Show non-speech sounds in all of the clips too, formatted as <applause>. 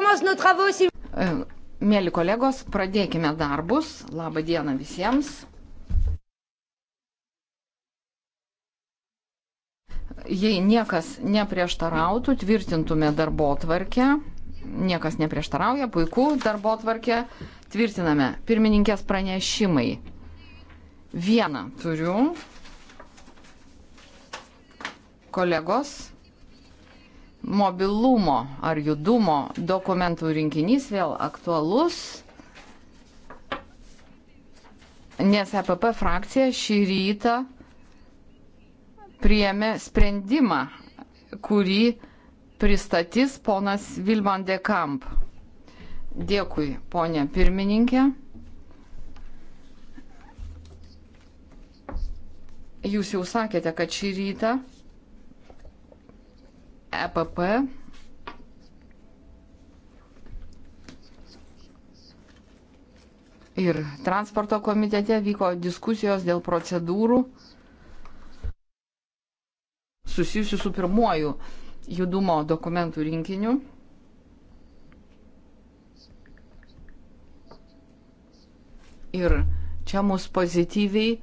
E, mėly kolegos, pradėkime darbus. Labą dieną visiems. Jei niekas neprieštarautų, tvirtintume darbo tvarkę. Niekas neprieštarauja, puiku, darbo tvarkę tvirtiname. Pirmininkės pranešimai. Vieną turiu. Kolegos, mobilumo ar judumo dokumentų rinkinys vėl aktualus, nes EPP frakcija šį rytą priėmė sprendimą, kurį pristatys ponas Vilman de Kamp. Dėkui, ponė pirmininkė. Jūs jau sakėte, kad šį rytą EPP. Ir transporto komitete vyko diskusijos dėl procedūrų susijusių su pirmuoju judumo dokumentų rinkiniu. Ir čia mus pozityviai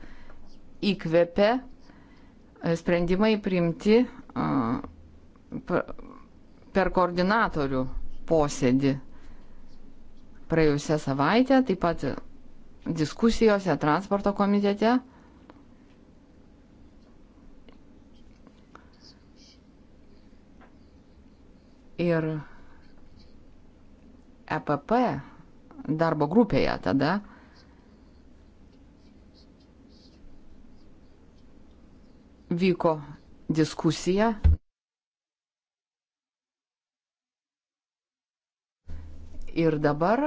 įkvėpė sprendimai priimti uh, per koordinatorių posėdį praėjusią savaitę, taip pat diskusijose transporto komitete. Ir EPP darbo grupėje tada vyko diskusija Ir dabar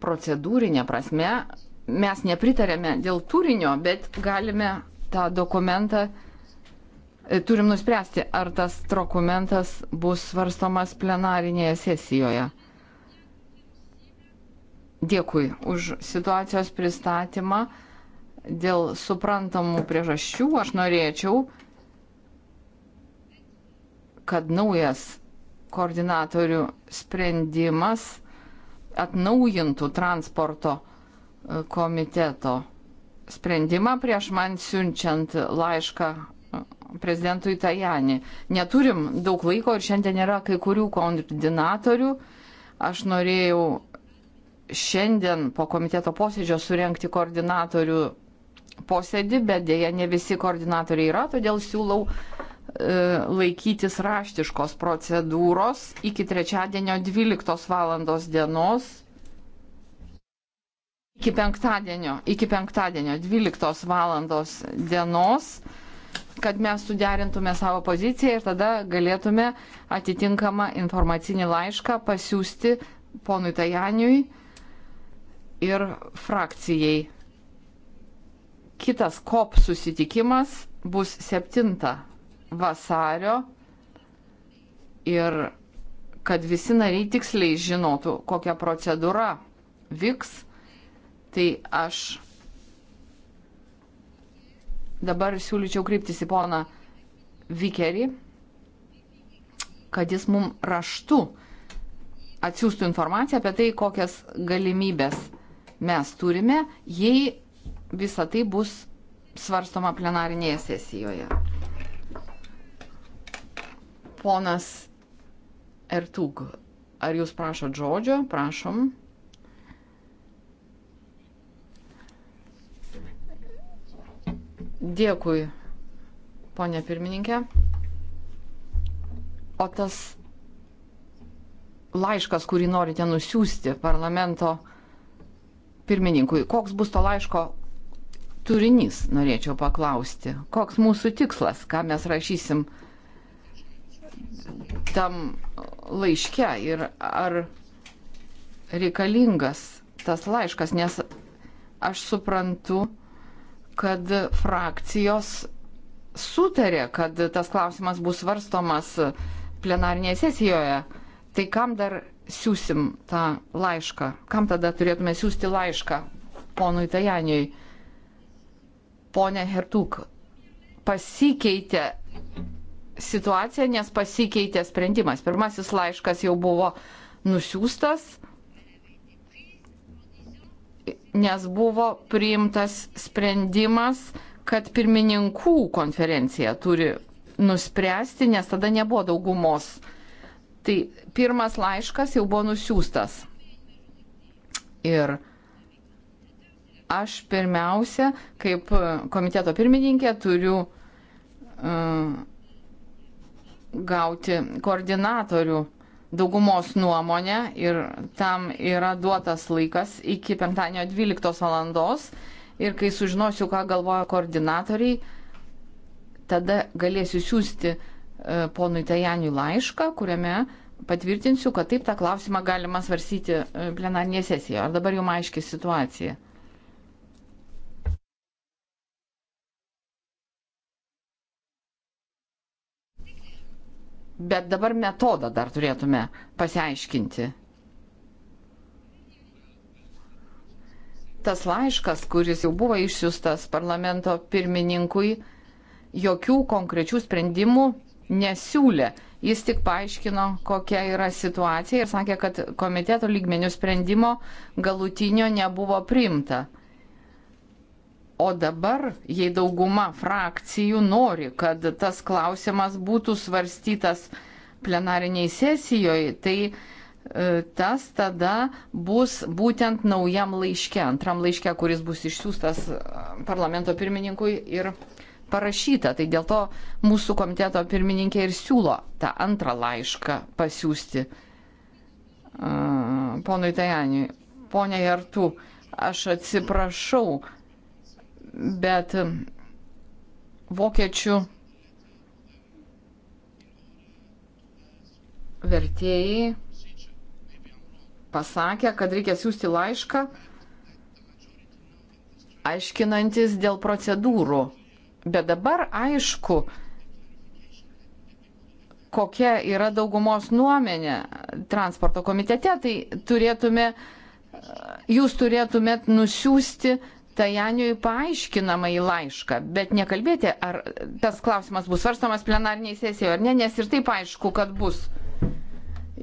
procedūrinė prasme mes nepritarėme dėl turinio, bet galime tą dokumentą, e, turim nuspręsti, ar tas dokumentas bus svarstomas plenarinėje sesijoje. Dėkui už situacijos pristatymą. Dėl suprantamų priežasčių aš norėčiau kad naujas koordinatorių sprendimas atnaujintų transporto e, komiteto sprendimą prieš man siunčiant laišką e, prezidentui Tajani. Neturim daug laiko ir šiandien yra kai kurių koordinatorių. Aš norėjau šiandien po komiteto posėdžio surenkti koordinatorių posėdį, bet dėja ne visi koordinatoriai yra, todėl siūlau E, laikytis raštiškos procedūros iki trečiadienio 12 valandos dienos. Iki penktadienio, iki penktadienio 12 valandos dienos, kad mes suderintume savo poziciją ir tada galėtume atitinkamą informacinį laišką pasiūsti ponui Tajaniui ir frakcijai. Kitas COP susitikimas bus 7 vasario ir kad visi nariai tiksliai žinotų, kokia procedūra vyks, tai aš dabar siūlyčiau kryptis į poną Vikerį, kad jis mum raštu atsiųstų informaciją apie tai, kokias galimybės mes turime, jei visa tai bus svarstoma plenarinėje sesijoje. Ponas Ertug, ar jūs prašot žodžio? Prašom. Dėkui, ponė pirmininkė. O tas laiškas, kurį norite nusiųsti parlamento pirmininkui, koks bus to laiško turinys, norėčiau paklausti. Koks mūsų tikslas, ką mes rašysim? tam laiške ir ar reikalingas tas laiškas, nes aš suprantu, kad frakcijos sutarė, kad tas klausimas bus svarstomas plenarnėje sesijoje. Tai kam dar siūsim tą laišką? Kam tada turėtume siūsti laišką ponui Tajaniui? Pone Hertuk, pasikeitė situaciją, nes pasikeitė sprendimas. Pirmasis laiškas jau buvo nusiųstas, nes buvo priimtas sprendimas, kad pirmininkų konferencija turi nuspręsti, nes tada nebuvo daugumos. Tai pirmas laiškas jau buvo nusiųstas. Ir aš pirmiausia, kaip komiteto pirmininkė, turiu uh, gauti koordinatorių daugumos nuomonę ir tam yra duotas laikas iki penktadienio 12 valandos. Ir kai sužinosiu, ką galvoja koordinatoriai, tada galėsiu siūsti e, ponui Tajaniui laišką, kuriame patvirtinsiu, kad taip tą klausimą galima svarsyti e, plenarnėje sesijoje. Ar dabar jau aiški situacija? Bet dabar metodą dar turėtume pasiaiškinti. Tas laiškas, kuris jau buvo išsiųstas parlamento pirmininkui, jokių konkrečių sprendimų nesiūlė. Jis tik paaiškino, kokia yra situacija ir sakė, kad komiteto lygmenių sprendimo galutinio nebuvo priimta. O dabar, jei dauguma frakcijų nori, kad tas klausimas būtų svarstytas plenariniai sesijoje, tai e, tas tada bus būtent naujam laiške, antram laiške, kuris bus išsiųstas e, parlamento pirmininkui ir parašyta. Tai dėl to mūsų komiteto pirmininkė ir siūlo tą antrą laišką pasiūsti e, ponui Tajaniui. Pone Jartu, aš atsiprašau bet um, vokiečių vertėjai pasakė, kad reikia siūsti laišką, aiškinantis dėl procedūrų. Bet dabar aišku, kokia yra daugumos nuomenė transporto komitete, tai turėtume, jūs turėtumėt nusiųsti uh, Tajaniui paaiškinamą į laišką, bet nekalbėti, ar tas klausimas bus svarstamas plenarniai sesijoje ar ne, nes ir taip aišku, kad bus.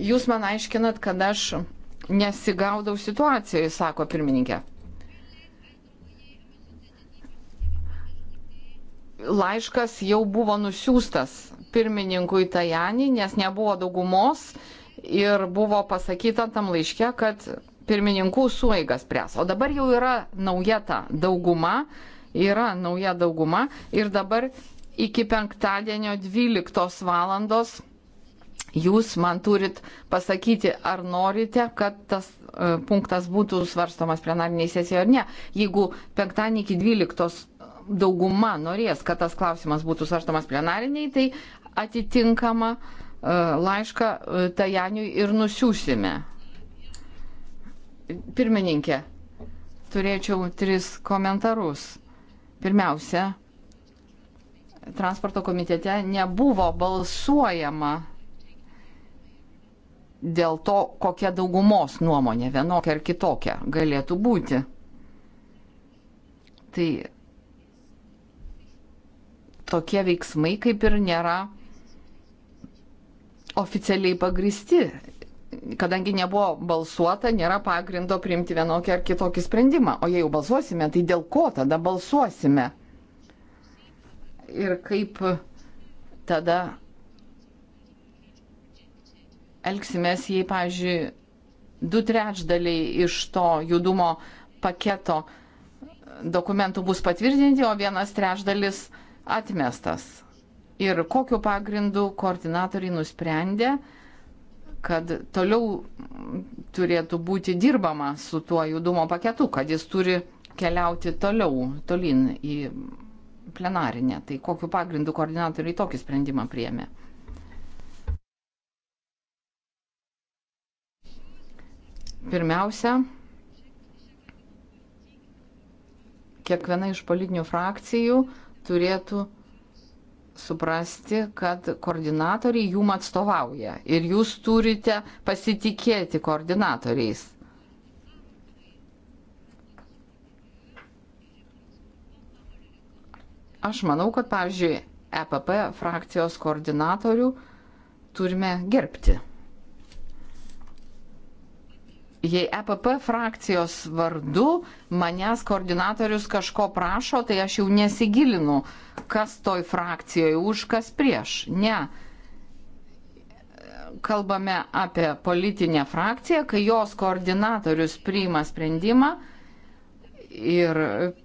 Jūs man aiškinat, kad aš nesigaudau situacijoje, sako pirmininkė. Laiškas jau buvo nusiųstas pirmininkui Tajani, nes nebuvo daugumos ir buvo pasakyta tam laiške, kad pirmininkų suėgas pres. O dabar jau yra nauja ta dauguma, yra nauja dauguma ir dabar iki penktadienio 12 valandos jūs man turit pasakyti, ar norite, kad tas e, punktas būtų svarstomas plenariniai sesijoje ar ne. Jeigu penktadienį iki 12 dauguma norės, kad tas klausimas būtų svarstomas plenariniai, tai atitinkama e, laišką e, Tajaniui ir nusiūsime. Pirmininkė, turėčiau tris komentarus. Pirmiausia, transporto komitete nebuvo balsuojama dėl to, kokia daugumos nuomonė vienokia ar kitokia galėtų būti. Tai tokie veiksmai kaip ir nėra oficialiai pagristi kadangi nebuvo balsuota, nėra pagrindo priimti vienokį ar kitokį sprendimą. O jei jau balsuosime, tai dėl ko tada balsuosime? Ir kaip tada elgsimės, jei, pavyzdžiui, du trečdaliai iš to judumo paketo dokumentų bus patvirtinti, o vienas trečdalis atmestas. Ir kokiu pagrindu koordinatoriai nusprendė, kad toliau turėtų būti dirbama su tuo judumo paketu, kad jis turi keliauti toliau, tolin į plenarinę. Tai kokiu pagrindu koordinatoriai tokį sprendimą priemė? Pirmiausia, kiekviena iš politinių frakcijų turėtų suprasti, kad koordinatoriai jum atstovauja ir jūs turite pasitikėti koordinatoriais. Aš manau, kad, pavyzdžiui, EPP frakcijos koordinatorių turime gerbti jei EPP frakcijos vardu manęs koordinatorius kažko prašo, tai aš jau nesigilinu, kas toj frakcijoje už, kas prieš. Ne. Kalbame apie politinę frakciją, kai jos koordinatorius priima sprendimą ir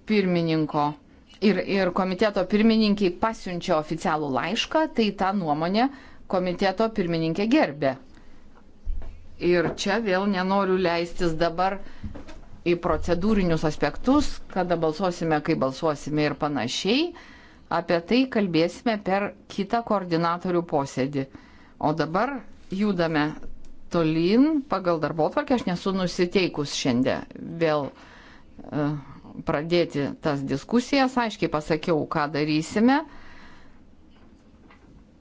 pirmininko. Ir, ir komiteto pirmininkiai pasiunčia oficialų laišką, tai tą nuomonę komiteto pirmininkė gerbė. Ir čia vėl nenoriu leistis dabar į procedūrinius aspektus, kada balsuosime, kai balsuosime ir panašiai. Apie tai kalbėsime per kitą koordinatorių posėdį. O dabar judame tolyn pagal darbo tvarkę. Aš nesu nusiteikus šiandien vėl uh, pradėti tas diskusijas. Aiškiai pasakiau, ką darysime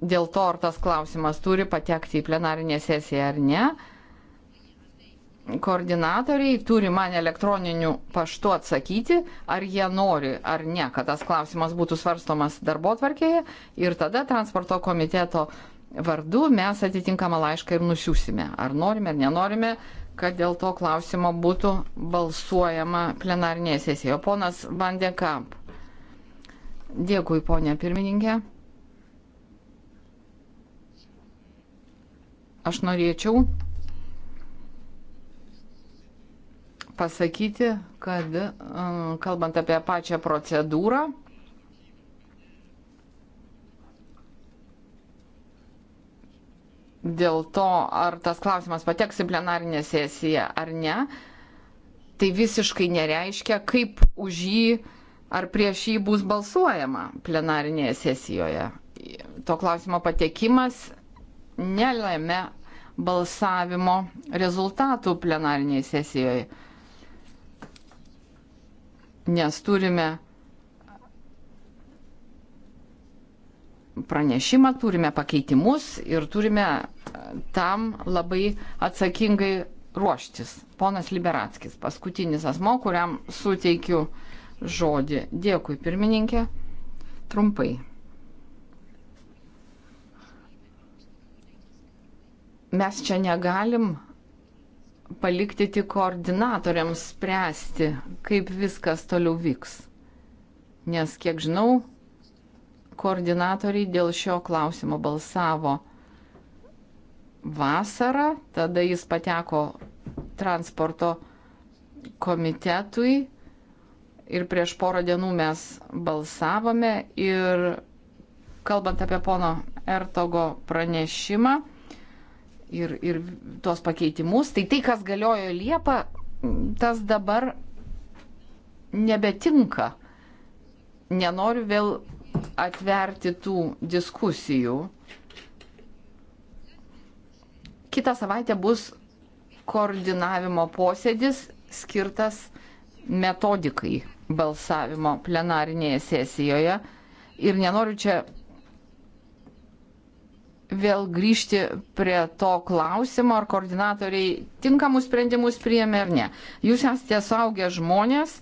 dėl to, ar tas klausimas turi patekti į plenarinę sesiją ar ne koordinatoriai turi man elektroniniu paštu atsakyti, ar jie nori ar ne, kad tas klausimas būtų svarstomas darbo tvarkėje ir tada transporto komiteto vardu mes atitinkamą laišką ir nusiųsime, ar norime ar nenorime, kad dėl to klausimo būtų balsuojama plenarinėje sesijoje. Ponas Vandekamp. Dėkui, ponė pirmininkė. Aš norėčiau pasakyti, kad kalbant apie pačią procedūrą, dėl to, ar tas klausimas pateks į plenarinę sesiją ar ne, tai visiškai nereiškia, kaip už jį ar prieš jį bus balsuojama plenarinėje sesijoje. To klausimo patekimas nelėmė balsavimo rezultatų plenarinėje sesijoje nes turime pranešimą, turime pakeitimus ir turime e, tam labai atsakingai ruoštis. Ponas Liberatskis, paskutinis asmo, kuriam suteikiu žodį. Dėkui, pirmininkė. Trumpai. Mes čia negalim palikti tik koordinatoriams spręsti, kaip viskas toliau vyks. Nes, kiek žinau, koordinatoriai dėl šio klausimo balsavo vasarą, tada jis pateko transporto komitetui ir prieš porą dienų mes balsavome ir kalbant apie pono Ertogo pranešimą, ir, ir tos pakeitimus, tai tai, kas galiojo Liepą, tas dabar nebetinka. Nenoriu vėl atverti tų diskusijų. Kita savaitė bus koordinavimo posėdis skirtas metodikai balsavimo plenarinėje sesijoje. Ir nenoriu čia vėl grįžti prie to klausimo, ar koordinatoriai tinkamus sprendimus priėmė ar ne. Jūs esate saugę žmonės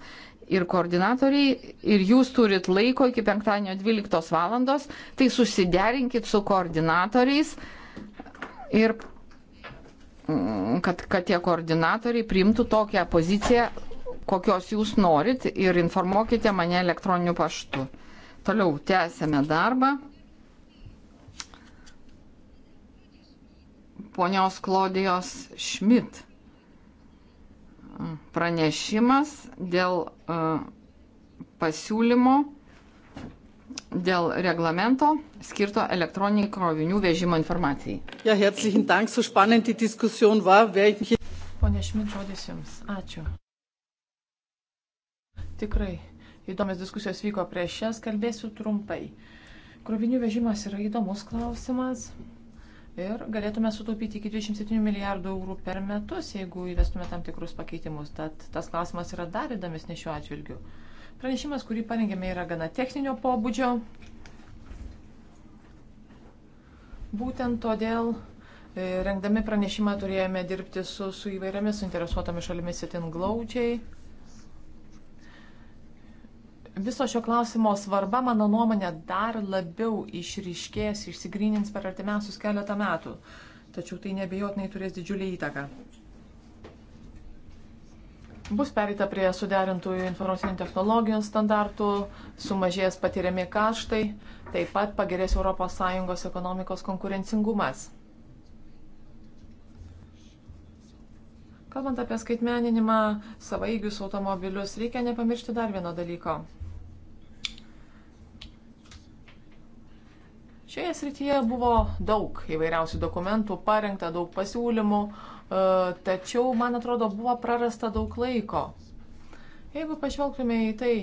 ir koordinatoriai, ir jūs turit laiko iki penktadienio 12 valandos, tai susiderinkit su koordinatoriais ir mm, kad, kad tie koordinatoriai priimtų tokią poziciją, kokios jūs norit ir informuokite mane elektroniniu paštu. Toliau tęsėme darbą. ponios Klodijos Šmit pranešimas dėl e, pasiūlymo dėl reglamento skirto elektroniniai krovinių vežimo informacijai. Ja, herzlichen Dank, so spannend die Diskussion war. Welche... Pone Šmit, žodis Jums. Ačiū. Tikrai įdomios diskusijos vyko prieš šias, kalbėsiu trumpai. Krovinių vežimas yra įdomus klausimas ir galėtume sutaupyti iki 27 milijardų eurų per metus, jeigu įvestume tam tikrus pakeitimus. Tad tas klausimas yra dar įdomesnis šiuo atžvilgiu. Pranešimas, kurį parengėme, yra gana techninio pobūdžio. Būtent todėl e, rengdami pranešimą turėjome dirbti su, su įvairiamis suinteresuotomis šalimis itin glaudžiai. Viso šio klausimo svarba, mano nuomonė, dar labiau išryškės, išsigrynins per artimiausius keletą metų. Tačiau tai nebejotinai turės didžiulį įtaką. Bus perita prie suderintųjų informacinių technologijų standartų, sumažės patiriami kaštai, taip pat pagerės ES ekonomikos konkurencingumas. Kalbant apie skaitmeninimą, savaigius automobilius, reikia nepamiršti dar vieno dalyko. Šioje srityje buvo daug įvairiausių dokumentų, parengta daug pasiūlymų, e, tačiau, man atrodo, buvo prarasta daug laiko. Jeigu pažvelgtume į tai,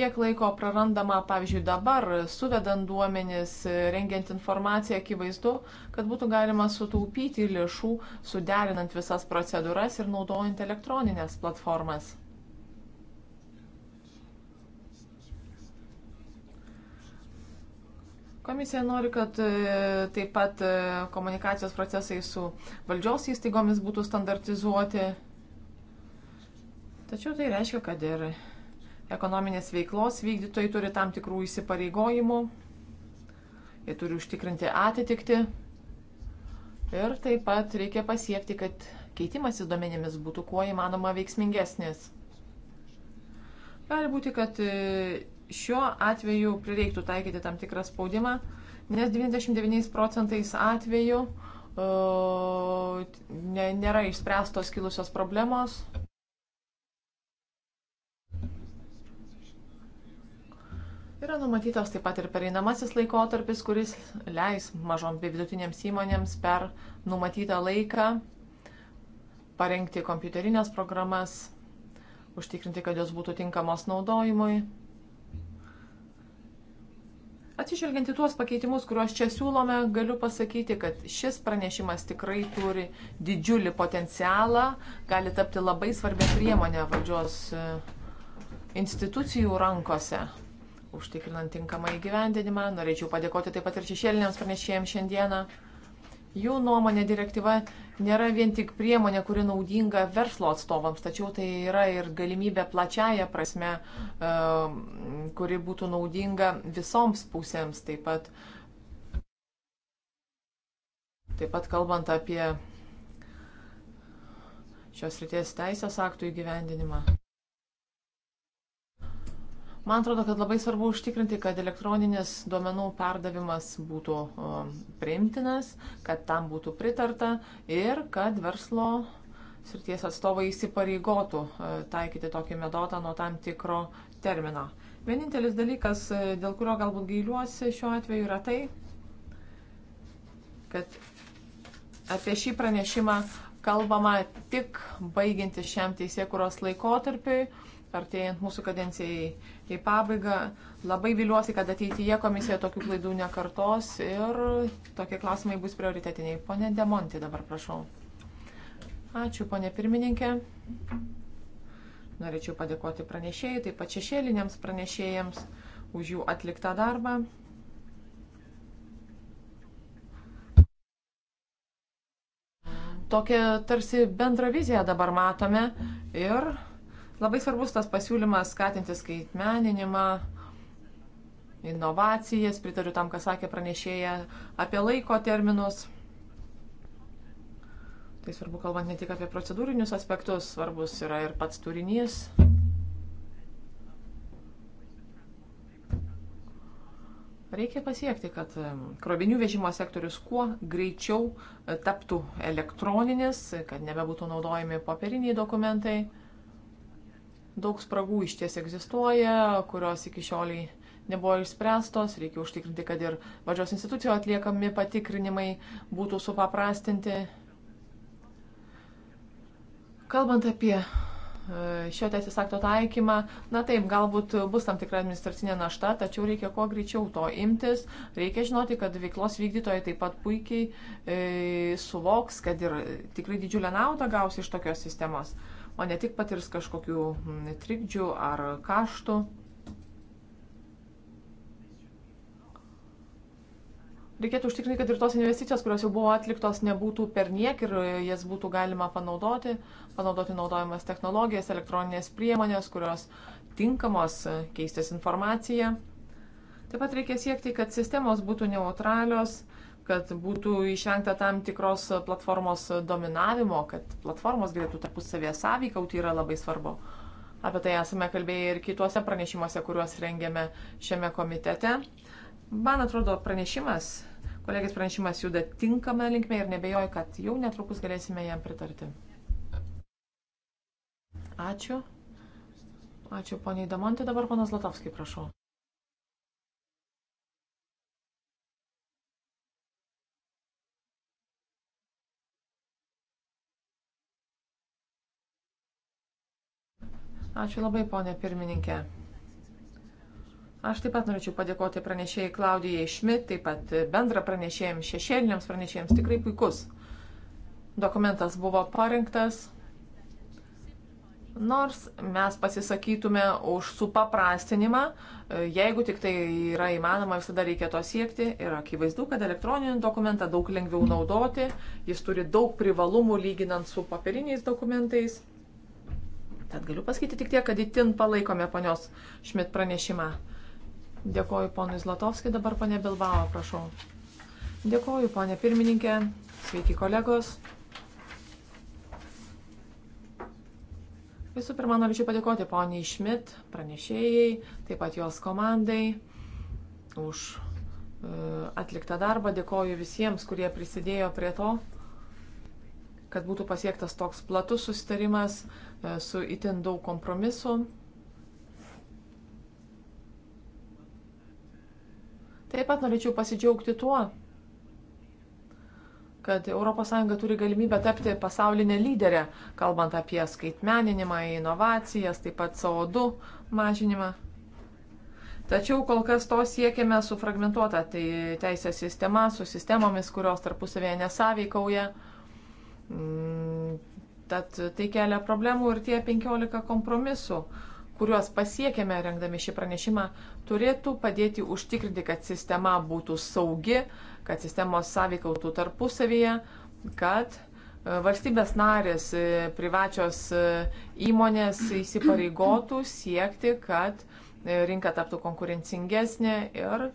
kiek laiko prarandama, pavyzdžiui, dabar, suvedant duomenis, rengiant informaciją, akivaizdu, kad būtų galima sutaupyti lėšų, suderinant visas procedūras ir naudojant elektroninės platformas. Komisija nori, kad e, taip pat e, komunikacijos procesai su valdžios įstaigomis būtų standartizuoti. Tačiau tai reiškia, kad ir ekonominės veiklos vykdytojai turi tam tikrų įsipareigojimų, jie turi užtikrinti atitikti ir taip pat reikia pasiekti, kad keitimasis duomenėmis būtų kuo įmanoma veiksmingesnis. Gali būti, kad e, šiuo atveju prireiktų taikyti tam tikrą spaudimą, nes 99 procentais atveju e, ne, nėra išspręstos kilusios problemos. Yra numatytas taip pat ir pereinamasis laikotarpis, kuris leis mažom bei vidutinėms įmonėms per numatytą laiką parengti kompiuterinės programas, užtikrinti, kad jos būtų tinkamos naudojimui Atsižvelgiant į tuos pakeitimus, kuriuos čia siūlome, galiu pasakyti, kad šis pranešimas tikrai turi didžiulį potencialą, gali tapti labai svarbia priemonė valdžios e, institucijų rankose. Užtikrinant tinkamą įgyvendinimą, norėčiau padėkoti taip pat ir šešėliniams pranešėjams šiandieną. Jų nuomonė direktyva nėra vien tik priemonė, kuri naudinga verslo atstovams, tačiau tai yra ir galimybė plačiaja prasme, ehm, kuri būtų naudinga visoms pusėms, taip pat, taip pat kalbant apie šios ryties teisės aktų įgyvendinimą. Man atrodo, kad labai svarbu užtikrinti, kad elektroninis duomenų perdavimas būtų priimtinas, kad tam būtų pritarta ir kad verslo srities atstovai įsipareigotų e, taikyti tokį metodą nuo tam tikro termino. Vienintelis dalykas, e, dėl kurio galbūt gailiuosi šiuo atveju, yra tai, kad apie šį pranešimą kalbama tik baigiantis šiam teisėkuros laikotarpiui, artėjant mūsų kadencijai į pabaigą. Labai viliuosi, kad ateityje komisija tokių klaidų nekartos ir tokie klausimai bus prioritetiniai. Pone Demonti dabar prašau. Ačiū, ponė pirmininkė. Norėčiau padėkoti pranešėjai, taip pat šešėliniams pranešėjams už jų atliktą darbą. Tokią tarsi bendrą viziją dabar matome ir Labai svarbus tas pasiūlymas skatinti skaitmeninimą, inovacijas, pritariu tam, ką sakė pranešėja apie laiko terminus. Tai svarbu, kalbant ne tik apie procedūrinius aspektus, svarbus yra ir pats turinys. Reikia pasiekti, kad krovinių vežimo sektorius kuo greičiau e, taptų elektroninis, kad nebebūtų naudojami popieriniai dokumentai. Daug spragų iš ties egzistuoja, kurios iki šioliai nebuvo išspręstos, reikia užtikrinti, kad ir valdžios institucijų atliekami patikrinimai būtų supaprastinti. Kalbant apie e, šio teisės akto taikymą, na taip, galbūt bus tam tikra administracinė našta, tačiau reikia kuo greičiau to imtis. Reikia žinoti, kad veiklos vykdytojai taip pat puikiai e, suvoks, kad ir tikrai didžiulę naudą gaus iš tokios sistemos. E, o ne tik patirs kažkokių mm, trikdžių ar kaštų. Reikėtų užtikrinti, kad ir tos investicijos, kurios jau buvo atliktos, nebūtų perniek ir e, jas būtų galima panaudoti, panaudoti naudojamas technologijas, elektroninės priemonės, kurios tinkamos e, keistis informaciją. Taip pat reikia siekti, kad sistemos būtų neutralios kad būtų išvengta tam tikros platformos dominavimo, kad platformos galėtų tarpusavėje sąveikauti yra labai svarbu. Apie tai esame kalbėję ir kituose pranešimuose, kuriuos rengėme šiame komitete. Man atrodo, pranešimas, kolegės pranešimas juda tinkamą linkmę ir nebejoju, kad jau netrukus galėsime jam pritarti. Ačiū. Ačiū poniai Damontė, dabar ponas Latovskiai, prašau. Ačiū labai, ponė pirmininkė. Aš taip pat norėčiau padėkoti pranešėjai Klaudijai Šmit, taip pat bendra pranešėjams, šešėliniams pranešėjams. Tikrai puikus dokumentas buvo parinktas. Nors mes pasisakytume už supaprastinimą, jeigu tik tai yra įmanoma, visada reikia to siekti. Ir akivaizdu, kad elektroninį dokumentą daug lengviau naudoti, jis turi daug privalumų lyginant su papiriniais dokumentais. Tad galiu pasakyti tik tiek, kad itin palaikome ponios Šmit pranešimą. Dėkoju ponui Zlatovskijai, dabar ponė Bilbao, prašau. Dėkoju ponė pirmininkė, sveiki kolegos. Visų pirma, norėčiau padėkoti poniai Šmit, pranešėjai, taip pat jos komandai už e, atliktą darbą. Dėkoju visiems, kurie prisidėjo prie to, kad būtų pasiektas toks platus susitarimas E, su itin daug kompromisų. Taip pat norėčiau pasidžiaugti tuo, kad ES turi galimybę tapti pasaulinę lyderę, kalbant apie skaitmeninimą, inovacijas, taip pat CO2 mažinimą. Tačiau kol kas to siekime su fragmentuota tai teisės sistema, su sistemomis, kurios tarpusavėje nesaveikauja. Mm, Tad tai kelia problemų ir tie 15 kompromisų, kuriuos pasiekėme rengdami šį pranešimą, turėtų padėti užtikrinti, kad sistema būtų saugi, kad sistemos sąveikautų tarpusavyje, kad e, valstybės narės, e, privačios e, įmonės įsipareigotų siekti, kad rinka taptų konkurencingesnė ir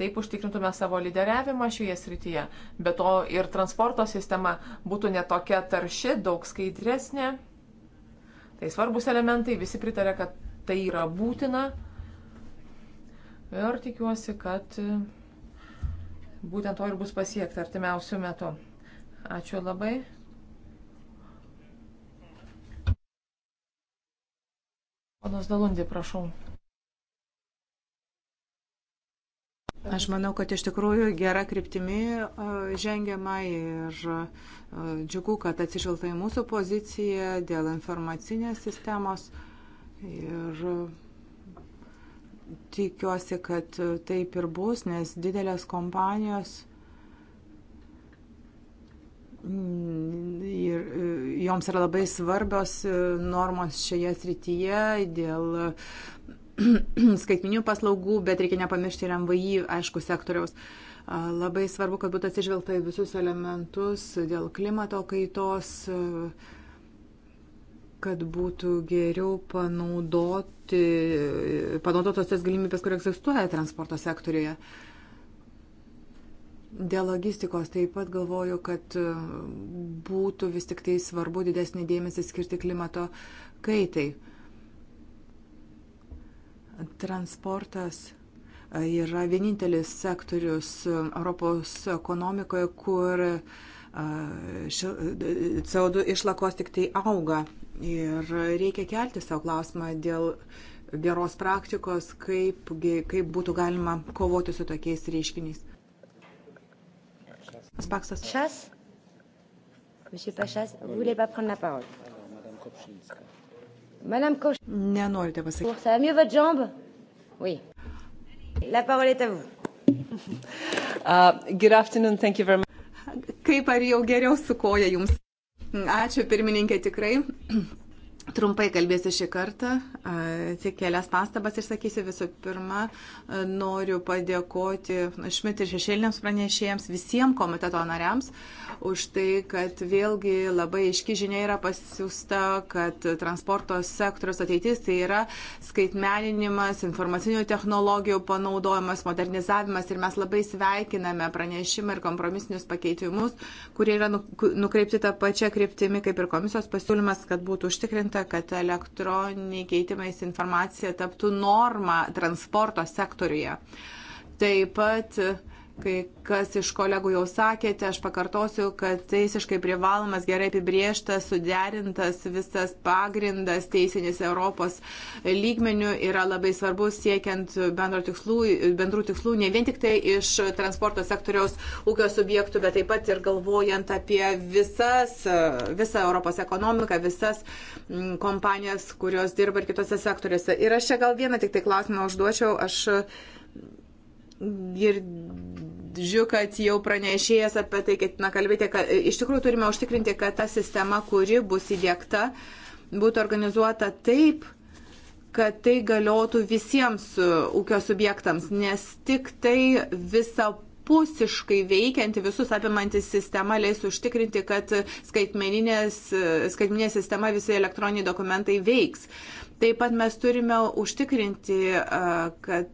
Taip užtikrintume savo lyderiavimą šioje srityje. Be to ir transporto sistema būtų netokia tarši, daug skaidresnė. Tai svarbus elementai, visi pritarė, kad tai yra būtina. Ir tikiuosi, kad e, būtent to ir bus pasiekta artimiausių metų. Ačiū labai. Ponas Dalundė, prašau. Aš manau, kad iš tikrųjų gera kryptimi e, žengiama ir e, džiugu, kad atsižvelgta į mūsų poziciją dėl informacinės sistemos. Ir e, tikiuosi, kad taip ir bus, nes didelės kompanijos mm, ir joms yra labai svarbios normos šioje srityje dėl <clears throat> skaitminių paslaugų, bet reikia nepamiršti ir MVI, aišku, sektoriaus. Labai svarbu, kad būtų atsižvelgta į visus elementus dėl klimato kaitos, kad būtų geriau panaudoti, panaudotos tas galimybės, kur egzistuoja transporto sektoriuje. Dėl logistikos taip pat galvoju, kad e, būtų vis tik tai svarbu didesnį dėmesį skirti klimato kaitai transportas e, yra vienintelis sektorius e, Europos ekonomikoje, kur e, CO2 išlakos tik tai auga. Ir reikia kelti savo klausimą dėl geros praktikos, kaip, kaip būtų galima kovoti su tokiais reiškiniais. Paksas. Pašas, vous voulez pas prendre la parole? Madame Koch. Nenorite pasakyti. Ça va mieux votre jambe? Oui. La parole est à vous. Uh, good afternoon, thank you very much. Kaip ar jau geriau su koja jums? Ačiū pirmininkė tikrai. Trumpai kalbėsiu šį kartą, tik kelias pastabas išsakysiu. Visų pirma, noriu padėkoti Šmit ir šešėliniams pranešėjams, visiems komiteto nariams už tai, kad vėlgi labai iški žinia yra pasiūsta, kad transporto sektorius ateitis tai yra skaitmeninimas, informacinių technologijų panaudojimas, modernizavimas ir mes labai sveikiname pranešimą ir kompromisinius pakeitimus, kurie yra nu, nukreipti tą pačią kryptimį kaip ir komisijos pasiūlymas, kad būtų užtikrinti supranta, kad elektroniniai keitimais informacija taptų norma transporto sektoriuje. Taip pat uh, kai kas iš kolegų jau sakėte, aš pakartosiu, kad teisiškai privalomas, gerai apibrieštas, suderintas visas pagrindas teisinis Europos lygmenių yra labai svarbus siekiant tikslų, bendrų tikslų, ne vien tik tai iš transporto sektoriaus ūkio subjektų, bet taip pat ir galvojant apie visas, visą Europos ekonomiką, visas mm, kompanijas, kurios dirba ir kitose sektoriuose. Ir aš čia gal vieną tik tai klausimą užduočiau. Aš girdžiu, kad jau pranešėjas apie tai ketina kalbėti, kad iš tikrųjų turime užtikrinti, kad ta sistema, kuri bus įdėkta, būtų organizuota taip, kad tai galiotų visiems ūkio subjektams, nes tik tai visą pusiškai veikianti, visus apimanti sistema leis užtikrinti, kad skaitmeninė sistema visi elektroniniai dokumentai veiks. Uh, Taip pat mes turime užtikrinti, kad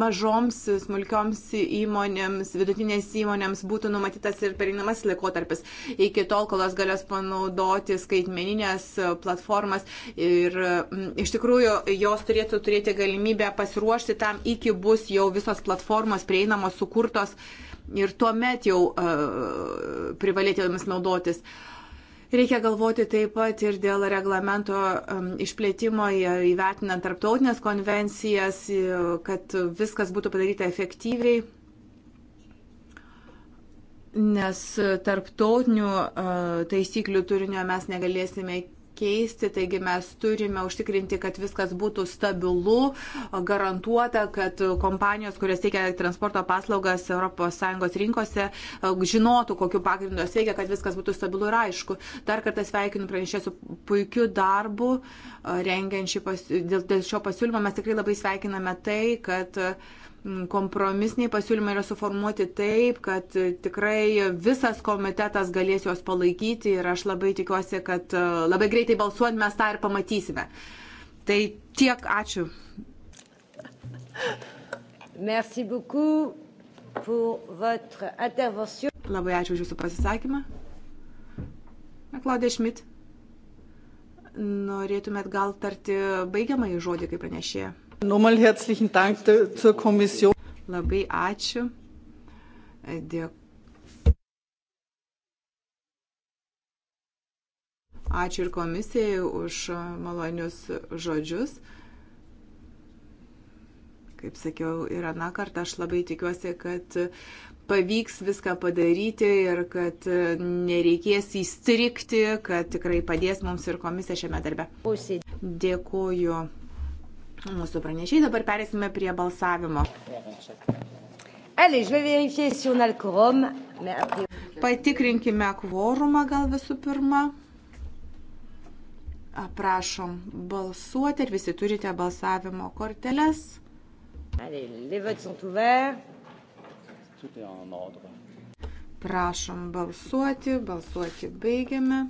mažoms, smulkioms įmonėms, vidutinės įmonėms būtų numatytas ir perinamas laikotarpis iki tol, kol jos galės panaudoti skaitmeninės platformas ir iš tikrųjų jos turėtų turėti galimybę pasiruošti tam, iki bus jau visos platformos prieinamos, sukurtos ir tuomet jau privalėti jomis naudotis. Uh, Reikia galvoti taip pat ir dėl reglamento išplėtimo įvertinant tarptautinės konvencijas, kad viskas būtų padaryta efektyviai nes tarptautinių taisyklių turinio mes negalėsime keisti, taigi mes turime užtikrinti, kad viskas būtų stabilu, garantuota, kad kompanijos, kurios teikia transporto paslaugas ES rinkose, žinotų, kokiu pagrindu jos veikia, kad viskas būtų stabilu ir aišku. Dar kartą sveikinu pranešę su puikiu darbu, rengiant šį pas, dėl, dėl šio pasiūlymo. Mes tikrai labai sveikiname tai, kad uh, kompromisiniai pasiūlymai yra suformuoti taip, kad tikrai visas komitetas galės juos palaikyti ir aš labai tikiuosi, kad e, labai greitai balsuojant mes tą ir pamatysime. Tai tiek, ačiū. Merci beaucoup pour votre intervention. Labai ačiū už Jūsų pasisakymą. Klaudė Šmit, norėtumėt gal tarti baigiamąjį žodį kaip pranešėja? Labai ačiū. E, Dėkui. Ačiū ir komisijai už malonius žodžius. Kaip sakiau ir aną kartą, aš labai tikiuosi, kad pavyks viską padaryti ir kad nereikės įstrikti, kad tikrai padės mums ir komisija šiame darbe. Dėkuoju mūsų pranešiai. Dabar perėsime prie balsavimo. Patikrinkime kvorumą gal visų pirma. Prašom balsuoti ir visi turite balsavimo korteles. Prašom balsuoti, balsuoti baigiame.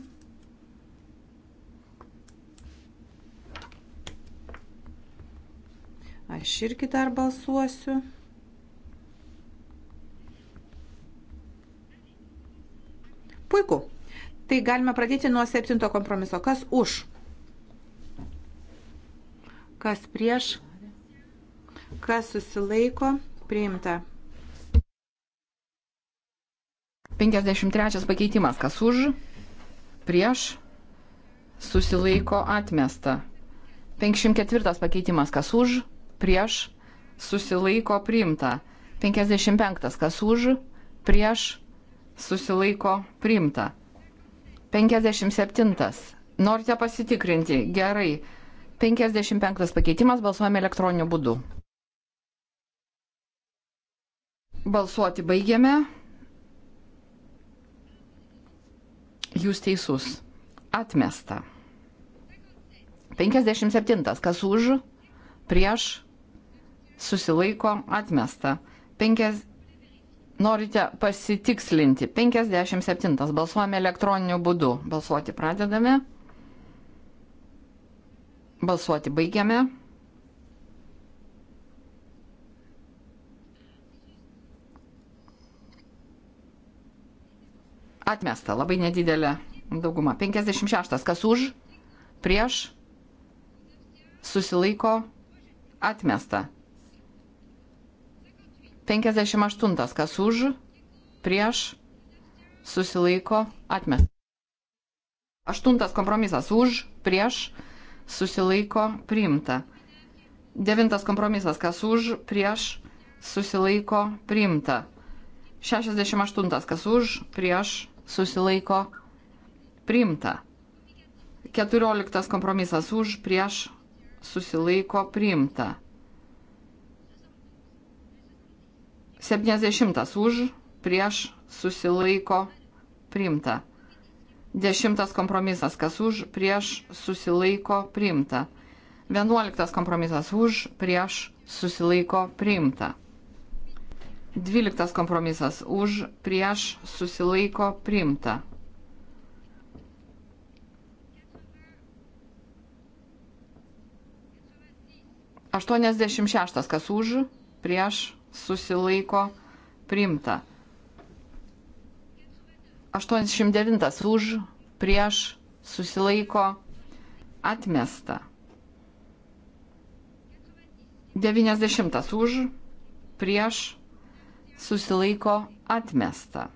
Aš irgi dar balsuosiu. Puiku. Tai galime pradėti nuo septinto kompromiso. Kas už? Kas prieš? Kas susilaiko? Priimta. 53 pakeitimas. Kas už? Prieš? Susilaiko atmesta. 54 pakeitimas. Kas už? prieš, susilaiko priimta. 55 kas už, prieš, susilaiko priimta. 57. Norite pasitikrinti? Gerai. 55 pakeitimas balsuojame elektroniniu būdu. Balsuoti baigiame. Jūs teisus. Atmesta. 57. Kas už? Prieš? susilaiko atmesta. 5, norite pasitikslinti. 57. Balsuojame elektroniniu būdu. Balsuoti pradedame. Balsuoti baigiame. Atmesta labai nedidelė dauguma. 56. Kas už, prieš, susilaiko, atmesta. 58. Kas už, prieš, susilaiko, atmesta. 8. Kompromisas už, prieš, susilaiko, priimta. 9. Kompromisas kas už, prieš, susilaiko, priimta. 68. Kas už, prieš, susilaiko, priimta. 14. Kompromisas už, prieš, susilaiko, priimta. 70 už, prieš, susilaiko, priimta. 10 kompromisas, kas už, prieš, susilaiko, priimta. 11 kompromisas už, prieš, susilaiko, priimta. 12 kompromisas už, prieš, susilaiko, priimta. Aštuoniasdešimt šeštas, kas už, prieš, susilaiko priimta. 89 už, prieš, susilaiko atmesta. 90 už, prieš, susilaiko atmesta.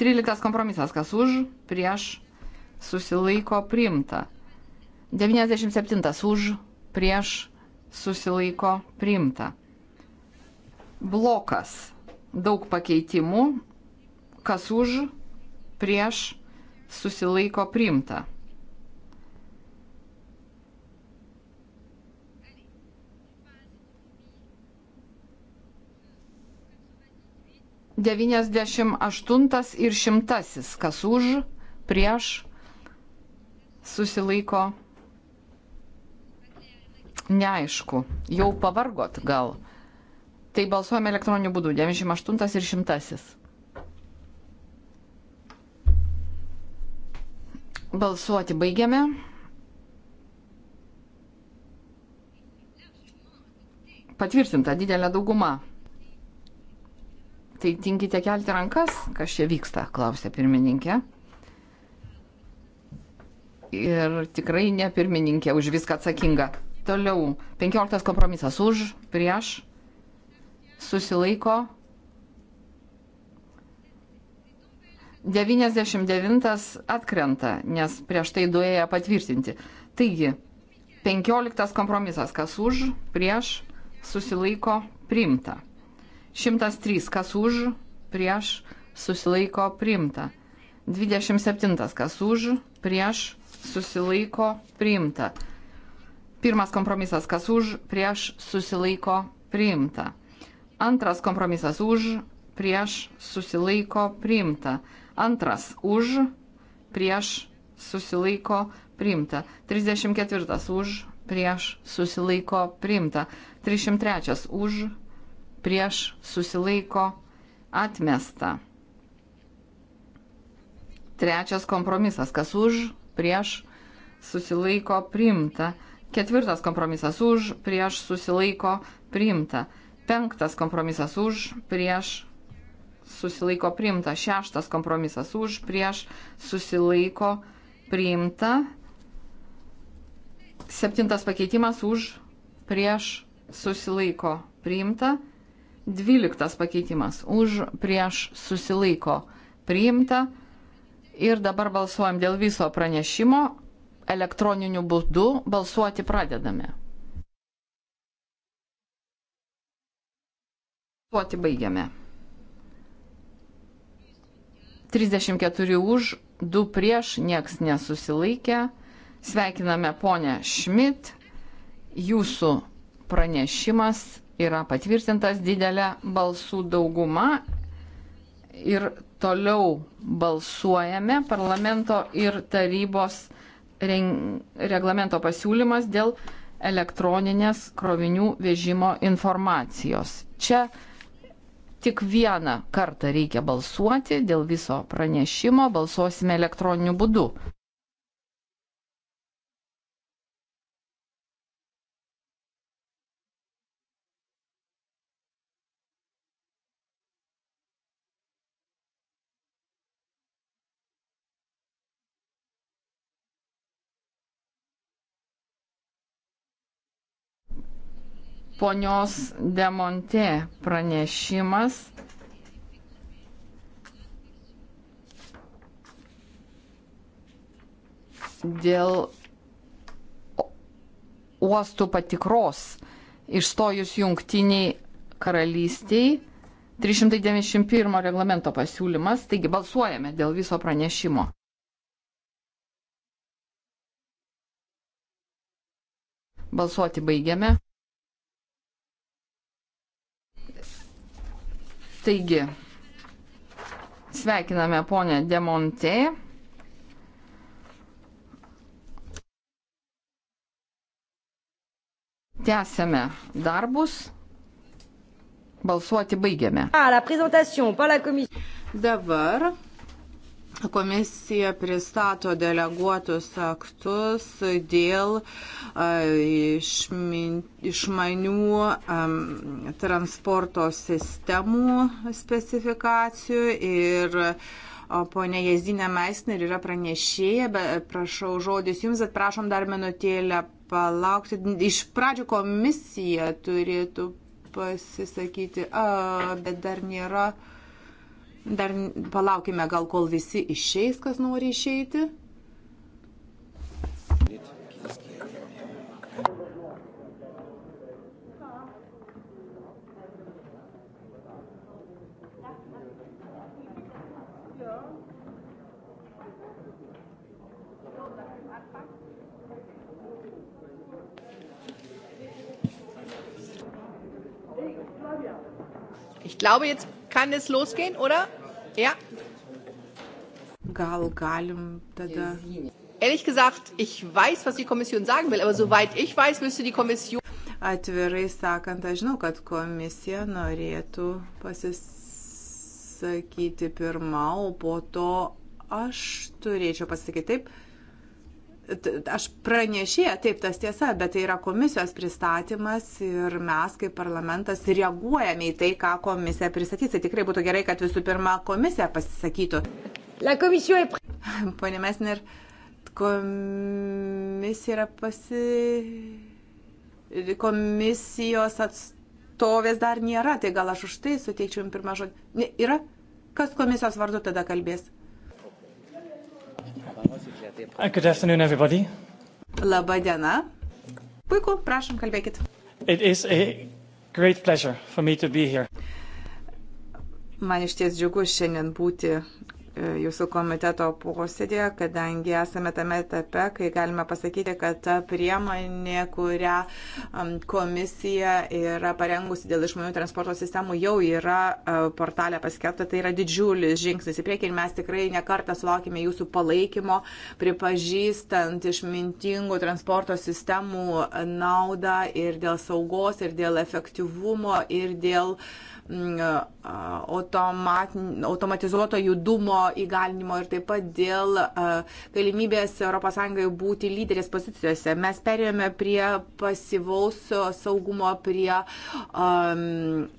13 kompromisas, kas už, prieš, susilaiko priimta. 97 už, prieš, susilaiko priimta blokas. Daug pakeitimų, kas už, prieš, susilaiko primta. Devyniasdešimt aštuntas ir šimtasis, kas už, prieš, susilaiko neaišku. Jau pavargot gal. Tai balsuojame elektroniniu būdu. 98 ir 100. Balsuoti baigiame. Patvirtinta didelė dauguma. Tai tinkite kelti rankas, kas čia vyksta, klausė pirmininkė. Ir tikrai ne pirmininkė už viską atsakinga. Toliau 15 kompromisas už, prieš susilaiko. 99 atkrenta, nes prieš tai duėja patvirtinti. Taigi, 15 kompromisas, kas už, prieš, susilaiko, primta. 103, kas už, prieš, susilaiko, primta. 27, kas už, prieš, susilaiko, primta. Pirmas kompromisas, kas už, prieš, susilaiko, primta. Antras kompromisas už, prieš, susilaiko, priimta. Antras už, prieš, susilaiko, priimta. 34 už, prieš, susilaiko, priimta. 303 už, prieš, susilaiko, atmesta. Trečias kompromisas, kas už, prieš, susilaiko, priimta. Ketvirtas kompromisas už, prieš, susilaiko, priimta. Penktas kompromisas už, prieš, susilaiko priimta. Šeštas kompromisas už, prieš, susilaiko priimta. Septintas pakeitimas už, prieš, susilaiko priimta. Dvyliktas pakeitimas už, prieš, susilaiko priimta. Ir dabar balsuojam dėl viso pranešimo. Elektroniniu būdu balsuoti pradedame. Balsuoti baigiame. 34 už, 2 prieš, nieks nesusilaikė. Sveikiname ponę Šmit. Jūsų pranešimas yra patvirtintas didelę balsų daugumą. Ir toliau balsuojame parlamento ir tarybos reglamento pasiūlymas dėl elektroninės krovinių vežimo informacijos. Čia Tik vieną kartą reikia balsuoti dėl viso pranešimo, balsuosime elektroniniu būdu. ponios Demonte pranešimas. Dėl uostų patikros išstojus jungtiniai karalystiai 391 reglamento pasiūlymas, taigi balsuojame dėl viso pranešimo. Balsuoti baigiame. Taigi, sveikiname ponę Demontė. Tęsėme darbus. Balsuoti baigiame. Ah, Dabar Komisija pristato deleguotus aktus dėl išmin, išmanių um, transporto sistemų specifikacijų ir ponė Jezinė Meisner yra pranešėja, bet prašau žodis jums, bet prašom dar minutėlę palaukti. Iš pradžių komisija turėtų pasisakyti, a, bet dar nėra. Uh, Dar palaukime gal, kol visi išeis, kas nori išeiti. Ich glaube, jetzt kann es losgehen, oder? Ja. Gal galim tada. Ehrlich gesagt, ich weiß, was die Kommission sagen will, aber soweit ich weiß, müsste die Kommission. Atvirai sakant, aš žinau, kad komisija norėtų pasisakyti pirmą, o po to aš turėčiau pasakyti taip Aš pranešėja, taip tas tiesa, bet tai yra komisijos pristatymas ir mes kaip parlamentas reaguojame į tai, ką komisija pristatys. Tai tikrai būtų gerai, kad visų pirma komisija pasisakytų. Est... Pone Mesner, komisija yra pasi... Komisijos atstovės dar nėra, tai gal aš už tai suteikčiau jums pirmą žodį. Ne, yra? Kas komisijos vardu tada kalbės? Good afternoon, everybody. Labą dieną. Puiku, prašom, kalbėkit. It is a great pleasure for me to be here. Man iš ties džiugu šiandien būti jūsų komiteto posėdėje, kadangi esame tame etape, kai galime pasakyti, kad ta priemonė, kurią komisija yra parengusi dėl išmanių transporto sistemų, jau yra portalė paskelbta. Tai yra didžiulis žingsnis į priekį ir mes tikrai nekartą sulaukime jūsų palaikymo, pripažįstant išmintingų transporto sistemų naudą ir dėl saugos, ir dėl efektyvumo, ir dėl uh, Mm, automat, automatizuoto judumo įgalinimo ir taip pat dėl galimybės ES būti lyderės pozicijose. Mes perėjome prie pasivaus saugumo, prie um,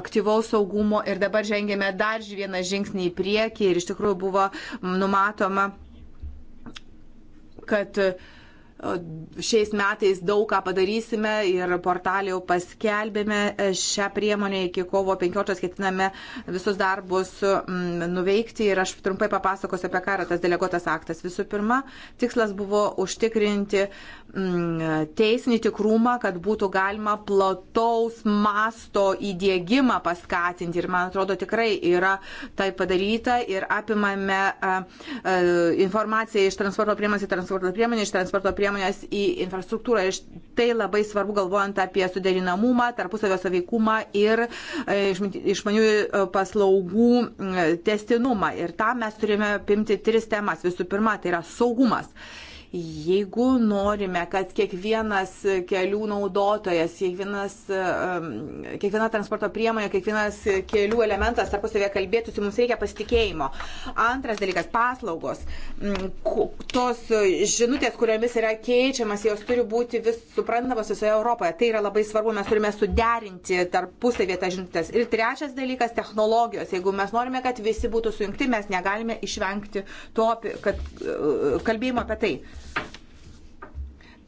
aktyvaus saugumo ir dabar žengėme dar vieną žingsnį į priekį ir iš tikrųjų buvo numatoma kad uh, Šiais metais daug ką padarysime ir portalį jau paskelbėme e, šią priemonę iki kovo 15 ketiname visus darbus nuveikti ir aš trumpai papasakosiu apie ką yra tas deleguotas aktas. Visų pirma, tikslas buvo užtikrinti teisinį tikrumą, kad būtų galima plataus masto įdėgymą paskatinti ir man atrodo tikrai yra tai padaryta ir apimame e, e, informaciją iš transporto priemonės į transporto priemonę, iš transporto priemonės priemonės į infrastruktūrą. Ir tai labai svarbu galvojant apie suderinamumą, tarpusavio saveikumą ir e, išmanių e, paslaugų e, testinumą. Ir tam mes turime pimti tris temas. Visų pirma, tai yra saugumas. Jeigu norime, kad kiekvienas kelių naudotojas, kiekvienas, um, kiekviena transporto priemonė, kiekvienas kelių elementas tarpusavėje kalbėtųsi, mums reikia pasitikėjimo. Antras dalykas - paslaugos. Mm, tos žinutės, kuriomis yra keičiamas, jos turi būti vis suprantamos visoje Europoje. Tai yra labai svarbu, mes turime suderinti tarpusavėje tą žinutės. Ir trečias dalykas - technologijos. Jeigu mes norime, kad visi būtų sujungti, mes negalime išvengti to, kad uh, kalbėjimo apie tai.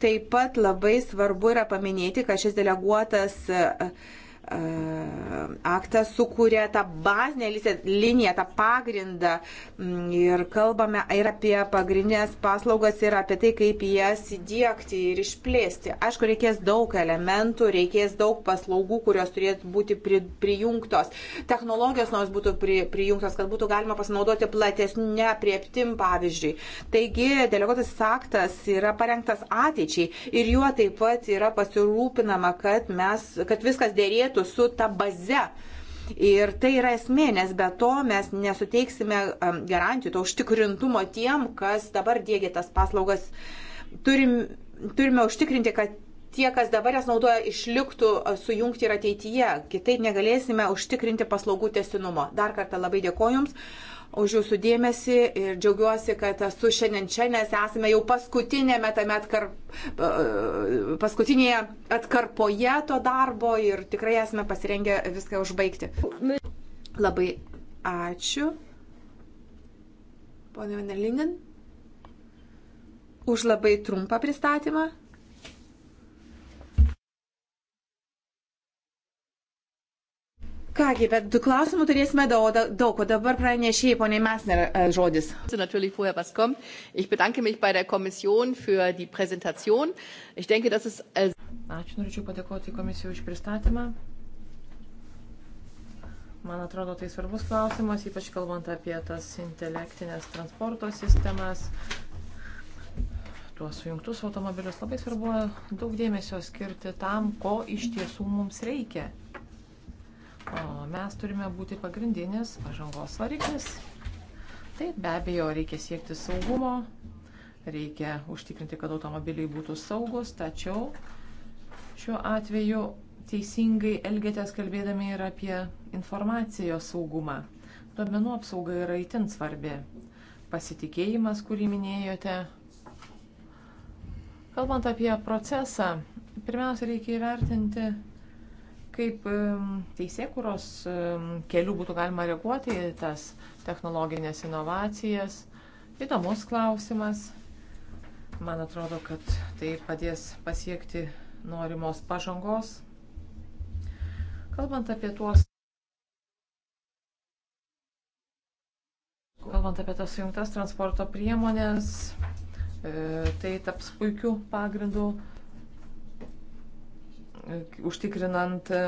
Taip pat labai svarbu yra paminėti, kad šis deleguotas E, aktas sukūrė tą bazinę liniją, tą pagrindą mm, ir kalbame ir apie pagrindinės paslaugas ir apie tai, kaip jas įdėkti ir išplėsti. Aišku, reikės daug elementų, reikės daug paslaugų, kurios turėtų būti pri, prijungtos, technologijos nors būtų pri, prijungtos, kad būtų galima pasinaudoti platesnė prieptim, pavyzdžiui. Taigi, deleguotas aktas yra parengtas ateičiai ir juo taip pat yra pasirūpinama, kad, mes, kad viskas dėrėtų kartu su ta baze. Ir tai yra esmė, nes be to mes nesuteiksime um, garantijų, to užtikrintumo tiem, kas dabar dėgia tas paslaugas. Turim, turime užtikrinti, kad tie, kas dabar jas naudoja, išliktų uh, sujungti ir ateityje. Kitaip negalėsime užtikrinti paslaugų tesinumo. Dar kartą labai dėkoju Jums už jūsų dėmesį ir džiaugiuosi, kad esu šiandien čia, nes esame jau paskutinėme tame atkar... E, paskutinėje atkarpoje to darbo ir tikrai esame pasirengę viską užbaigti. Labai ačiū. Pone Vanelinin, už labai trumpą pristatymą. Kągi, bet du klausimų turėsime daug, daug o dabar pranešėjai, poniai Mesner, e, žodis. Natürlich vorher was kommt. Ich bedanke mich bei der Kommission für die Präsentation. Ich denke, das ist... Äh, Ačiū, norėčiau padėkoti komisijų už pristatymą. Man atrodo, tai svarbus klausimas, ypač kalbant apie tas intelektinės transporto sistemas, tuos sujungtus automobilius. Labai svarbu daug dėmesio skirti tam, ko iš tiesų mums reikia mes turime būti pagrindinis pažangos variklis. Taip, be abejo, reikia siekti saugumo, reikia užtikrinti, kad automobiliai būtų saugus, tačiau šiuo atveju teisingai elgėtės kalbėdami ir apie informacijos saugumą. Duomenų apsauga yra itin svarbi. Pasitikėjimas, kurį minėjote. Kalbant apie procesą, pirmiausia, reikia įvertinti kaip teisėkuros kelių būtų galima reaguoti į tas technologinės inovacijas. Įdomus klausimas. Man atrodo, kad tai padės pasiekti norimos pažangos. Kalbant apie tuos. Kalbant apie tas sujungtas transporto priemonės, e, tai taps puikiu pagrindu užtikrinant e,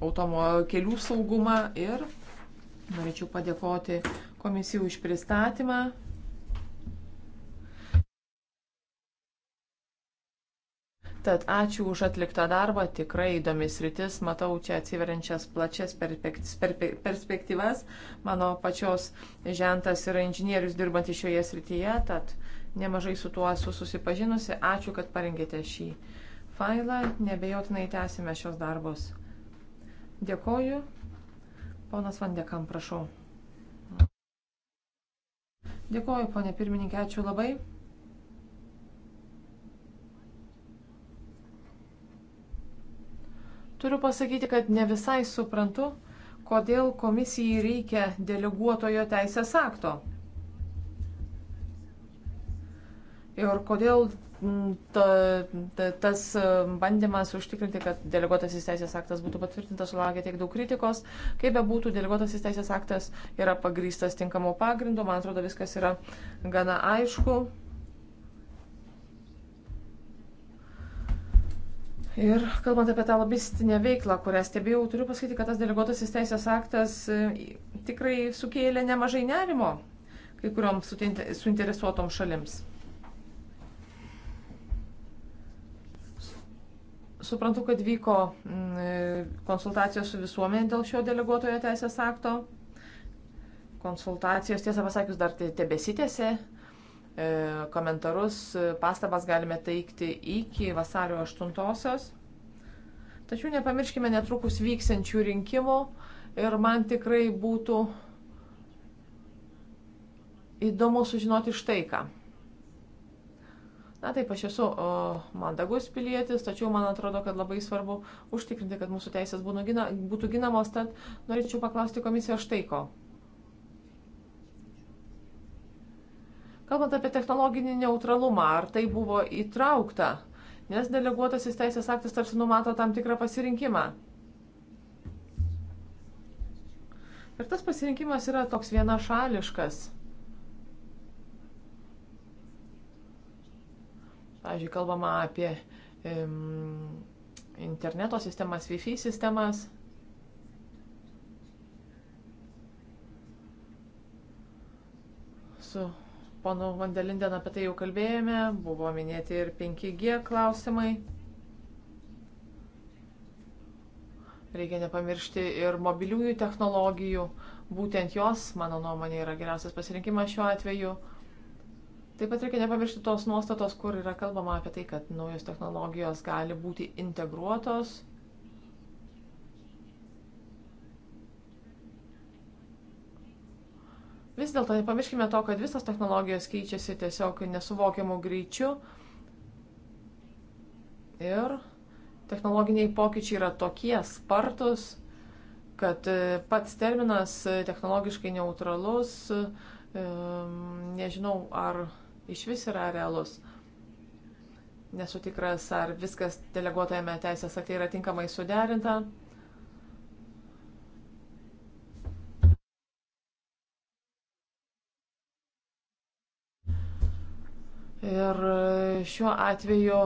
automo kelių saugumą ir norėčiau padėkoti komisijų už pristatymą. Tad ačiū už atliktą darbą, tikrai įdomis rytis, matau čia atsiveriančias plačias perspektyvas. Mano pačios žentas yra inžinierius dirbantis šioje srityje, tad nemažai su tuo esu susipažinusi. Ačiū, kad parengėte šį failą. Nebejotinai tęsime šios darbus. Dėkoju. Ponas Vandekam, prašau. Dėkoju, ponė pirmininkė, ačiū labai. Turiu pasakyti, kad ne visai suprantu, kodėl komisijai reikia deleguotojo teisės akto. Ir kodėl Mm, ta, ta, tas e, bandymas užtikrinti, kad deleguotasis teisės aktas būtų patvirtintas, sulaukė tiek daug kritikos. Kaip be būtų, deleguotasis teisės aktas yra pagrystas tinkamų pagrindų, man atrodo, viskas yra gana aišku. Ir kalbant apie tą lobistinę veiklą, kurią stebėjau, turiu pasakyti, kad tas deleguotasis teisės aktas e, tikrai sukėlė nemažai nerimo kai kuriuom suinteresuotom šalims. Suprantu, kad vyko mm, konsultacijos su visuomenė dėl šio deleguotojo teisės akto. Konsultacijos, tiesą pasakius, dar tebesitėse. E, komentarus, e, pastabas galime teikti iki vasario 8-osios. Tačiau nepamirškime netrukus vyksiančių rinkimų ir man tikrai būtų įdomu sužinoti štai ką. Na taip, aš esu o, mandagus pilietis, tačiau man atrodo, kad labai svarbu užtikrinti, kad mūsų teisės būtų, gina, būtų ginamos, tad norėčiau paklausti komisiją štai ko. Kalbant apie technologinį neutralumą, ar tai buvo įtraukta, nes deleguotasis teisės aktas tarsi numato tam tikrą pasirinkimą. Ir tas pasirinkimas yra toks vienašališkas. Pavyzdžiui, kalbama apie um, interneto sistemas, Wi-Fi sistemas. Su ponu Vandelinden apie tai jau kalbėjome, buvo minėti ir 5G klausimai. Reikia nepamiršti ir mobiliųjų technologijų. Būtent jos, mano nuomonė, yra geriausias pasirinkimas šiuo atveju. Taip pat reikia nepamiršti tos nuostatos, kur yra kalbama apie tai, kad naujos technologijos gali būti integruotos. Vis dėlto nepamirškime to, kad visos technologijos keičiasi tiesiog nesuvokiamu greičiu. Ir technologiniai pokyčiai yra tokie spartus, kad e, pats terminas e, technologiškai neutralus, e, nežinau, ar iš vis yra realus. Nesu tikras, ar viskas deleguotojame teisės akte yra tinkamai suderinta. Ir šiuo atveju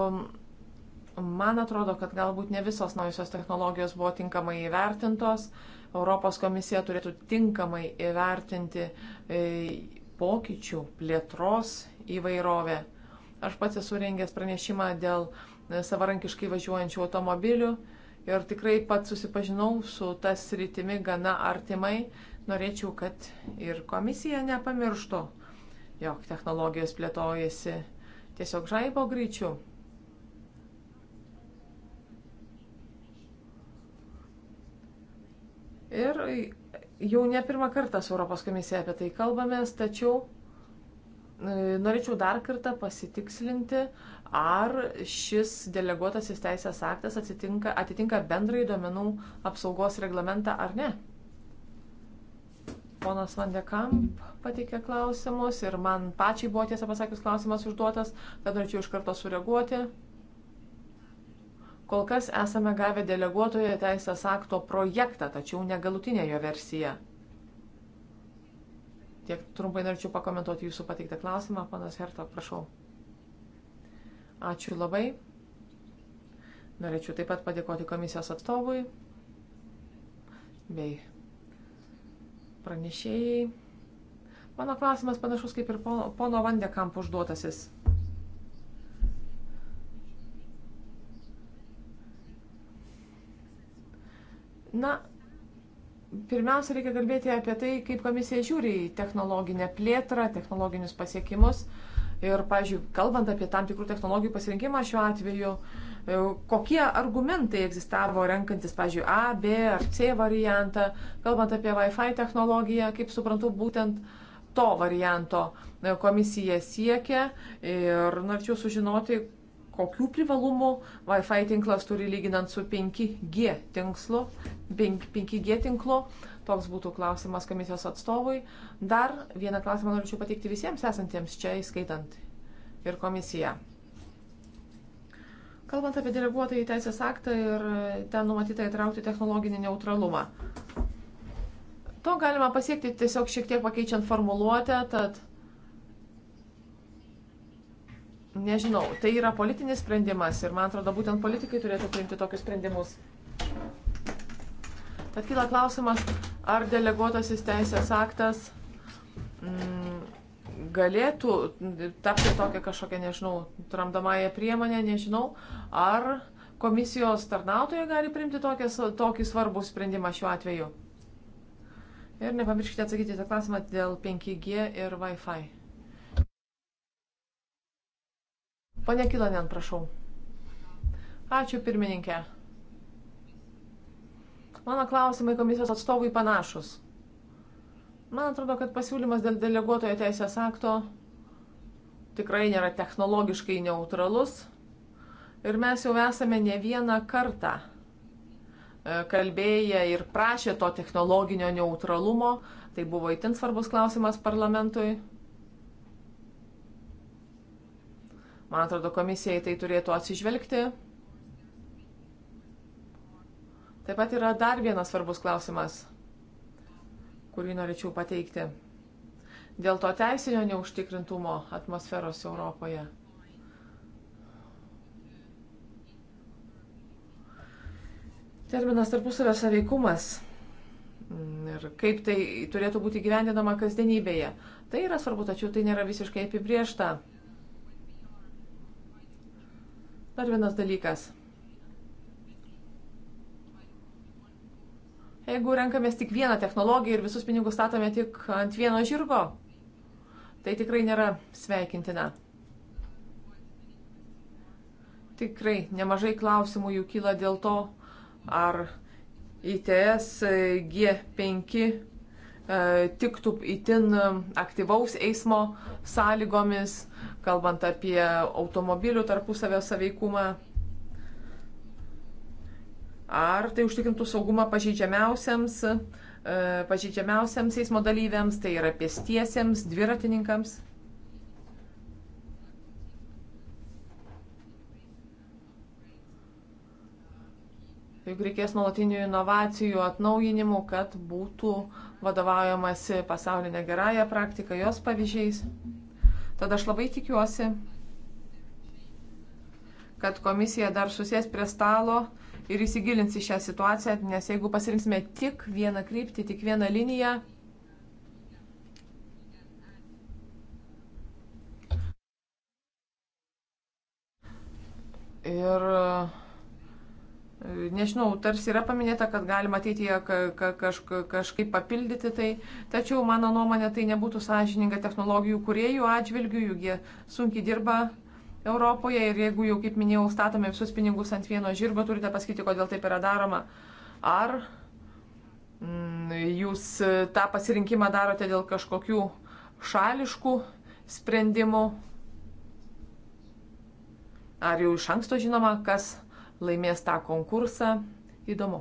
man atrodo, kad galbūt ne visos naujosios technologijos buvo tinkamai įvertintos. Europos komisija turėtų tinkamai įvertinti e, pokyčių, plėtros įvairovę. Aš pats esu rengęs pranešimą dėl e, savarankiškai važiuojančių automobilių ir tikrai pats susipažinau su tas rytimi gana artimai. Norėčiau, kad ir komisija nepamirštų, jog technologijos plėtojasi tiesiog žaibo greičiu. Ir jau ne pirmą kartą su Europos komisija apie tai kalbamės, tačiau E, norėčiau dar kartą pasitikslinti, ar šis deleguotasis teisės aktas atsitinka, atitinka bendrai duomenų apsaugos reglamentą ar ne. Ponas Vandekamp pateikė klausimus ir man pačiai buvo tiesą pasakius klausimas užduotas, tad norėčiau iš karto sureaguoti. Kol kas esame gavę deleguotojo teisės akto projektą, tačiau negalutinę jo versiją. Tiek trumpai norėčiau pakomentuoti jūsų pateiktą klausimą. Panas Herta, prašau. Ačiū labai. Norėčiau taip pat padėkoti komisijos atstovui bei pranešėjai. Mano klausimas panašus kaip ir pono Vandekamp užduotasis. Na, Pirmiausia, reikia kalbėti apie tai, kaip komisija žiūri į technologinę plėtrą, technologinius pasiekimus. Ir, pažiūrėjau, kalbant apie tam tikrų technologijų pasirinkimą šiuo atveju, e, kokie argumentai egzistavo renkantis, pažiūrėjau, A, B ar C variantą, kalbant apie Wi-Fi technologiją, kaip suprantu, būtent to varianto e, komisija siekia ir norėčiau sužinoti, kokių privalumų Wi-Fi tinklas turi lyginant su 5G tinklu. 5G tinklu. Toks būtų klausimas komisijos atstovui. Dar vieną klausimą norėčiau pateikti visiems esantiems čia, įskaitant ir komisiją. Kalbant apie deleguotąjį teisės aktą ir ten numatytą įtraukti technologinį neutralumą. To galima pasiekti tiesiog šiek tiek pakeičiant formuluotę, tad Nežinau, tai yra politinis sprendimas ir man atrodo, būtent politikai turėtų priimti tokius sprendimus. Tad kyla klausimas, ar deleguotasis teisės aktas mm, galėtų tapti tokią kažkokią, nežinau, tramdomąją priemonę, nežinau, ar komisijos tarnautoje gali priimti tokią, tokį svarbų sprendimą šiuo atveju. Ir nepamirškite atsakyti tą klausimą dėl 5G ir Wi-Fi. Pone Kilonen, prašau. Ačiū pirmininkė. Mano klausimai komisijos atstovui panašus. Man atrodo, kad pasiūlymas dėl deleguotojo teisės akto tikrai nėra technologiškai neutralus. Ir mes jau esame ne vieną kartą e, kalbėję ir prašė to technologinio neutralumo. Tai buvo įtins svarbus klausimas parlamentui. Man atrodo, komisija į tai turėtų atsižvelgti. Taip pat yra dar vienas svarbus klausimas, kurį norėčiau pateikti. Dėl to teisinio neužtikrintumo atmosferos Europoje. Terminas tarpusavio saveikumas ir kaip tai turėtų būti gyvendinama kasdienybėje. Tai yra svarbu, tačiau tai nėra visiškai apibriešta. Dar vienas dalykas. Jeigu renkamės tik vieną technologiją ir visus pinigus statome tik ant vieno žirgo, tai tikrai nėra sveikintina. Tikrai nemažai klausimų jų kyla dėl to, ar ITS G5 e, tiktų įtin aktyvaus eismo sąlygomis, kalbant apie automobilių tarpusavio saveikumą. Ar tai užtikrintų saugumą pažeidžiamiausiams, e, pažeidžiamiausiams eismo dalyviams, tai yra pėstiesiems, dviratininkams? Juk reikės nuolatinių inovacijų atnaujinimų, kad būtų vadovaujamasi pasaulinė gerąją praktiką, jos pavyzdžiais. Mm -hmm. Tad aš labai tikiuosi, kad komisija dar susės prie stalo ir įsigilins į šią situaciją, nes jeigu pasirinksime tik vieną kryptį, tik vieną liniją, ir Nežinau, tarsi yra paminėta, kad galima ateityje kažkaip papildyti tai, tačiau mano nuomonė tai nebūtų sąžininga technologijų kuriejų atžvilgių, juk jie sunkiai dirba Europoje ir jeigu jau, kaip minėjau, statome visus pinigus ant vieno žirgo, turite pasakyti, kodėl taip yra daroma. Ar mm, jūs e, tą pasirinkimą darote dėl kažkokių šališkų sprendimų, ar jau iš anksto žinoma, kas laimės tą konkursą. Įdomu.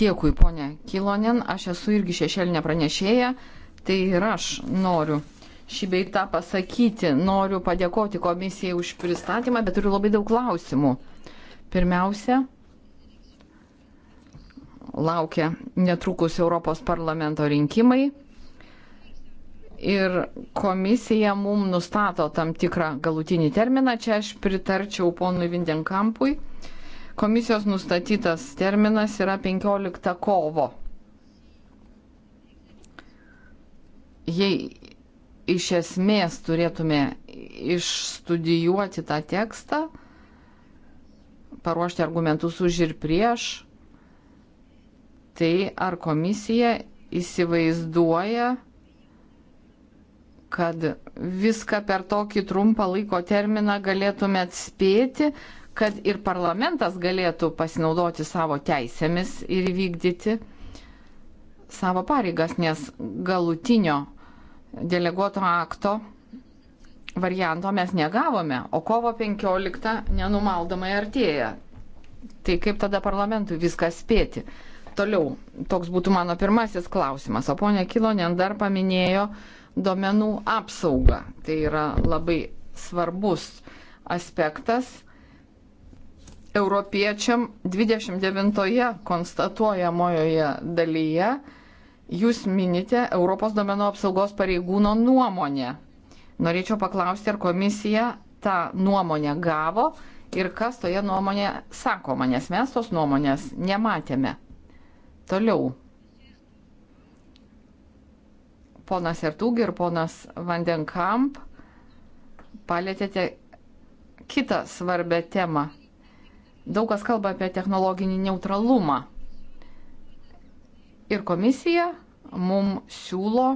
Dėkui, ponė Kilonin, aš esu irgi šešėlinė pranešėja, tai ir aš noriu šį beitą pasakyti, noriu padėkoti komisijai už pristatymą, bet turiu labai daug klausimų. Pirmiausia, laukia netrukus Europos parlamento rinkimai ir komisija mum nustato tam tikrą galutinį terminą. Čia aš pritarčiau ponui Vindenkampui. Komisijos nustatytas terminas yra 15 kovo. Jei iš esmės turėtume išstudijuoti tą tekstą, paruošti argumentus už ir prieš, tai ar komisija įsivaizduoja, kad viską per tokį trumpą laiko terminą galėtume atspėti, kad ir parlamentas galėtų pasinaudoti savo teisėmis ir vykdyti savo pareigas, nes galutinio deleguoto akto varianto mes negavome, o kovo 15 nenumaldomai artėja. Tai kaip tada parlamentui viską spėti? Toliau, toks būtų mano pirmasis klausimas. O ponia Kilonen dar paminėjo, duomenų apsaugą. Tai yra labai svarbus aspektas. Europiečiam 29 konstatuojamojoje dalyje jūs minite Europos domenų apsaugos pareigūno nuomonę. Norėčiau paklausti, ar komisija tą nuomonę gavo ir kas toje nuomonėje sakoma, nes mes tos nuomonės nematėme. Toliau ponas Ertūgi ir ponas Vandenkamp palėtėte kitą svarbę temą. Daug kas kalba apie technologinį neutralumą. Ir komisija mum siūlo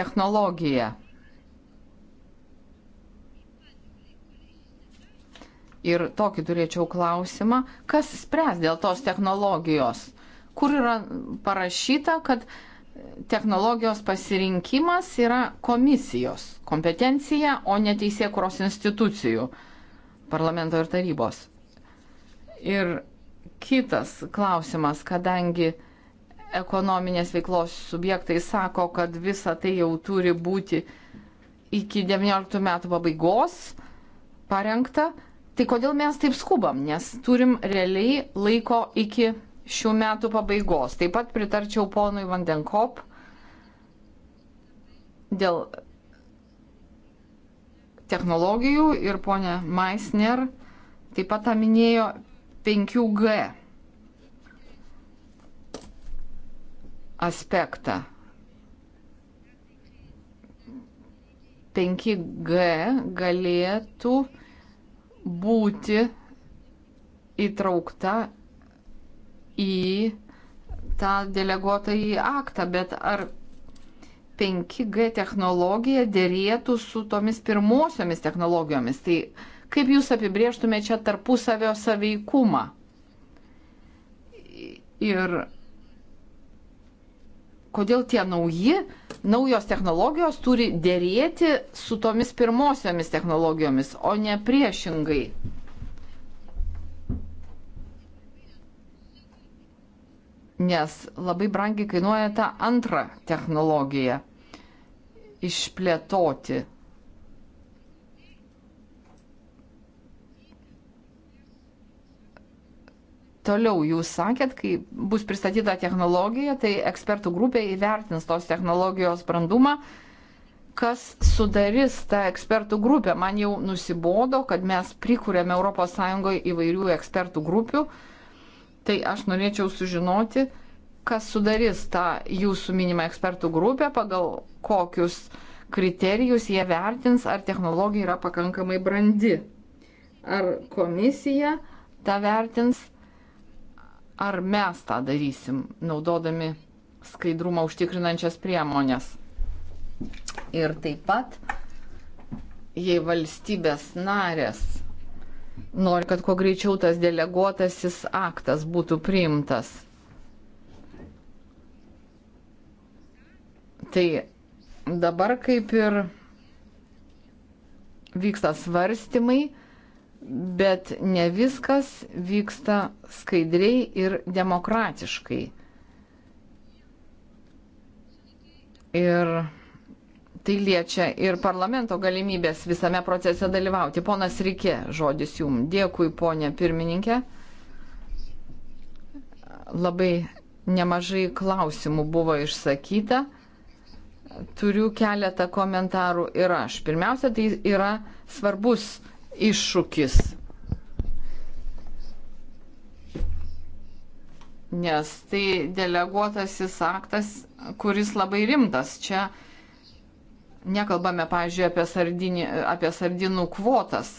technologiją. Ir tokį turėčiau klausimą, kas spręs dėl tos technologijos? Kur yra parašyta, kad technologijos pasirinkimas yra komisijos kompetencija, o ne teisėkuros institucijų, parlamento ir tarybos. Ir kitas klausimas, kadangi ekonominės veiklos subjektai sako, kad visa tai jau turi būti iki 19 metų pabaigos parengta, Tai kodėl mes taip skubam, nes turim realiai laiko iki šių metų pabaigos. Taip pat pritarčiau ponui Vandenkop dėl technologijų ir ponė Maisner taip pat tą minėjo 5G aspektą. 5G galėtų būti įtraukta į tą deleguotą į aktą, bet ar 5G technologija dėrėtų su tomis pirmosiomis technologijomis? Tai kaip jūs apibrieštumėte čia tarpusavio saveikumą? Ir kodėl tie nauji, naujos technologijos turi dėrėti su tomis pirmosiomis technologijomis, o ne priešingai. Nes labai brangiai kainuoja tą antrą technologiją išplėtoti. Toliau jūs sakėt, kai bus pristatyta technologija, tai ekspertų grupė įvertins tos technologijos brandumą. Kas sudarys tą ekspertų grupę? Man jau nusibodo, kad mes prikūrėme ES įvairių ekspertų grupių. Tai aš norėčiau sužinoti, kas sudarys tą jūsų minimą ekspertų grupę, pagal kokius kriterijus jie vertins, ar technologija yra pakankamai brandi. Ar komisija tą vertins ar mes tą darysim, naudodami skaidrumą užtikrinančias priemonės. Ir taip pat, jei valstybės narės nori, kad kuo greičiau tas deleguotasis aktas būtų priimtas, tai dabar kaip ir vyksta svarstymai, bet ne viskas vyksta skaidriai ir demokratiškai. Ir tai liečia ir parlamento galimybės visame procese dalyvauti. Ponas Rikė, žodis jum. Dėkui, ponė pirmininkė. Labai nemažai klausimų buvo išsakyta. Turiu keletą komentarų ir aš. Pirmiausia, tai yra svarbus iššūkis. Nes tai deleguotasis aktas, kuris labai rimtas. Čia nekalbame, pavyzdžiui, apie, sardinį, apie sardinų kvotas.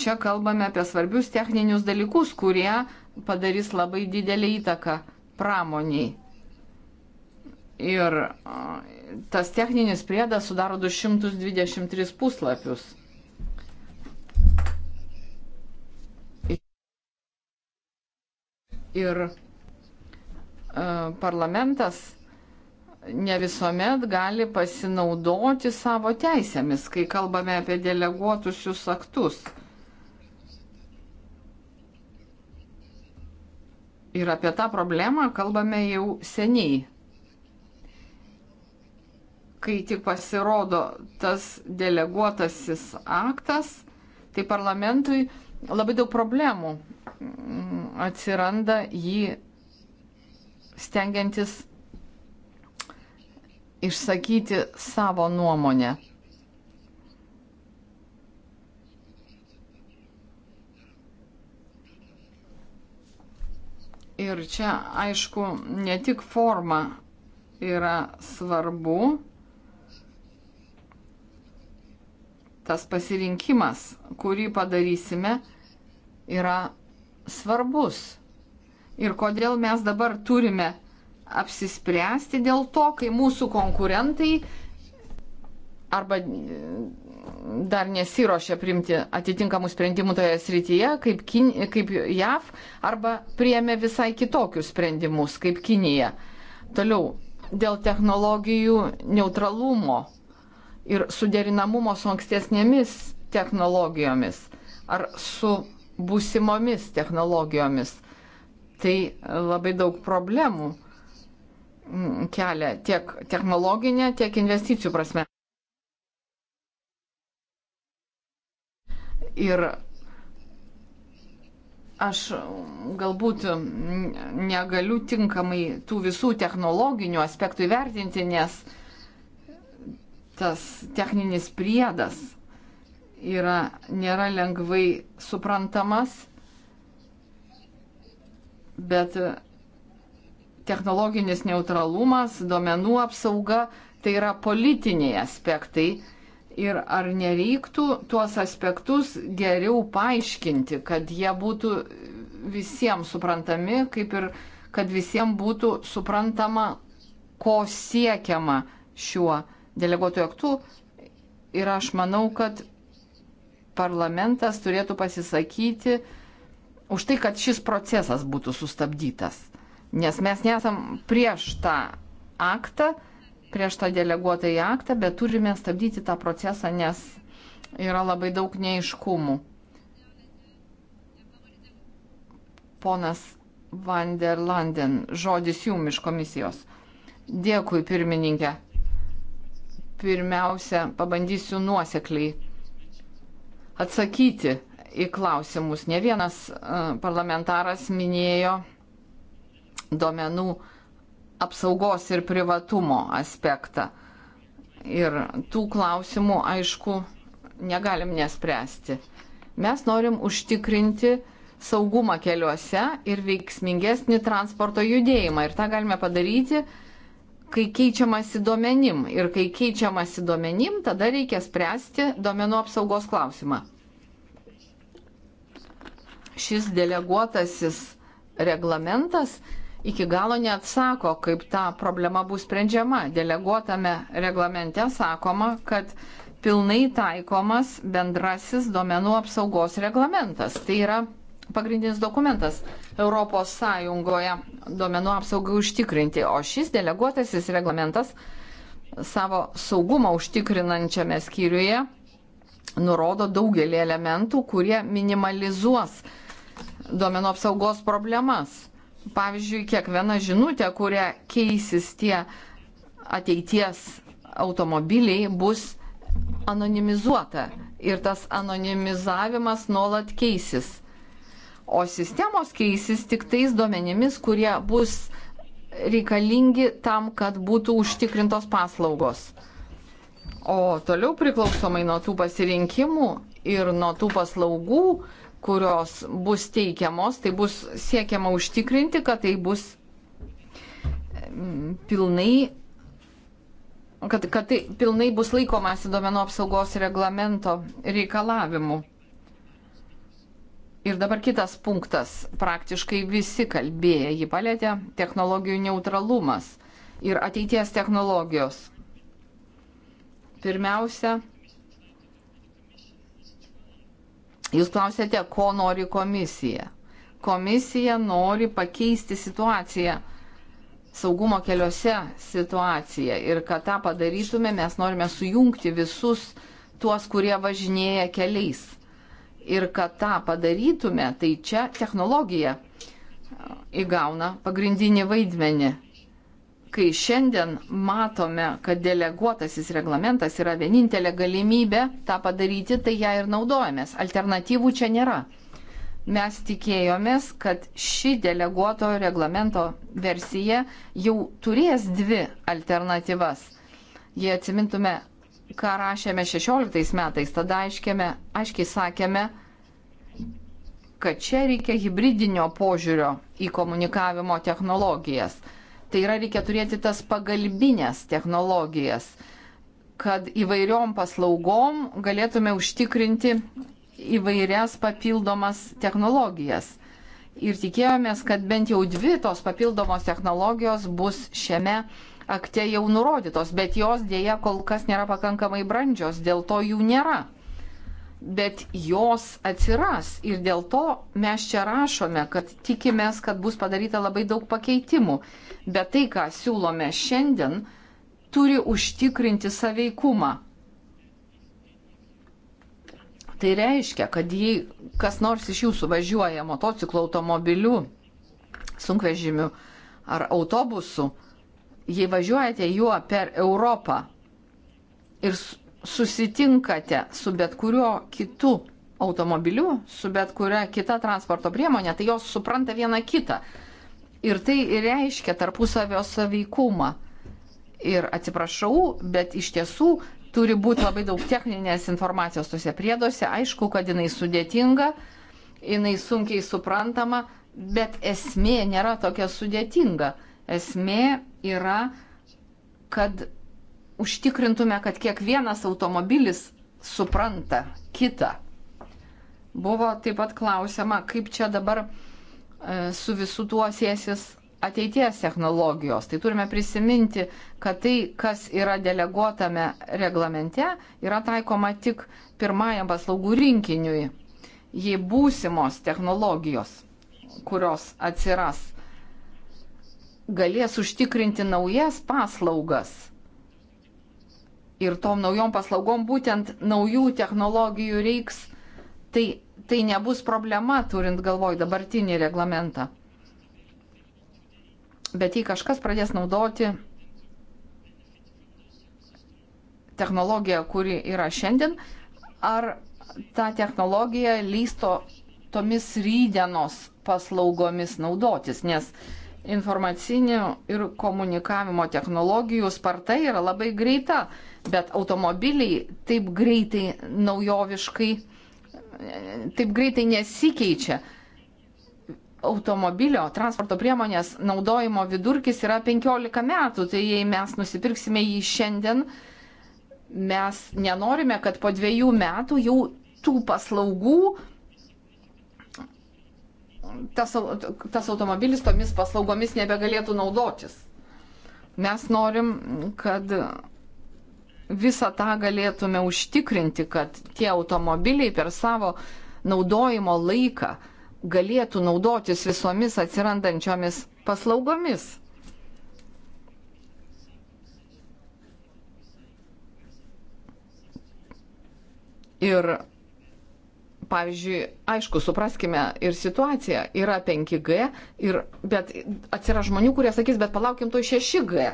Čia kalbame apie svarbius techninius dalykus, kurie padarys labai didelį įtaką pramoniai. Ir tas techninis priedas sudaro 223 puslapius. ir e, parlamentas ne visuomet gali pasinaudoti savo teisėmis, kai kalbame apie deleguotusius aktus. Ir apie tą problemą kalbame jau seniai. Kai tik pasirodo tas deleguotasis aktas, tai parlamentui labai daug problemų atsiranda jį stengiantis išsakyti savo nuomonę. Ir čia, aišku, ne tik forma yra svarbu, tas pasirinkimas, kurį padarysime, yra svarbus ir kodėl mes dabar turime apsispręsti dėl to, kai mūsų konkurentai arba e, dar nesiuošia primti atitinkamų sprendimų toje srityje, kaip, Kin, kaip JAV, arba priemė visai kitokius sprendimus, kaip Kinija. Toliau, dėl technologijų neutralumo ir suderinamumo su ankstesnėmis technologijomis ar su būsimomis technologijomis. Tai labai daug problemų kelia tiek technologinė, tiek investicijų prasme. Ir aš galbūt negaliu tinkamai tų visų technologinių aspektų įvertinti, nes tas techninis priedas yra, nėra lengvai suprantamas, bet technologinis neutralumas, duomenų apsauga, tai yra politiniai aspektai. Ir ar nereiktų tuos aspektus geriau paaiškinti, kad jie būtų visiems suprantami, kaip ir kad visiems būtų suprantama, ko siekiama šiuo deleguotojų aktu. Ir aš manau, kad parlamentas turėtų pasisakyti už tai, kad šis procesas būtų sustabdytas. Nes mes nesam prieš tą aktą, prieš tą deleguotą į aktą, bet turime stabdyti tą procesą, nes yra labai daug neiškumų. Ponas Van der Landen, žodis jum iš komisijos. Dėkui, pirmininkė. Pirmiausia, pabandysiu nuosekliai atsakyti į klausimus. Ne vienas e, parlamentaras minėjo duomenų apsaugos ir privatumo aspektą. Ir tų klausimų, aišku, negalim nespręsti. Mes norim užtikrinti saugumą keliuose ir veiksmingesnį transporto judėjimą. Ir tą galime padaryti, uh, kai keičiamasi duomenim. Ir kai keičiamasi duomenim, tada reikia spręsti duomenų apsaugos klausimą. Šis deleguotasis reglamentas iki galo neatsako, kaip ta problema bus sprendžiama. Deleguotame reglamente sakoma, kad pilnai taikomas bendrasis duomenų apsaugos reglamentas. Tai yra pagrindinis dokumentas Europos Sąjungoje duomenų apsaugai užtikrinti, o šis deleguotasis reglamentas savo saugumą užtikrinančiame skyriuje nurodo daugelį elementų, kurie minimalizuos duomenų apsaugos problemas. Pavyzdžiui, kiekviena žinutė, kurią keisis tie ateities automobiliai, bus anonimizuota ir tas anonimizavimas nuolat keisis o sistemos keisis tik tais duomenimis, kurie bus reikalingi tam, kad būtų užtikrintos paslaugos. O toliau priklausomai nuo tų pasirinkimų ir nuo tų paslaugų, kurios bus teikiamos, tai bus siekiama užtikrinti, kad tai bus mm, pilnai, kad, kad tai pilnai bus laikomasi duomenų apsaugos reglamento reikalavimu. Ir dabar kitas punktas, praktiškai visi kalbėję jį palėtė, technologijų neutralumas ir ateities technologijos. Pirmiausia, jūs klausėte, ko nori komisija. Komisija nori pakeisti situaciją, saugumo keliuose situaciją ir kad tą padarytume, mes norime sujungti visus tuos, kurie važinėja keliais ir kad tą padarytume, tai čia technologija e, įgauna pagrindinį vaidmenį. Kai šiandien matome, kad deleguotasis reglamentas yra vienintelė galimybė tą padaryti, tai ją ir naudojamės. Alternatyvų čia nėra. Mes tikėjomės, kad ši deleguoto reglamento versija jau turės dvi alternatyvas. Jei atsimintume ką rašėme 16 metais, tada aiškėme, aiškiai sakėme, kad čia reikia hybridinio požiūrio į komunikavimo technologijas. Tai yra reikia turėti tas pagalbinės technologijas, kad įvairiom paslaugom galėtume užtikrinti įvairias papildomas technologijas. Ir tikėjomės, kad bent jau dvi tos papildomos technologijos bus šiame akte jau nurodytos, bet jos dėja kol kas nėra pakankamai brandžios, dėl to jų nėra. Bet jos atsiras ir dėl to mes čia rašome, kad tikimės, kad bus padaryta labai daug pakeitimų. Bet tai, ką siūlome šiandien, turi užtikrinti saveikumą. Tai reiškia, kad jei kas nors iš jūsų važiuoja motociklo automobiliu, sunkvežimiu ar autobusu, jei važiuojate juo per Europą ir susitinkate su bet kuriuo kitu automobiliu, su bet kuria kita transporto priemonė, tai jos supranta viena kitą. Ir tai reiškia tarpusavio saveikumą. Ir atsiprašau, bet iš tiesų turi būti labai daug techninės informacijos tuose prieduose. Aišku, kad jinai sudėtinga, jinai sunkiai suprantama, bet esmė nėra tokia sudėtinga. Esmė yra, kad užtikrintume, kad kiekvienas automobilis supranta kitą. Buvo taip pat klausima, kaip čia dabar e, su visu tuo sėsis ateities technologijos. Tai turime prisiminti, kad tai, kas yra deleguotame reglamente, yra taikoma tik pirmajam paslaugų rinkiniui. Jei būsimos technologijos, kurios atsiras, galės užtikrinti naujas paslaugas. Ir tom naujom paslaugom būtent naujų technologijų reiks, tai, tai nebus problema, turint galvoj dabartinį reglamentą. Bet jei kažkas pradės naudoti technologiją, kuri yra šiandien, ar ta technologija lysto tomis rydienos paslaugomis naudotis, nes uh, informacinių ir komunikavimo technologijų sparta yra labai greita, bet automobiliai taip greitai naujoviškai, taip greitai nesikeičia. Automobilio transporto priemonės naudojimo vidurkis yra 15 metų, tai jei mes nusipirksime jį šiandien, mes nenorime, kad po dviejų metų jau tų paslaugų tas, tas automobilis tomis paslaugomis nebegalėtų naudotis. Mes norim, kad visą tą galėtume užtikrinti, kad tie automobiliai per savo naudojimo laiką galėtų naudotis visomis atsirandančiomis paslaugomis. Ir Pavyzdžiui, aišku, supraskime ir situaciją, yra 5G, ir, bet atsira žmonių, kurie sakys, bet palaukim to 6G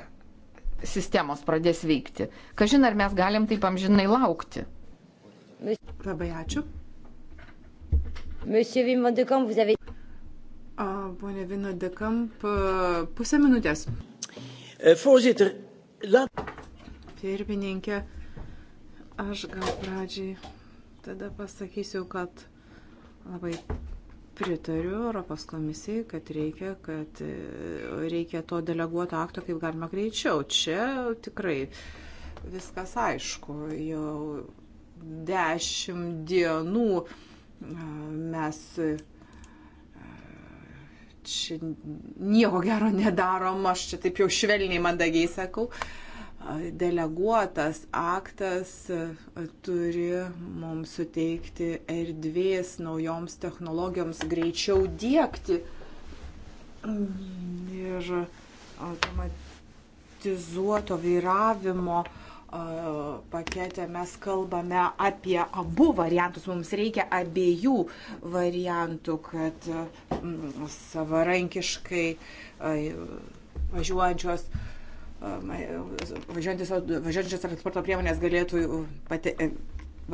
sistemos pradės veikti. Kažin ar mes galim taip amžinai laukti. Labai ačiū. Monsieur Vimon de Kamp, vous avez... Pone Vino de Kamp, pusę minutės. E, voorzitter, laat... Pirmininkė, aš gal pradžiai Tada pasakysiu, kad labai pritariu Europos komisijai, kad reikia, kad e, reikia to deleguoto akto kaip galima greičiau. Čia tikrai viskas aišku. Jau dešimt dienų e, mes e, čia nieko gero nedarom, aš čia taip jau švelniai mandagiai sakau. Uh, deleguotas aktas e, turi mums suteikti erdvės naujoms technologijoms greičiau dėkti ir automatizuoto vairavimo e, pakete mes kalbame apie abu variantus, mums reikia abiejų variantų, kad savarankiškai e, važiuojančios uh, važiuojančios transporto priemonės galėtų pati, e,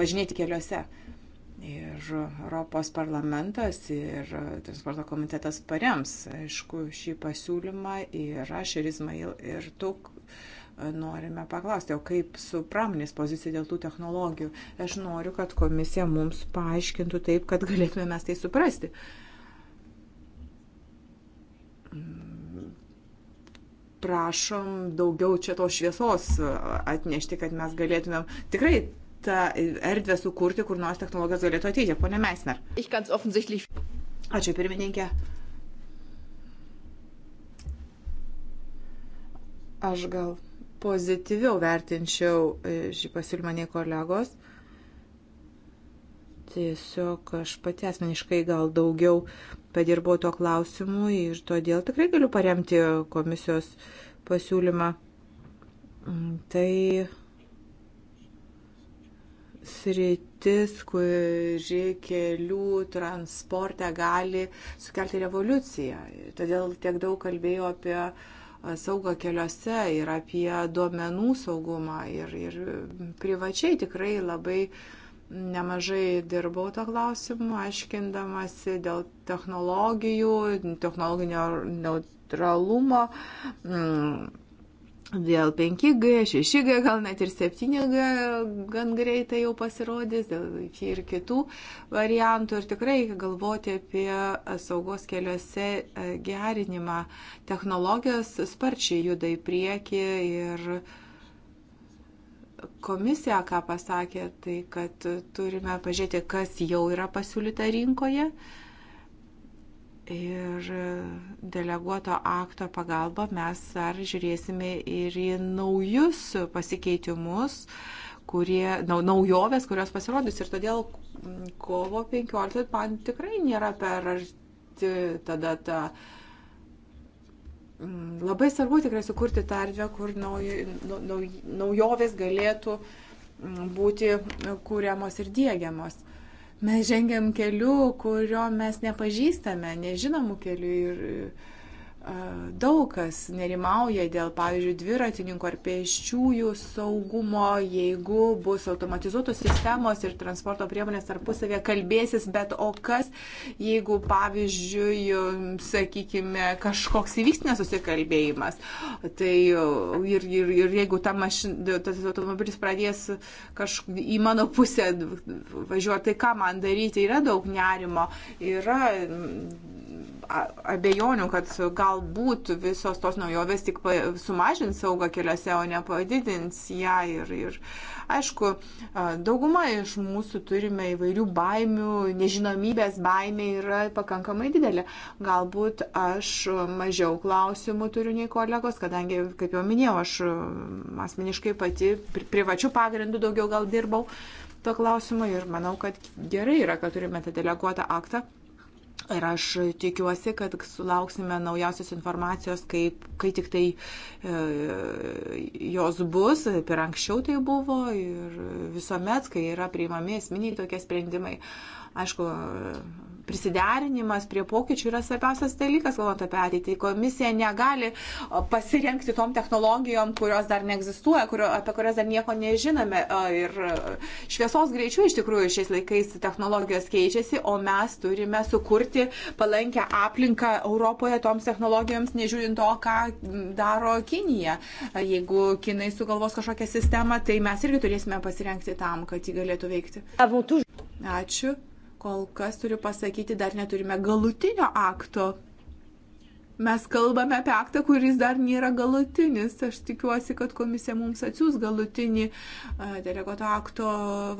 važinėti keliuose. Ir Europos parlamentas ir transporto komitetas parems, aišku, šį pasiūlymą ir aš ir Izmail ir tu norime paklausti, o kaip su pramonės pozicija dėl tų technologijų. Aš noriu, kad komisija mums paaiškintų taip, kad galėtume mes tai suprasti. Mm prašom daugiau čia tos šviesos e, atnešti, kad mes galėtumėm tikrai tą erdvę sukurti, kur nors technologijos galėtų ateiti. Pone Meisner. Ačiū pirmininkė. Aš gal pozityviau vertinčiau e, šį pasiūlymą nei kolegos. Tiesiog aš pati asmeniškai gal daugiau padirbau tuo klausimu ir todėl tikrai galiu paremti komisijos pasiūlymą. Mm, tai sritis, kuri kelių transporte gali sukelti revoliuciją. Todėl tiek daug kalbėjau apie saugą keliuose ir apie duomenų saugumą. Ir, ir privačiai tikrai labai uh, nemažai dirbau to klausimu, aiškindamasi dėl technologijų, technologinio neutralumo, mm, dėl 5G, 6G, gal net ir 7G gan greitai jau pasirodys, dėl ir kitų variantų ir tikrai reikia galvoti apie saugos keliuose e, gerinimą. Technologijos sparčiai juda į priekį ir komisija ką pasakė, tai kad turime pažiūrėti, kas jau yra pasiūlyta rinkoje ir deleguoto akto pagalba mes ar žiūrėsime ir į naujus pasikeitimus, kurie, na, naujoves, kurios pasirodys. Ir todėl kovo 15 man tikrai nėra per arti tada ta. ta Mm, labai svarbu tikrai sukurti tą erdvę, kur nauj, nauj, naujovės galėtų mm, būti mm, kūriamos ir dėgiamos. Mes žengiam keliu, kurio mes nepažįstame, nežinomų kelių ir daug kas nerimauja dėl, pavyzdžiui, dviratininkų ar pėsčiųjų saugumo, jeigu bus automatizuotos sistemos ir transporto priemonės tarpusavėje kalbėsis, bet o kas, jeigu, pavyzdžiui, sakykime, kažkoks įvyks nesusikalbėjimas, tai ir, ir, ir jeigu ta mašin, tas automobilis pradės kažkaip į mano pusę važiuoti, tai ką man daryti, yra daug nerimo, yra abejonių, kad galbūt visos tos naujovės tik sumažins saugą keliuose, o ne padidins ją. Ir, ir aišku, dauguma iš mūsų turime įvairių baimių, nežinomybės baimė yra pakankamai didelė. Galbūt aš mažiau klausimų turiu nei kolegos, kadangi, kaip jau minėjau, aš asmeniškai pati privačių pagrindų daugiau gal dirbau to klausimo ir manau, kad gerai yra, kad turime tą deleguotą aktą Ir aš tikiuosi, kad sulauksime naujausios informacijos, kaip, kai tik tai e, jos bus, per anksčiau tai buvo ir visuomet, kai yra priimami esminiai tokie sprendimai. Aišku, prisiderinimas prie pokyčių yra svarbiausias dalykas, kalbant apie ateitį. Komisija negali pasirenkti tom technologijom, kurios dar neegzistuoja, kurio, apie kurias dar nieko nežinome. Ir e, šviesos greičiu iš tikrųjų šiais laikais technologijos keičiasi, o mes turime sukurti palankę aplinką Europoje toms technologijoms, nežiūrint to, ką daro Kinija. Jeigu Kinai sugalvos kažkokią sistemą, tai mes irgi turėsime pasirenkti tam, kad ji galėtų veikti. Ačiū. Kol kas turiu pasakyti, dar neturime galutinio akto. Mes kalbame apie aktą, kuris dar nėra galutinis. Aš tikiuosi, kad komisija mums atsiūs galutinį deleguoto akto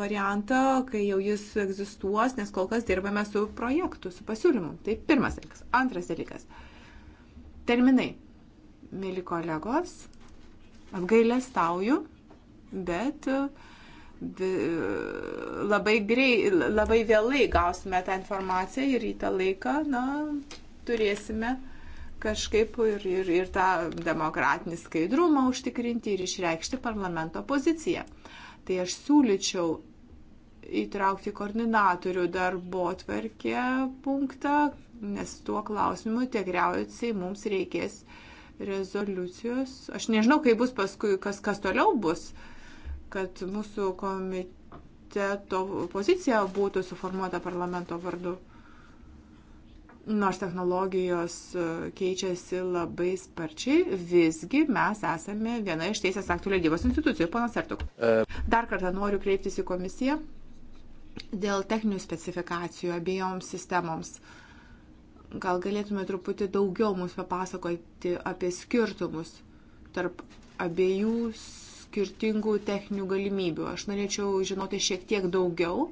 variantą, kai jau jis egzistuos, nes kol kas dirbame su projektu, su pasiūlymu. Tai pirmas dalykas. Antras dalykas. Terminai. Mėly kolegos, apgailę stauju, bet uh, labai grei, labai vėlai gausime tą informaciją ir į tą laiką, na, turėsime kažkaip ir, ir, ir tą demokratinį skaidrumą užtikrinti ir išreikšti parlamento poziciją. Tai aš siūlyčiau įtraukti koordinatorių darbo atverkę punktą, nes tuo klausimu tikriausiai mums reikės rezoliucijos. Aš nežinau, kaip bus paskui, kas, kas toliau bus. Uh, kad mūsų komiteto pozicija būtų suformuota parlamento vardu. Nors technologijos e, keičiasi labai sparčiai, visgi mes esame viena iš teisės aktų leidybos institucijų. Ponas Artuk, e. dar kartą noriu kreiptis į komisiją dėl techninių specifikacijų abiejoms sistemoms. Gal galėtume truputį daugiau mums papasakoti apie skirtumus tarp abiejų skirtingų techninių galimybių. Aš norėčiau žinoti šiek tiek daugiau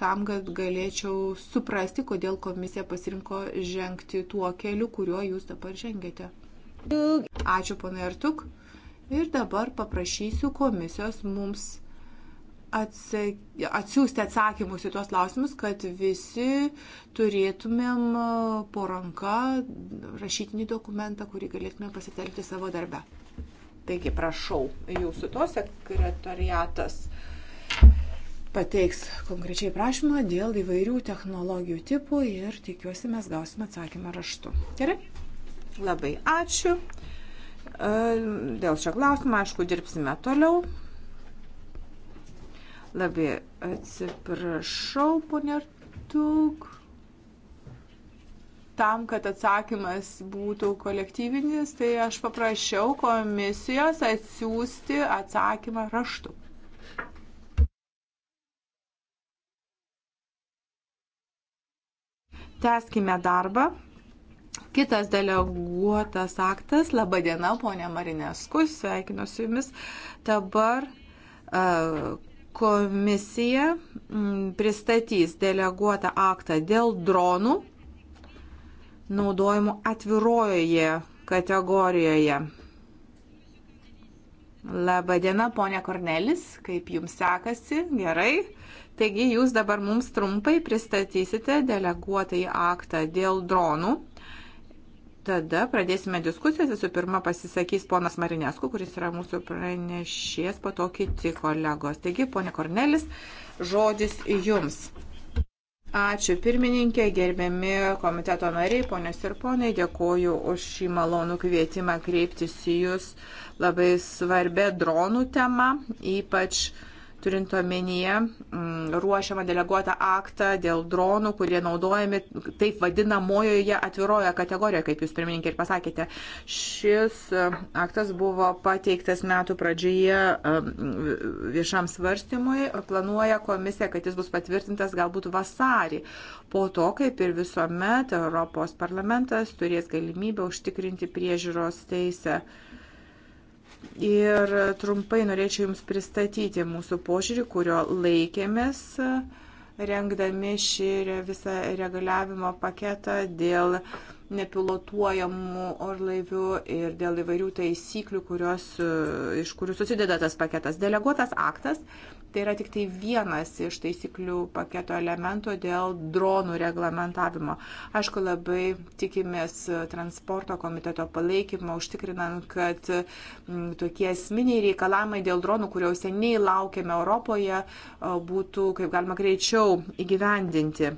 tam, kad galėčiau suprasti, kodėl komisija pasirinko žengti tuo keliu, kuriuo jūs dabar žengėte. Ačiū, ponai Artuk. Ir dabar paprašysiu komisijos mums atsak... atsiųsti atsakymus į tuos klausimus, kad visi turėtumėm uh, po ranka rašytinį dokumentą, kurį galėtume pasitelkti savo darbę. Taigi prašau, jūsų to sekretariatas pateiks konkrečiai prašymą dėl įvairių technologijų tipų ir tikiuosi mes gausime atsakymą raštu. Gerai? Labai ačiū. E, dėl šio klausimo, aišku, dirbsime toliau. Labai atsiprašau, ponė Artuk tam, kad atsakymas būtų kolektyvinis, tai aš paprašiau komisijos atsiųsti atsakymą raštu. Teskime darbą. Kitas deleguotas aktas. Labadiena, ponė Marinesku, sveikinu su jumis. Dabar uh, komisija pristatys deleguotą aktą dėl dronų naudojimu atvirojoje kategorijoje. Labadiena, ponė Kornelis, kaip jums sekasi? Gerai. Taigi jūs dabar mums trumpai pristatysite deleguotąjį aktą dėl dronų. Tada pradėsime diskusijas. Visų pirma pasisakys ponas Marinesku, kuris yra mūsų pranešės, po to kiti kolegos. Taigi, ponė Kornelis, žodis jums. Ačiū pirmininkė, gerbiami komiteto nariai, ponios ir ponai, dėkoju už šį malonų kvietimą kreiptis į Jūs labai svarbę dronų temą, ypač uh, turint omenyje mm, ruošiamą deleguotą aktą dėl dronų, kurie naudojami taip vadinamojoje atviroje kategorijoje, kaip jūs pirmininkė ir pasakėte. Šis e, aktas buvo pateiktas metų pradžioje e, viešam svarstymui, planuoja komisija, kad jis bus patvirtintas galbūt vasarį. Po to, kaip ir visuomet, Europos parlamentas turės galimybę užtikrinti priežiūros teisę. Ir trumpai norėčiau Jums pristatyti mūsų požiūrį, kurio laikėmės rengdami šį visą reguliavimo paketą dėl nepilotuojamų orlaivių ir dėl įvairių taisyklių, kurios, iš kurių susideda tas paketas. Deleguotas aktas Tai yra tik tai vienas iš taisyklių paketo elementų dėl dronų reglamentavimo. Aišku, labai tikimės transporto komiteto palaikymo, užtikrinant, kad mm, tokie esminiai reikalavimai dėl dronų, kurio seniai laukiame Europoje, būtų kaip galima greičiau įgyvendinti.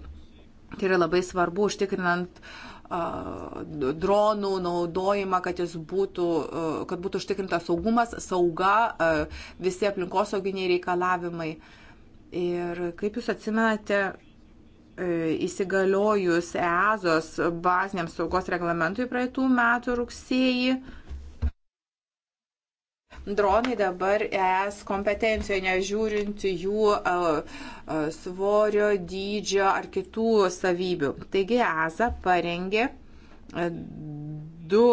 Tai yra labai svarbu užtikrinant uh, dronų naudojimą, kad, būtų, kad būtų užtikrintas saugumas, sauga, visi aplinkosauginiai reikalavimai. Ir kaip jūs atsimenate, e, įsigaliojus EASOS baziniam saugos reglamentui praeitų metų rugsėjį, dronai dabar es kompetencijoje, nežiūrint jų e, e, svorio, dydžio ar kitų savybių. Taigi ESA parengė e, du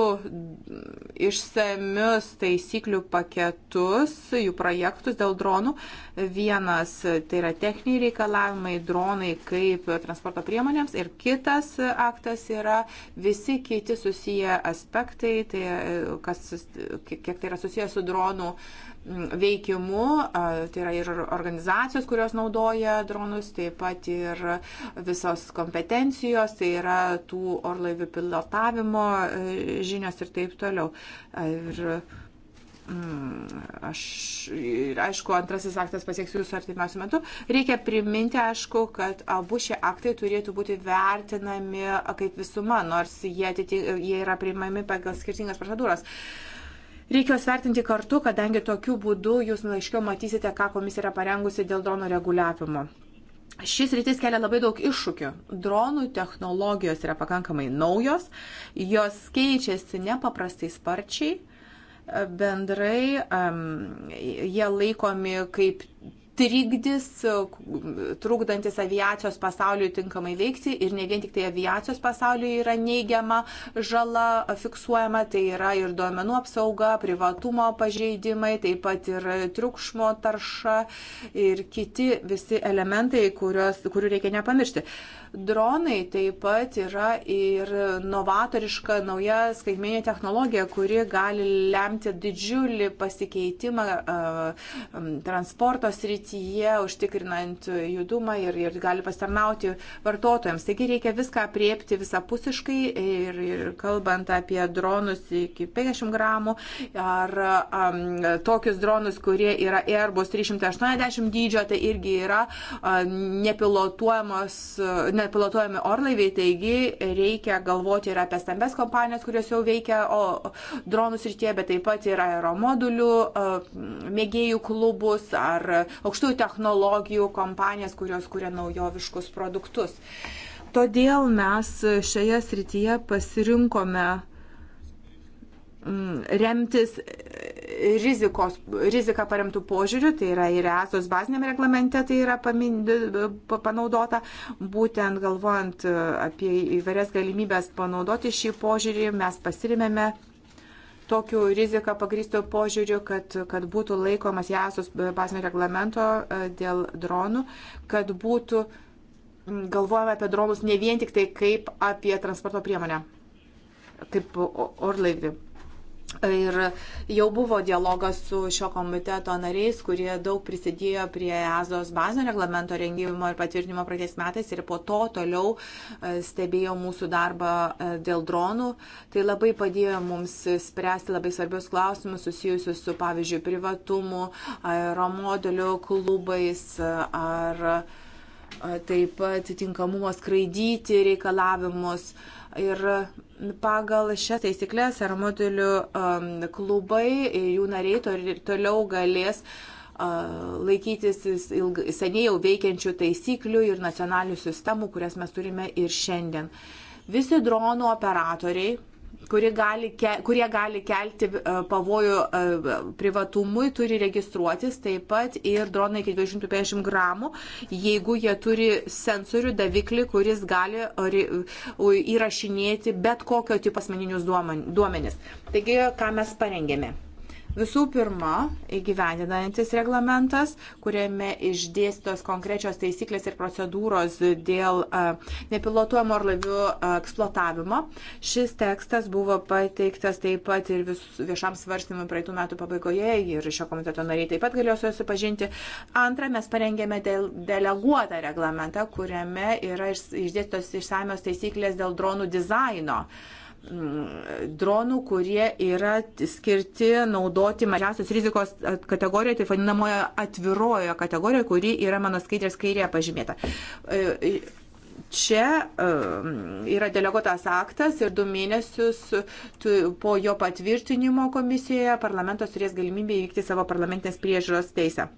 išsamius taisyklių paketus, jų projektus dėl dronų. Vienas tai yra techniniai reikalavimai, dronai kaip transporto priemonėms ir kitas aktas yra visi kiti susiję aspektai, tai, kas, kiek tai yra susiję su dronų veikimu, tai yra ir organizacijos, kurios naudoja dronus, taip pat ir visos kompetencijos, tai yra tų orlaivių pilotavimo e, žinios ir taip toliau. Ir, mm, Aš, aišku, antrasis aktas pasieks jūsų artimiausiu metu. Reikia priminti, aišku, kad abu šie aktai turėtų būti vertinami kaip visuma, nors jie, atiti, jie yra priimami pagal skirtingas procedūras. Uh, Reikia juos vertinti kartu, kadangi tokiu būdu jūs aiškiau matysite, ką komisija yra parengusi dėl dronų reguliavimo. Šis rytis kelia labai daug iššūkių. Dronų technologijos yra pakankamai naujos, jos keičiasi nepaprastai sparčiai bendrai um, jie laikomi kaip trikdis, e, trukdantis aviacijos pasauliui tinkamai veikti ir ne vien tik tai aviacijos pasauliui yra neigiama žala fiksuojama, tai yra ir duomenų apsauga, privatumo pažeidimai, taip pat ir triukšmo tarša ir kiti visi elementai, kurios, kurių reikia nepamiršti. Uh, Dronai taip pat yra ir novatoriška nauja skaitmeninė technologija, kuri gali lemti didžiulį pasikeitimą transporto srityje, užtikrinant judumą ir, ir gali pasitarnauti vartotojams. Taigi reikia viską apriepti visapusiškai ir, ir kalbant apie dronus iki 50 gramų ar um, tokius dronus, kurie yra Airbus 380 dydžio, tai irgi yra um, nepilotuojamos nepilotuojami orlaiviai, taigi reikia galvoti ir apie stambes kompanijas, kurios jau veikia o, dronus ir tie, bet taip pat ir aeromodulių mėgėjų klubus ar aukštųjų technologijų kompanijas, kurios kuria naujoviškus produktus. Todėl mes šioje srityje pasirinkome mm, remtis rizikos, riziką paremtų požiūrių, tai yra ir esos baziniam reglamente tai yra pamin, panaudota, būtent galvojant e, apie įvairias galimybės panaudoti šį požiūrį, mes pasirimėme tokiu riziką pagrįsto požiūriu, kad, kad būtų laikomas jasos bazinio reglamento e, dėl dronų, kad būtų galvojama apie dronus ne vien tik tai kaip apie transporto priemonę, kaip orlaivį. Ir jau buvo dialogas su šio komiteto nariais, kurie daug prisidėjo prie EZOS bazinio reglamento rengimo ir patvirtinimo praeitais metais ir po to toliau e, stebėjo mūsų darbą e, dėl dronų. Tai labai padėjo mums spręsti labai svarbius klausimus susijusius su, pavyzdžiui, privatumu, aeromodeliu, klubais ar e, taip pat tinkamumo skraidyti reikalavimus. Ir Pagal šias taisyklės ar modulių um, klubai ir jų nariai to, toliau galės uh, laikytis ilg, seniai jau veikiančių taisyklių ir nacionalinių sistemų, kurias mes turime ir šiandien. Visi dronų operatoriai gali, kurie gali kelti e, pavojų e, privatumui, turi registruotis taip pat ir dronai iki 250 gramų, jeigu jie turi sensorių daviklį, kuris gali e, įrašinėti bet kokio tipo asmeninius duomenis. Taigi, ką mes parengėme. Visų pirma, įgyvendinantis reglamentas, kuriame išdėstos konkrečios taisyklės ir procedūros dėl nepilotuojamo orlaivių eksploatavimo. Šis tekstas buvo pateiktas taip pat ir vis, viešam svarstymui praeitų metų pabaigoje ir šio komiteto nariai taip pat galėjo su juo supažinti. Antra, mes parengėme dėl, deleguotą reglamentą, kuriame yra išdėstos išsamios taisyklės dėl dronų dizaino. Uh, dronų, kurie yra skirti naudoti mažiausios rizikos kategorijoje, tai vadinamoje atvirojoje kategorijoje, kuri yra mano skaidrės kairėje pažymėta. E, čia e, yra deleguotas aktas ir du mėnesius po jo patvirtinimo komisijoje parlamentas turės galimybę įvykti savo parlamentinės priežiūros teisę.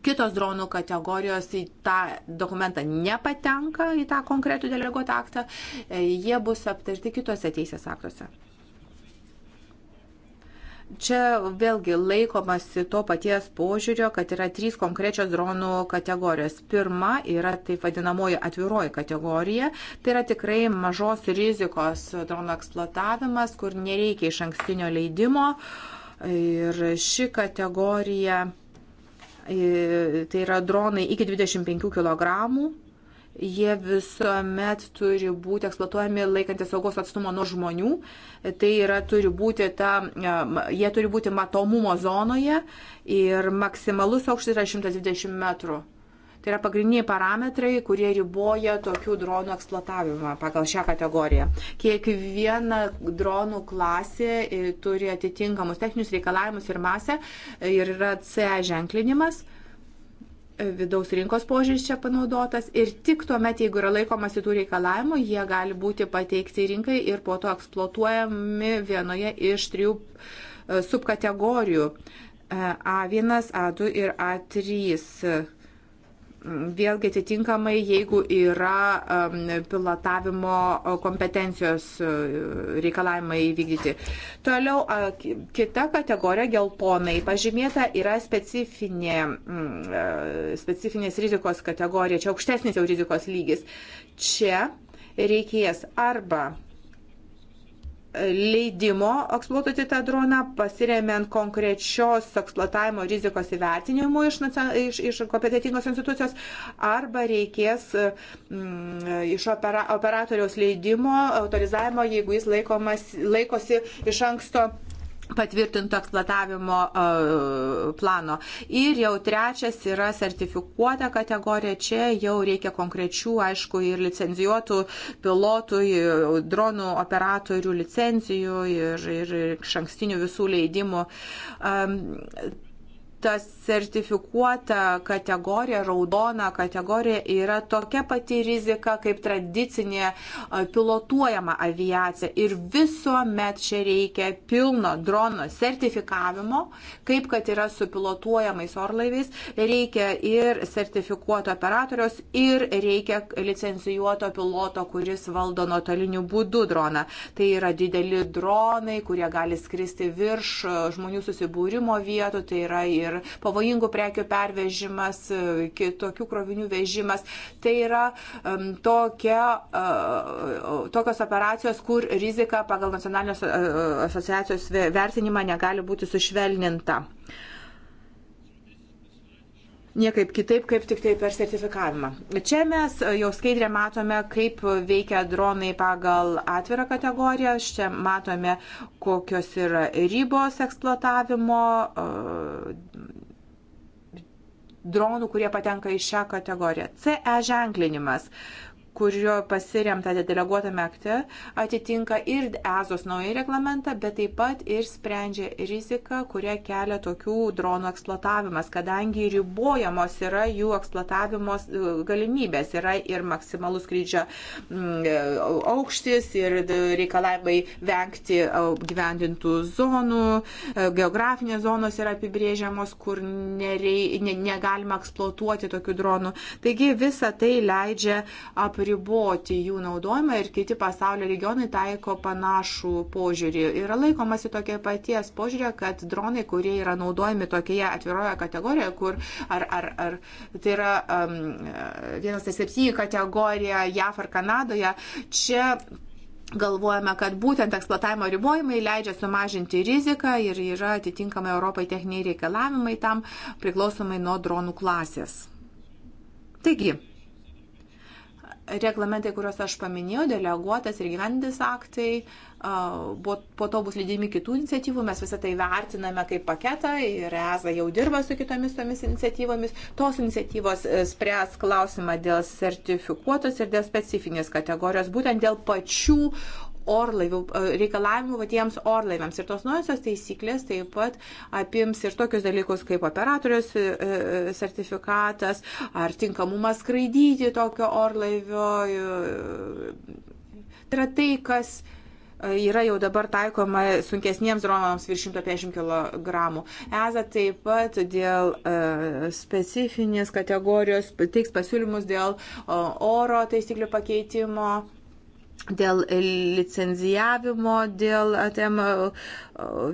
Kitos dronų kategorijos į tą dokumentą nepatenka, į tą konkretų deleguotą aktą, e, jie bus aptarti kitose teisės aktuose čia vėlgi laikomasi to paties požiūrio, kad yra trys konkrečios dronų kategorijos. Pirma yra taip vadinamoji atviroji kategorija, tai yra tikrai mažos rizikos dronų eksploatavimas, kur nereikia iš ankstinio leidimo. Ir ši kategorija tai yra dronai iki 25 kg, jie visuomet turi būti eksploatuojami laikantis saugos atstumo nuo žmonių. Tai yra, turi būti ta, jie turi būti matomumo zonoje ir maksimalus aukštis yra 120 metrų. Tai yra pagrindiniai parametrai, kurie riboja tokių dronų eksploatavimą pagal šią kategoriją. Kiekviena dronų klasė e, turi atitinkamus techninius reikalavimus ir masę e, ir yra C ženklinimas e, vidaus rinkos požiūris čia panaudotas ir tik tuomet, jeigu yra laikomasi tų reikalavimų, jie gali būti pateikti rinkai ir po to eksploatuojami vienoje iš trijų subkategorijų A1, A2 ir A3 Vėlgi atitinkamai, jeigu yra pilotavimo kompetencijos e, reikalavimai įvykdyti. Toliau kita kategorija geltonai pažymėta yra specifinė, e, specifinės rizikos kategorija, čia aukštesnis jau rizikos lygis. Čia reikės arba leidimo eksploatuoti tą droną, pasiremiant konkrečios eksploatavimo rizikos įvertinimu iš, iš, iš kompetitingos institucijos, arba reikės mm, iš opera, operatoriaus leidimo, autorizavimo, jeigu jis laikomas, laikosi iš anksto patvirtinto eksploatavimo e, plano. Ir jau trečias yra sertifikuota kategorija. Čia jau reikia konkrečių, aišku, ir licenzijuotų pilotų, dronų operatorių licencijų ir, ir, ir šankstinių visų leidimų ta sertifikuota kategorija, raudona kategorija yra tokia pati rizika kaip tradicinė pilotuojama aviacija. Ir visuomet čia reikia pilno drono sertifikavimo, kaip kad yra su pilotuojamais orlaiviais. Reikia ir sertifikuoto operatoriaus, ir reikia licencijuoto piloto, kuris valdo nuotoliniu būdu droną. Tai yra dideli dronai, kurie gali skristi virš žmonių susibūrimo vietų. Tai yra ir ir pavojingų prekių pervežimas, kitokių krovinių vežimas. Tai yra um, tokia, uh, tokios operacijos, kur rizika pagal nacionalinės asociacijos vertinimą negali būti sušvelninta. Uh, Niekaip kitaip, kaip tik tai per sertifikavimą. Čia mes e, jau skaidrė matome, kaip veikia dronai pagal atvirą kategoriją. Čia matome, kokios yra ribos eksploatavimo e, dronų, kurie patenka į šią kategoriją. CE ženklinimas kurio pasiremta deleguotame akte, atitinka ir EZOS naują reglamentą, bet taip pat ir sprendžia riziką, kurią kelia tokių dronų eksploatavimas, kadangi ribojamos yra jų eksploatavimos galimybės, yra ir maksimalus skrydžio mm, aukštis, ir reikalavimai vengti gyvendintų zonų, e, geografinės zonos yra apibrėžiamos, kur nerei, ne, negalima eksploatuoti tokių dronų. Taigi visa tai leidžia apie apriboti jų naudojimą ir kiti pasaulio regionai taiko panašų požiūrį. Yra laikomasi tokia paties požiūrė, kad dronai, kurie yra naudojami tokioje atviroje kategorijoje, kur ar, ar, ar tai yra um, vienas tai septyni kategorija JAF ar Kanadoje, čia galvojame, kad būtent eksploatavimo ribojimai leidžia sumažinti riziką ir yra atitinkamai Europai techniniai reikalavimai tam priklausomai nuo dronų klasės. Taigi, reglamentai, kuriuos aš paminėjau, deleguotas ir gyvendis aktai, po to bus lydimi kitų iniciatyvų, mes visą tai vertiname kaip paketą ir ESA jau dirba su kitomis tomis iniciatyvomis. Tos iniciatyvos e, spręs klausimą dėl sertifikuotos ir dėl specifinės kategorijos, būtent dėl pačių orlaivių, e, reikalavimų patiems orlaiviams. Ir tos naujosios taisyklės taip pat apims ir tokius dalykus kaip operatorius e, e, sertifikatas, ar tinkamumas skraidyti tokio orlaivio. Tai yra tai, kas yra jau dabar taikoma sunkesniems dronams virš 150 kg. ESA taip pat dėl specifinės kategorijos teiks pasiūlymus dėl oro taisyklių pakeitimo dėl licenzijavimo, dėl atėm,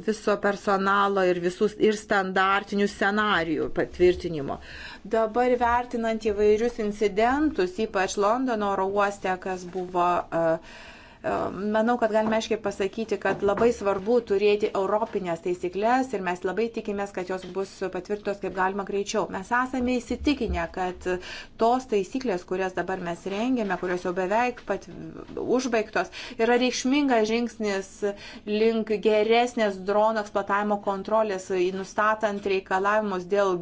viso personalo ir, visus, ir standartinių scenarijų patvirtinimo. Dabar vertinant įvairius incidentus, ypač Londono oro uoste, kas buvo uh, manau, kad galime aiškiai pasakyti, kad labai svarbu turėti europinės taisyklės ir mes labai tikimės, kad jos bus patvirtos kaip galima greičiau. Mes esame įsitikinę, kad tos taisyklės, kurias dabar mes rengėme, kurios jau beveik pat užbaigtos, yra reikšmingas žingsnis link geresnės dronų eksploatavimo kontrolės, nustatant reikalavimus dėl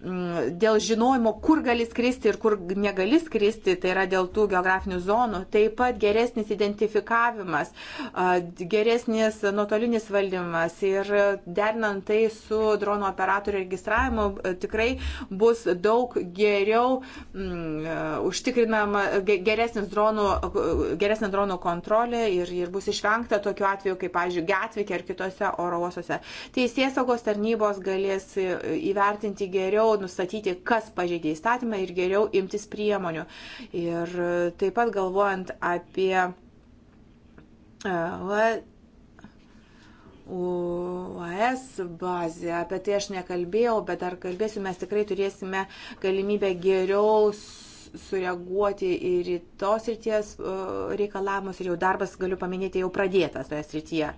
Mm, dėl žinojimo, kur gali skristi ir kur negali skristi, tai yra dėl tų geografinių zonų, taip pat geresnis identifikavimas, geresnis nuotolinis valdymas ir derinant tai su drono operatorių registravimu tikrai bus daug geriau m, mm, užtikrinama geresnis dronų, geresnė dronų kontrolė ir, ir bus išvengta tokiu atveju, kaip, pavyzdžiui, Gatvikė ar kitose oro uostose. Teisės saugos tarnybos galės e, įvertinti geriau geriau nustatyti, kas pažeidė įstatymą ir geriau imtis priemonių. Ir taip pat galvojant apie e, UAS bazę, apie tai aš nekalbėjau, bet dar kalbėsiu, mes tikrai turėsime galimybę geriau sureaguoti ir į tos ryties e, reikalavimus ir jau darbas, galiu paminėti, jau pradėtas toje srityje.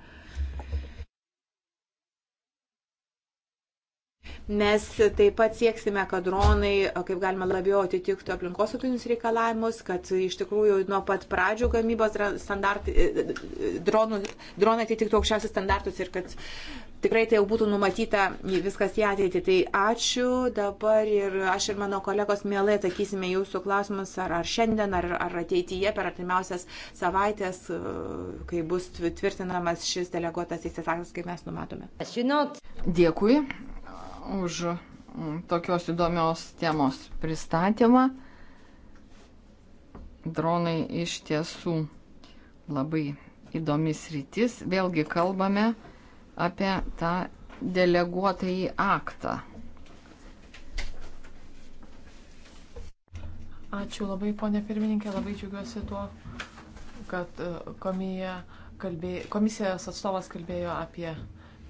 Mes taip pat sieksime, kad dronai, kaip galima labiau atitiktų aplinkosauginius reikalavimus, kad iš tikrųjų nuo pat pradžių gamybos e, e, dronų, dronai atitiktų aukščiausius standartus ir kad tikrai tai jau būtų numatyta viskas į ateitį. Tai ačiū dabar ir aš ir mano kolegos mielai atsakysime jūsų klausimus ar, ar šiandien, ar, ar ateityje per artimiausias savaitės, e, kai bus tvirtinamas šis deleguotas įsisakas, kaip mes numatome. Dėkui už mm, tokios įdomios temos pristatymą. Dronai iš tiesų labai įdomis rytis. Vėlgi kalbame apie tą deleguotąjį aktą. Ačiū labai, ponė pirmininkė, labai džiugiuosi tuo, kad e, komija kalbė, komisijos atstovas kalbėjo apie uh,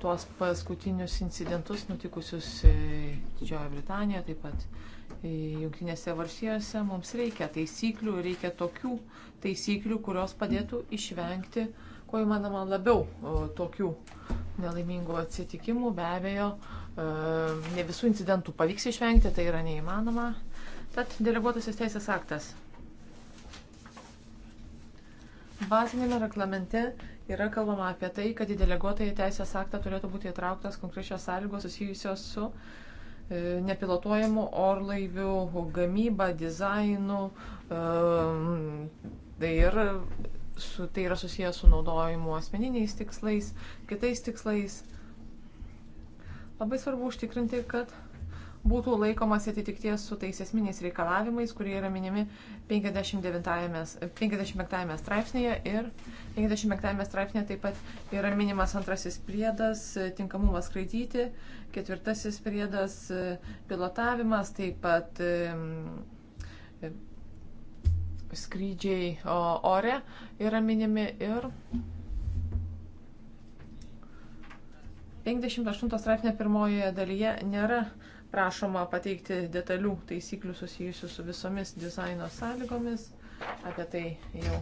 tuos paskutinius incidentus nutikusius e, Didžiojo Britanijoje, taip pat e, Junktinėse valstijose, mums reikia taisyklių, reikia tokių taisyklių, kurios padėtų išvengti, ko įmanoma labiau, tokių nelaimingų atsitikimų. Be abejo, e, ne visų incidentų pavyks išvengti, tai yra neįmanoma. Tad deleguotasis teisės aktas. Bazinėme reglamente yra kalbama apie tai, kad į deleguotąjį teisės aktą turėtų būti įtrauktas konkrečios sąlygos susijusios su e, nepilotuojamų orlaivių gamyba, dizainu. E, tai ir su, tai yra susijęs su naudojimu asmeniniais tikslais, kitais tikslais. Labai svarbu užtikrinti, kad būtų laikomas atitikties su tais esminiais reikalavimais, kurie yra minimi 55 straipsnėje ir 55 straipsnėje taip pat yra minimas antrasis priedas, tinkamumas skraidyti, ketvirtasis priedas, pilotavimas, taip pat skrydžiai ore yra minimi ir 58 straipsnio pirmojoje dalyje nėra prašoma pateikti detalių taisyklių susijusių su visomis dizaino sąlygomis. Apie tai jau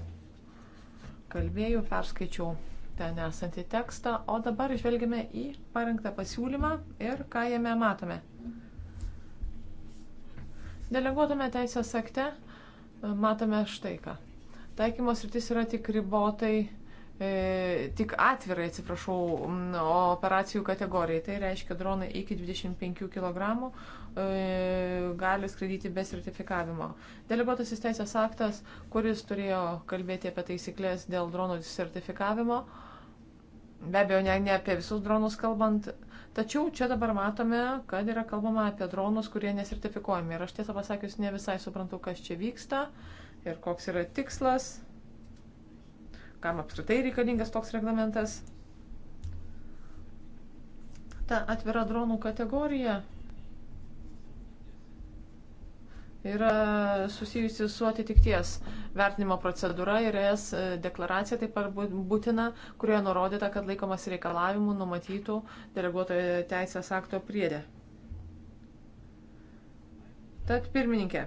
kalbėjau, perskaičiau ten esantį tekstą, o dabar žvelgime į parengtą pasiūlymą ir ką jame matome. Deleguotame teisės akte matome štai ką. Taikymos rytis yra tik ribotai e, tik atvirai, atsiprašau, operacijų kategorijai. Tai reiškia, dronai iki 25 kg e, gali skraidyti be sertifikavimo. Deleguotasis teisės aktas, kuris turėjo kalbėti apie taisyklės dėl dronų sertifikavimo, be abejo, ne, ne apie visus dronus kalbant, Tačiau čia dabar matome, kad yra kalbama apie dronus, kurie nesertifikuojami. Ir aš tiesą pasakius, ne visai suprantu, kas čia vyksta ir koks yra tikslas kam apskritai reikalingas toks reglamentas. Ta atvira dronų kategorija yra susijusi su atitikties vertinimo procedūra ir es deklaracija taip pat būtina, kurioje nurodyta, kad laikomas reikalavimų numatytų deleguotojo teisės akto priedė. Tad pirmininkė,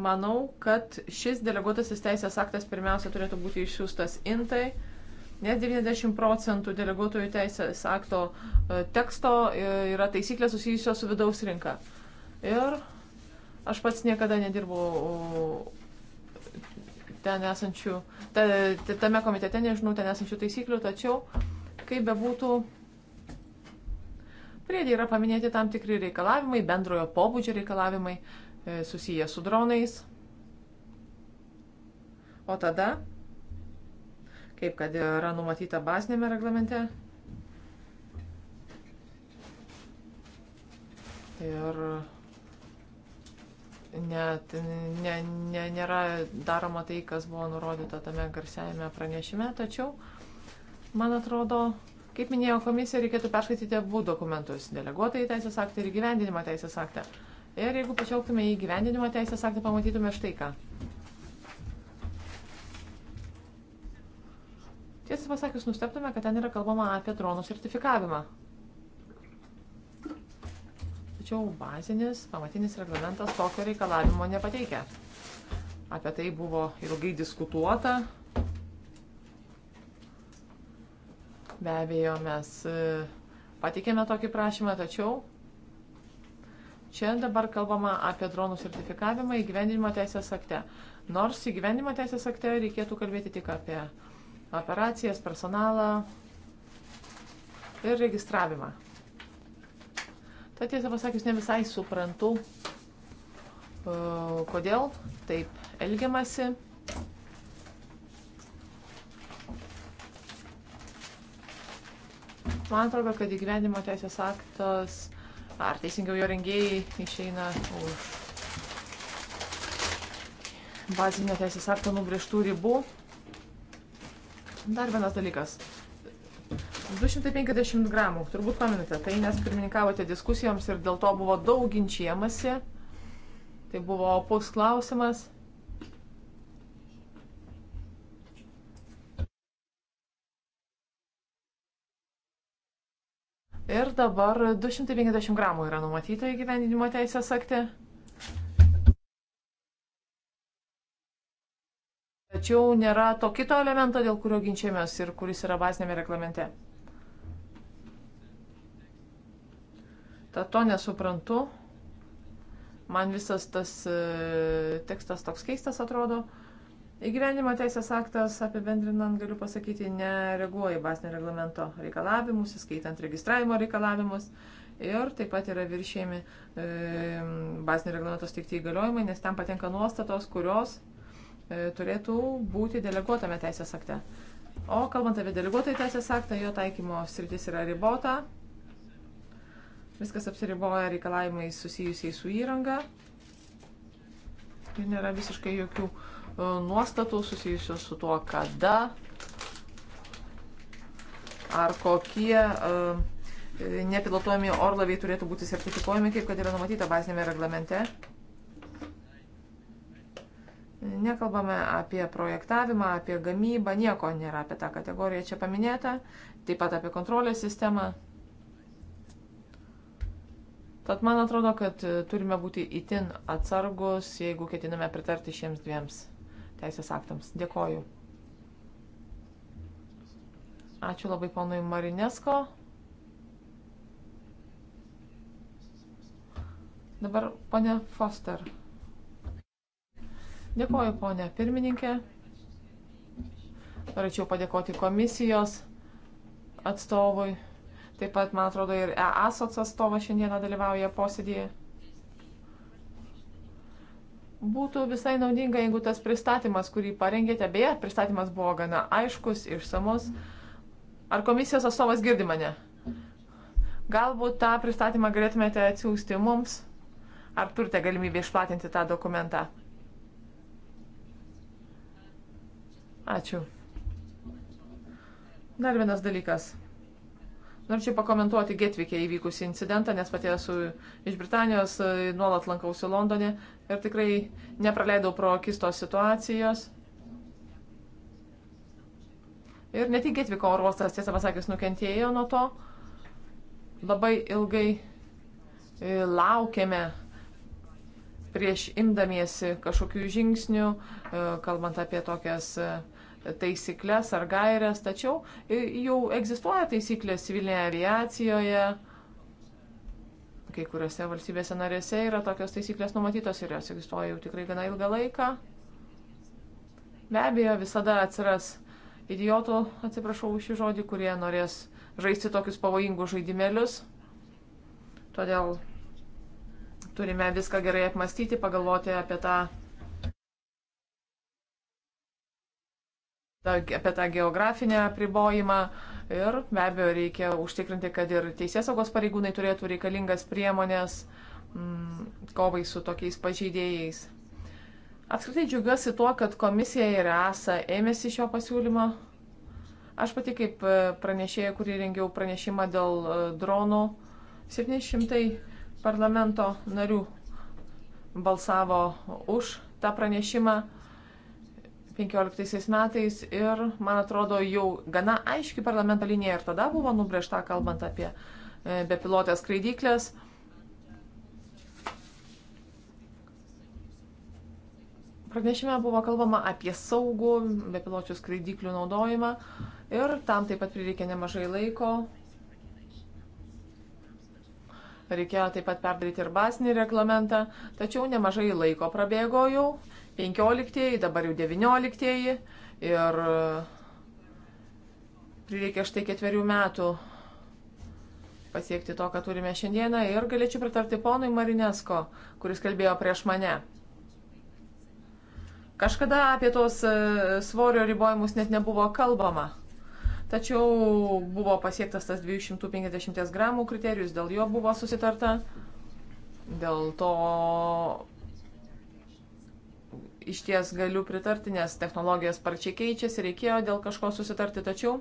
Manau, kad šis deleguotasis teisės aktas pirmiausia turėtų būti išsiųstas intai, nes 90 procentų deleguotojų teisės akto e, teksto e, yra taisyklės susijusios su vidaus rinka. Ir aš pats niekada nedirbau ten esančių, ta, tame komitete nežinau, ten esančių taisyklių, tačiau kaip bebūtų, priedė yra paminėti tam tikri reikalavimai, bendrojo pobūdžio reikalavimai, E, susiję su dronais. O tada, kaip kad yra numatyta bazinėme reglamente, ir net ne, ne, nėra daroma tai, kas buvo nurodyta tame garsiajame pranešime, tačiau, man atrodo, kaip minėjo komisija, reikėtų perskaityti abu dokumentus - deleguotą į teisės aktą ir gyvendinimą teisės aktą. Ir jeigu pažvelgtume į gyvendinimo teisės aktą, pamatytume štai ką. Tiesą pasakius, nusteptume, kad ten yra kalbama apie dronų sertifikavimą. Tačiau bazinis, pamatinis reglamentas tokio reikalavimo nepateikia. Apie tai buvo ilgai diskutuota. Be abejo, mes e, patikėme tokį prašymą, tačiau Čia dabar kalbama apie dronų sertifikavimą įgyvendinimo teisės akte. Nors įgyvendinimo teisės akte reikėtų kalbėti tik apie operacijas, personalą ir registravimą. Tad tiesą pasakius, ne visai suprantu, e, kodėl taip elgiamasi. Man atrodo, kad įgyvendimo teisės aktas ar teisingiau jo rengėjai išeina už bazinio teisės akto nubrėžtų ribų. Dar vienas dalykas. 250 gramų, turbūt pamenate, tai nes pirmininkavote diskusijoms ir dėl to buvo daug ginčiamasi. Tai buvo opus klausimas. Ir dabar 250 gramų yra numatyta įgyvendinimo teisės akte. Tačiau nėra to kito elemento, dėl kurio ginčiamės ir kuris yra bazinėme reglamente. Tad to nesuprantu. Man visas tas e, tekstas toks keistas atrodo. Uh, Įgyvendimo teisės aktas apibendrinant, galiu pasakyti, nereaguoja į bazinio reglamento reikalavimus, įskaitant registravimo reikalavimus. Ir taip pat yra viršėjami e, bazinio reglamento steigti įgaliojimai, nes ten patenka nuostatos, kurios e, turėtų būti deleguotame teisės akte. O kalbant apie deleguotą teisės aktą, jo taikymo sritis yra ribota. Viskas apsiriboja reikalavimais susijusiais su įranga. Ir nėra visiškai jokių E, nuostatų susijusių su tuo, kada ar kokie e, nepilotuojami orlaviai turėtų būti sertifikuojami, kaip kad yra numatyta bazinėme reglamente. Nekalbame apie projektavimą, apie gamybą, nieko nėra apie tą kategoriją čia paminėta, taip pat apie kontrolės sistemą. Tad man atrodo, kad turime būti itin atsargus, jeigu ketiname pritarti šiems dviems teisės aktams. Dėkoju. Ačiū labai ponui Marinesko. Dabar ponė Foster. Dėkoju ponė pirmininkė. Norėčiau padėkoti komisijos atstovui. Taip pat, man atrodo, ir EASOC atstovas šiandieną dalyvauja posėdėje. Būtų visai naudinga, jeigu tas pristatymas, kurį parengėte, beje, pristatymas buvo gana aiškus, išsamus. Ar komisijos atstovas girdi mane? Galbūt tą pristatymą galėtumėte atsiųsti mums? Ar turite galimybę išplatinti tą dokumentą? Ačiū. Dar vienas dalykas. Norėčiau pakomentuoti Getvikė įvykusį incidentą, nes pati esu iš Britanijos, e, nuolat lankausi Londone ir tikrai nepraleidau pro akis tos situacijos. Ir ne tik Getviko oro uostas, tiesą pasakius, nukentėjo nuo to. Labai ilgai e, laukėme prieš imdamiesi kažkokių žingsnių, e, kalbant apie tokias taisyklės ar gairias, tačiau jau egzistuoja taisyklės civilinėje aviacijoje. Kai kuriuose valstybėse narėse yra tokios taisyklės numatytos ir jos egzistuoja jau tikrai gana ilgą laiką. Be abejo, visada atsiras idiotų, atsiprašau už šį žodį, kurie norės žaisti tokius pavojingus žaidimėlius. Todėl turime viską gerai apmastyti, pagalvoti apie tą apie tą geografinę apribojimą ir be abejo reikia užtikrinti, kad ir teisėsaugos pareigūnai turėtų reikalingas priemonės mm, kovai su tokiais pažeidėjais. Apskritai džiaugiuosi tuo, kad komisija ir ESA ėmėsi šio pasiūlymo. Aš pati kaip e, pranešėja, kurį rengiau pranešimą dėl e, dronų, 700 parlamento narių balsavo už tą pranešimą. 2015 metais ir, man atrodo, jau gana aiški parlamento linija ir tada buvo nubrėžta, kalbant apie e, bepilotės skraidyklės. Pranešime buvo kalbama apie saugų bepiločių skraidyklių naudojimą ir tam taip pat prireikė nemažai laiko. Reikėjo taip pat perdaryti ir basinį reglamentą, tačiau nemažai laiko prabėgo jau 15, dabar jau 19 ir e, prireikė štai ketverių metų pasiekti to, ką turime šiandieną ir galėčiau pritarti ponui Marinesko, kuris kalbėjo prieš mane. Kažkada apie tos e, svorio ribojimus net nebuvo kalbama. Tačiau buvo pasiektas tas 250 gramų kriterijus, dėl jo buvo susitarta. Dėl to iš ties galiu pritarti, nes technologijos sparčiai keičiasi, reikėjo dėl kažko susitarti, tačiau.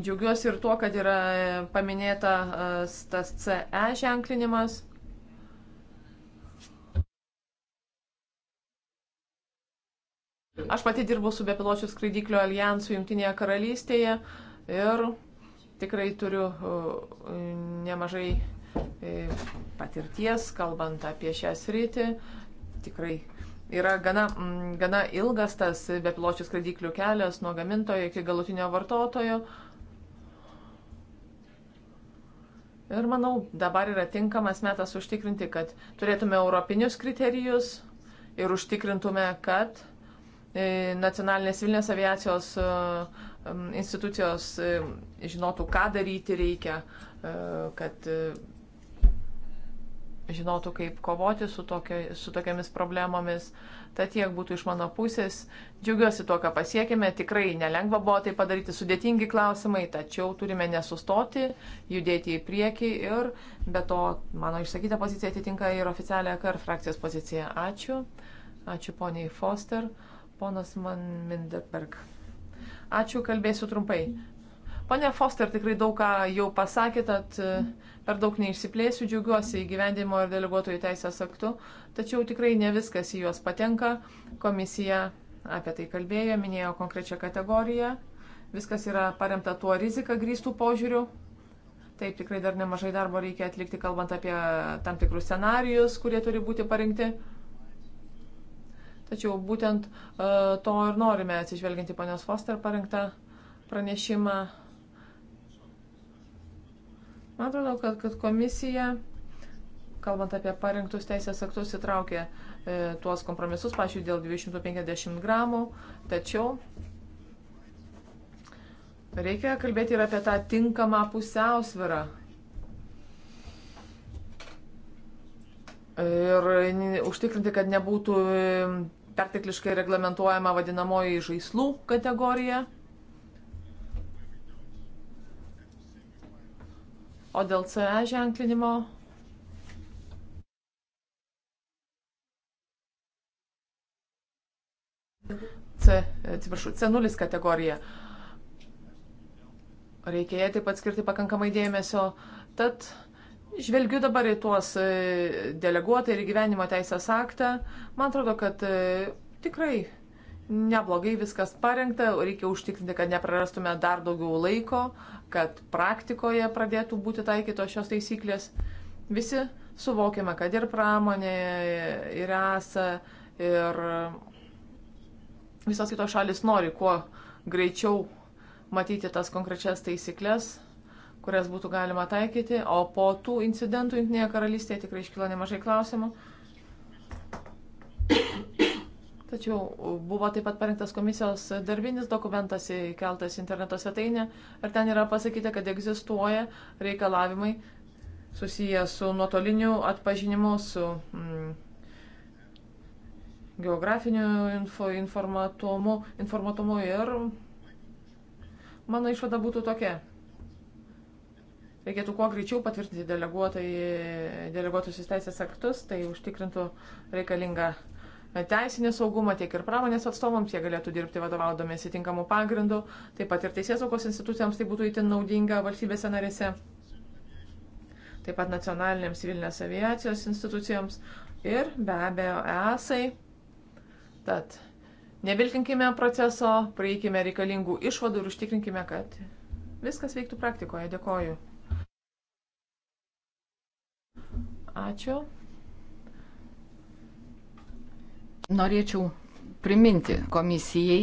Džiaugiuosi ir tuo, kad yra paminėta e, tas CE ženklinimas. Aš pati dirbau su bepiločių skraidiklių alijansu Junktinėje karalystėje ir tikrai turiu e, nemažai E, patirties, kalbant apie šią sritį. Tikrai yra gana, gana ilgas tas bepiločių skraidyklių kelias nuo gamintojo iki galutinio vartotojo. Ir manau, dabar yra tinkamas metas užtikrinti, kad turėtume europinius kriterijus ir užtikrintume, kad e, nacionalinės Vilnės aviacijos e, institucijos žinotų, ką daryti reikia, kad žinotų, kaip kovoti su, tokio, su tokiamis problemomis. Tad tiek būtų iš mano pusės. Džiaugiuosi to, ką pasiekėme. Tikrai nelengva buvo tai padaryti, sudėtingi klausimai, tačiau turime nesustoti, judėti į priekį ir be to mano išsakyta pozicija atitinka ir oficialią KR frakcijos poziciją. Ačiū. Ačiū poniai Foster. Ponas Man Minderberg. Ačiū, kalbėsiu trumpai. Pone Foster tikrai daug ką jau pasakė, tad Per daug neišsiplėsiu, džiaugiuosi įgyvendimo ir deleguotojų teisės aktu, tačiau tikrai ne viskas į juos patenka. Komisija apie tai kalbėjo, minėjo konkrečią kategoriją. Viskas yra paremta tuo riziką grįstų požiūriu. Taip, tikrai dar nemažai darbo reikia atlikti, kalbant apie tam tikrus scenarius, kurie turi būti parinkti. Tačiau būtent uh, to ir norime atsižvelginti ponios Foster parengtą pranešimą. Man atrodo, kad, kad komisija, kalbant apie parinktus teisės aktus, įtraukė e, tuos kompromisus, pažiūrėjau, dėl 250 gramų, tačiau reikia kalbėti ir apie tą tinkamą pusiausvirą. Ir užtikrinti, kad nebūtų e, pertekliškai reglamentuojama vadinamoji žaislų kategorija. O dėl CE ženklinimo C, atsiprašau, C0 kategorija. Reikia jai taip pat skirti pakankamai dėmesio. Tad žvelgiu dabar į tuos e, deleguotą ir gyvenimo teisės aktą. Man atrodo, kad e, tikrai Neblogai viskas parengta, reikia užtikrinti, kad neprarastume dar daugiau laiko, kad praktikoje pradėtų būti taikytos šios taisyklės. Visi suvokiame, kad ir pramonė, ir esą, ir visos kitos šalis nori kuo greičiau matyti tas konkrečias taisyklės, kurias būtų galima taikyti, o po tų incidentų Junktinėje karalystėje tikrai iškilo nemažai klausimų. Tačiau buvo taip pat parengtas komisijos darbinis dokumentas įkeltas interneto svetainė ir ten yra pasakyta, kad egzistuoja reikalavimai susiję su nuotoliniu atpažinimu, su mm, geografiniu info, informatumu, informatumu ir mano išvada būtų tokia. Reikėtų kuo greičiau patvirtinti deleguotus teisės aktus, tai užtikrintų reikalingą teisinį saugumą, tiek ir pramonės atstovams, jie galėtų dirbti vadovaudomėsi tinkamų pagrindų, taip pat ir teisėsaugos institucijams tai būtų įtin naudinga valstybėse narėse, taip pat nacionalinėms civilinės aviacijos institucijoms ir be abejo ESAI. Tad nevilkinkime proceso, prieikime reikalingų išvadų ir užtikrinkime, kad viskas veiktų praktikoje. Dėkoju. Ačiū. Norėčiau priminti komisijai,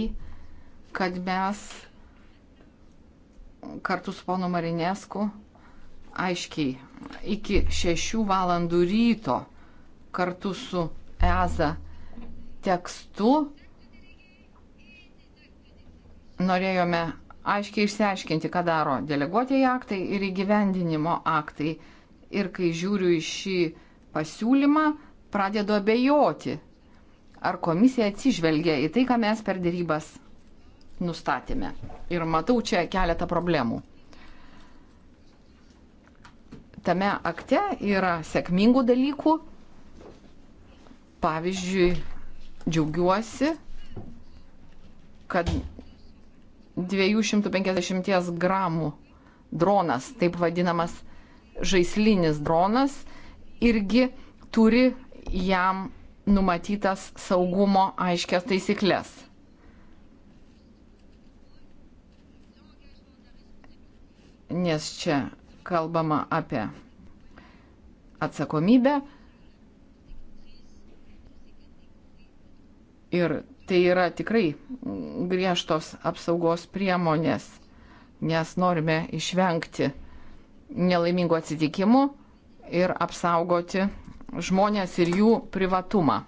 kad mes kartu su ponu Marinesku aiškiai iki 6 valandų ryto kartu su EZA tekstu norėjome aiškiai išsiaiškinti, ką daro deleguotieji aktai ir įgyvendinimo aktai. Ir kai žiūriu į šį pasiūlymą, pradedu abejoti, ar komisija atsižvelgia į tai, ką mes per dėrybas nustatėme. Ir matau čia keletą problemų. Tame akte yra sėkmingų dalykų. Pavyzdžiui, džiaugiuosi, kad 250 gramų dronas, taip vadinamas žaislinis dronas, irgi turi jam numatytas saugumo aiškias taisyklės. Nes čia kalbama apie atsakomybę ir tai yra tikrai griežtos apsaugos priemonės, nes norime išvengti nelaimingų atsitikimų ir apsaugoti žmonės ir jų privatumą.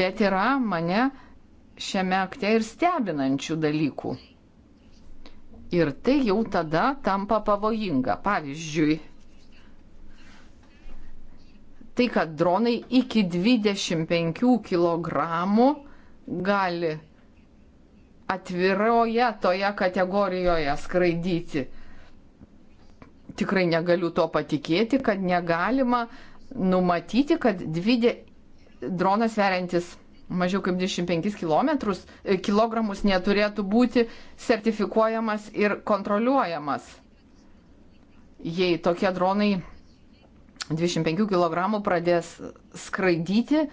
Bet yra mane šiame akte ir stebinančių dalykų. Ir tai jau tada tampa pavojinga. Pavyzdžiui, tai, kad dronai iki 25 kg gali atviroje toje kategorijoje skraidyti. Tikrai negaliu to patikėti, kad negalima uh, numatyti, kad dvidė, dronas sveriantis mažiau kaip 25 km, e, kilogramus neturėtų būti sertifikuojamas ir kontroliuojamas. Jei tokie dronai 25 kg pradės skraidyti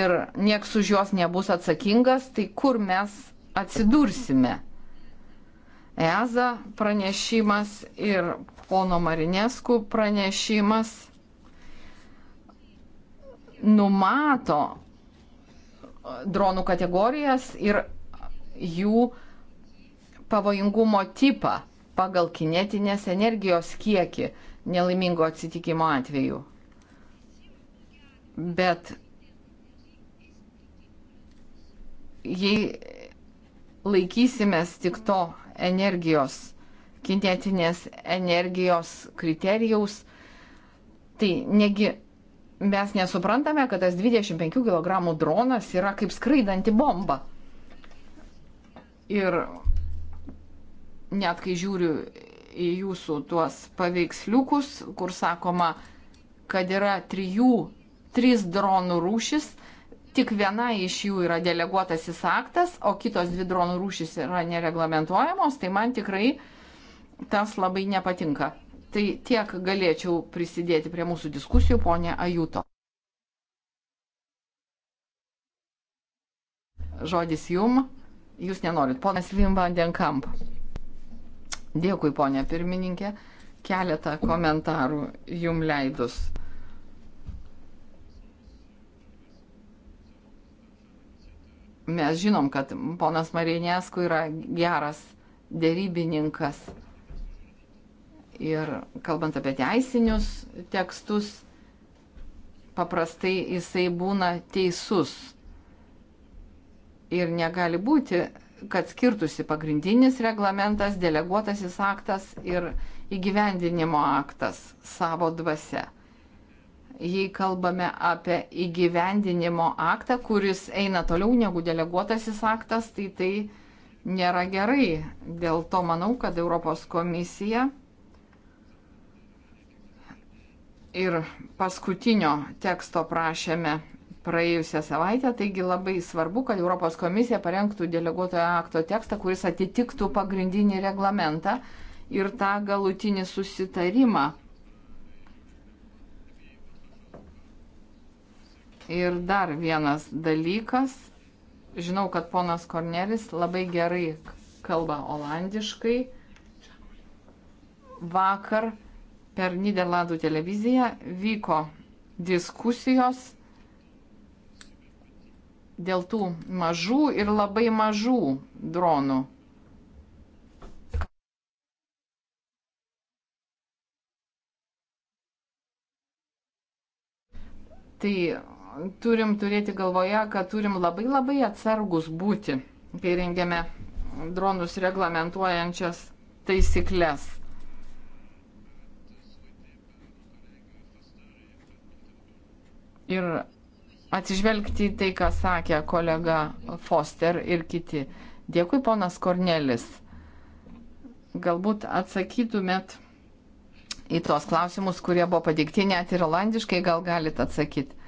ir nieks už juos nebus atsakingas, tai kur mes atsidursime? EZA pranešimas ir pono Marinesku pranešimas numato dronų kategorijas ir jų pavojingumo tipą pagal kinetinės energijos kiekį nelaimingo atsitikimo atveju. Bet jei laikysimės tik to energijos, kinetinės energijos kriterijaus, tai negi mes nesuprantame, kad tas 25 kg dronas yra kaip skraidanti bomba. Ir net kai žiūriu į jūsų tuos paveiksliukus, kur sakoma, kad yra trijų, trys dronų rūšis, tik viena iš jų yra deleguotasis aktas, o kitos dvi dronų rūšis yra nereglamentuojamos, tai man tikrai tas labai nepatinka. Tai tiek galėčiau prisidėti prie mūsų diskusijų, ponė Ajuto. Žodis jum, jūs nenorit, ponas Vim Vandenkamp. Dėkui, ponė pirmininkė, keletą komentarų jum leidus. Mes žinom, kad ponas Marinėsku yra geras dėrybininkas Ir kalbant apie teisinius tekstus, paprastai jisai būna teisus. Ir negali būti, kad skirtusi pagrindinis reglamentas, deleguotasis aktas ir įgyvendinimo aktas savo dvasia. Jei kalbame apie įgyvendinimo aktą, kuris eina toliau negu deleguotasis aktas, tai tai nėra gerai. Dėl to manau, kad Europos komisija ir paskutinio teksto prašėme praėjusią savaitę, taigi labai svarbu, kad Europos komisija parengtų deleguotojo akto tekstą, kuris atitiktų pagrindinį reglamentą ir tą galutinį susitarimą. Ir dar vienas dalykas. Žinau, kad ponas Kornelis labai gerai kalba olandiškai. Vakar per Niderlandų televiziją vyko diskusijos dėl tų mažų ir labai mažų dronų. Tai turim turėti galvoje, kad turim labai labai atsargus būti, kai rengiame dronus reglamentuojančias taisyklės. ir atsižvelgti į tai, ką sakė kolega Foster ir kiti. Dėkui, ponas Kornelis. Galbūt atsakytumėt į tuos klausimus, kurie buvo padikti, net ir olandiškai gal galit atsakyti.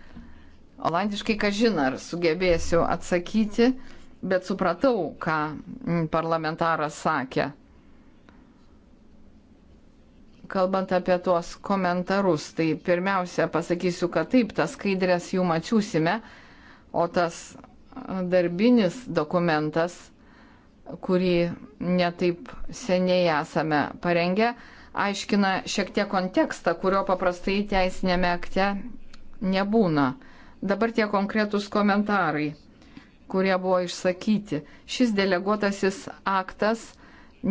Olandiškai, ką žinai, ar sugebėsiu atsakyti, bet supratau, ką parlamentaras sakė. Kalbant apie tuos komentarus, tai pirmiausia pasakysiu, kad taip, tas skaidrės jų mačiūsime, o tas darbinis dokumentas, kurį netaip seniai esame parengę, aiškina šiek tiek kontekstą, kurio paprastai teisinėme akte nebūna. Dabar tie konkretūs komentarai, kurie buvo išsakyti. Šis deleguotasis aktas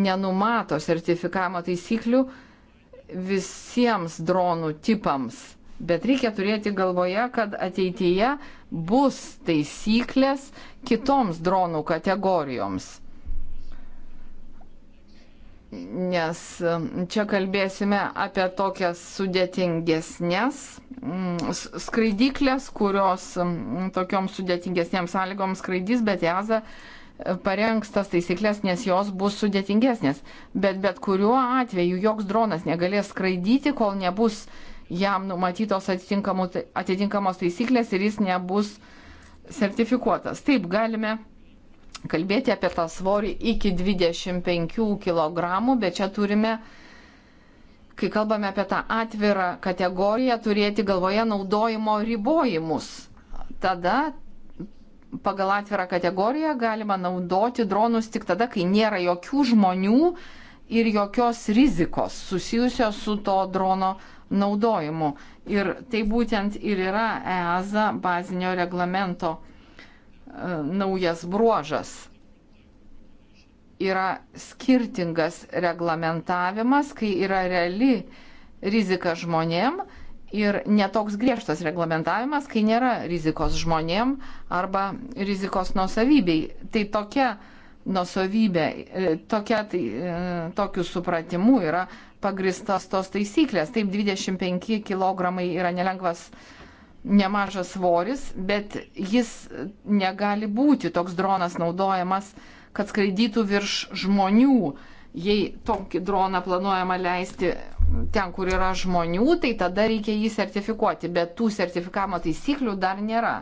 nenumato sertifikavimo taisyklių, visiems dronų tipams, bet reikia turėti galvoje, kad ateityje bus taisyklės kitoms dronų kategorijoms. Nes mm, čia kalbėsime apie tokias sudėtingesnės mm, skraidyklės, kurios mm, tokiom sudėtingesnėms sąlygom skraidys, bet EZA parengs tas taisyklės, nes jos bus sudėtingesnės. Bet bet kuriuo atveju joks dronas negalės skraidyti, kol nebus jam numatytos tai, atitinkamos taisyklės ir jis nebus sertifikuotas. Taip, galime kalbėti apie tą svorį iki 25 kg, bet čia turime, kai kalbame apie tą atvirą kategoriją, turėti galvoje naudojimo ribojimus. Tada pagal atvirą kategoriją galima naudoti dronus tik tada, kai nėra jokių žmonių ir jokios rizikos susijusios su to drono naudojimu. Ir tai būtent ir yra EASA bazinio reglamento e, naujas bruožas. Yra skirtingas reglamentavimas, kai yra reali rizika žmonėm ir netoks griežtas reglamentavimas, kai nėra rizikos žmonėm arba rizikos nusavybei. Tai tokia nusavybė, e, tokia, tai, e, tokiu supratimu yra pagristas tos taisyklės. Taip 25 kg yra nelengvas nemažas svoris, bet jis negali būti toks dronas naudojamas, kad skraidytų virš žmonių jei tokį droną planuojama leisti ten, kur yra žmonių, tai tada reikia jį sertifikuoti, bet tų sertifikavimo taisyklių dar nėra.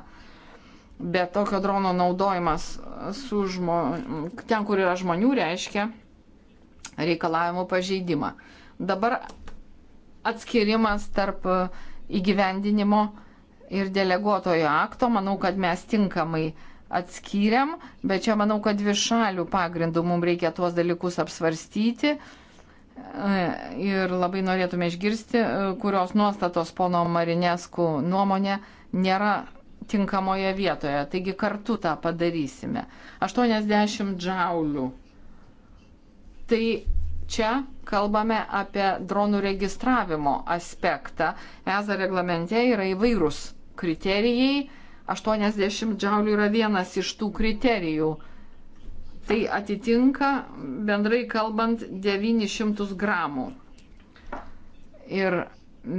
Bet tokio drono naudojimas žmo... ten, kur yra žmonių, reiškia reikalavimų pažeidimą. Dabar atskirimas tarp įgyvendinimo ir deleguotojo akto, manau, kad mes tinkamai uh, atskyrėm, bet čia manau, kad viršalių pagrindų mums reikia tuos dalykus apsvarstyti. E, ir labai norėtume išgirsti, e, kurios nuostatos pono Marinesku nuomonė nėra tinkamoje vietoje. Taigi kartu tą padarysime. 80 džiaulių. Tai čia kalbame apie dronų registravimo aspektą. ESA reglamente yra įvairūs kriterijai 80 džiaulių yra vienas iš tų kriterijų. Tai atitinka, bendrai kalbant, 900 gramų. Ir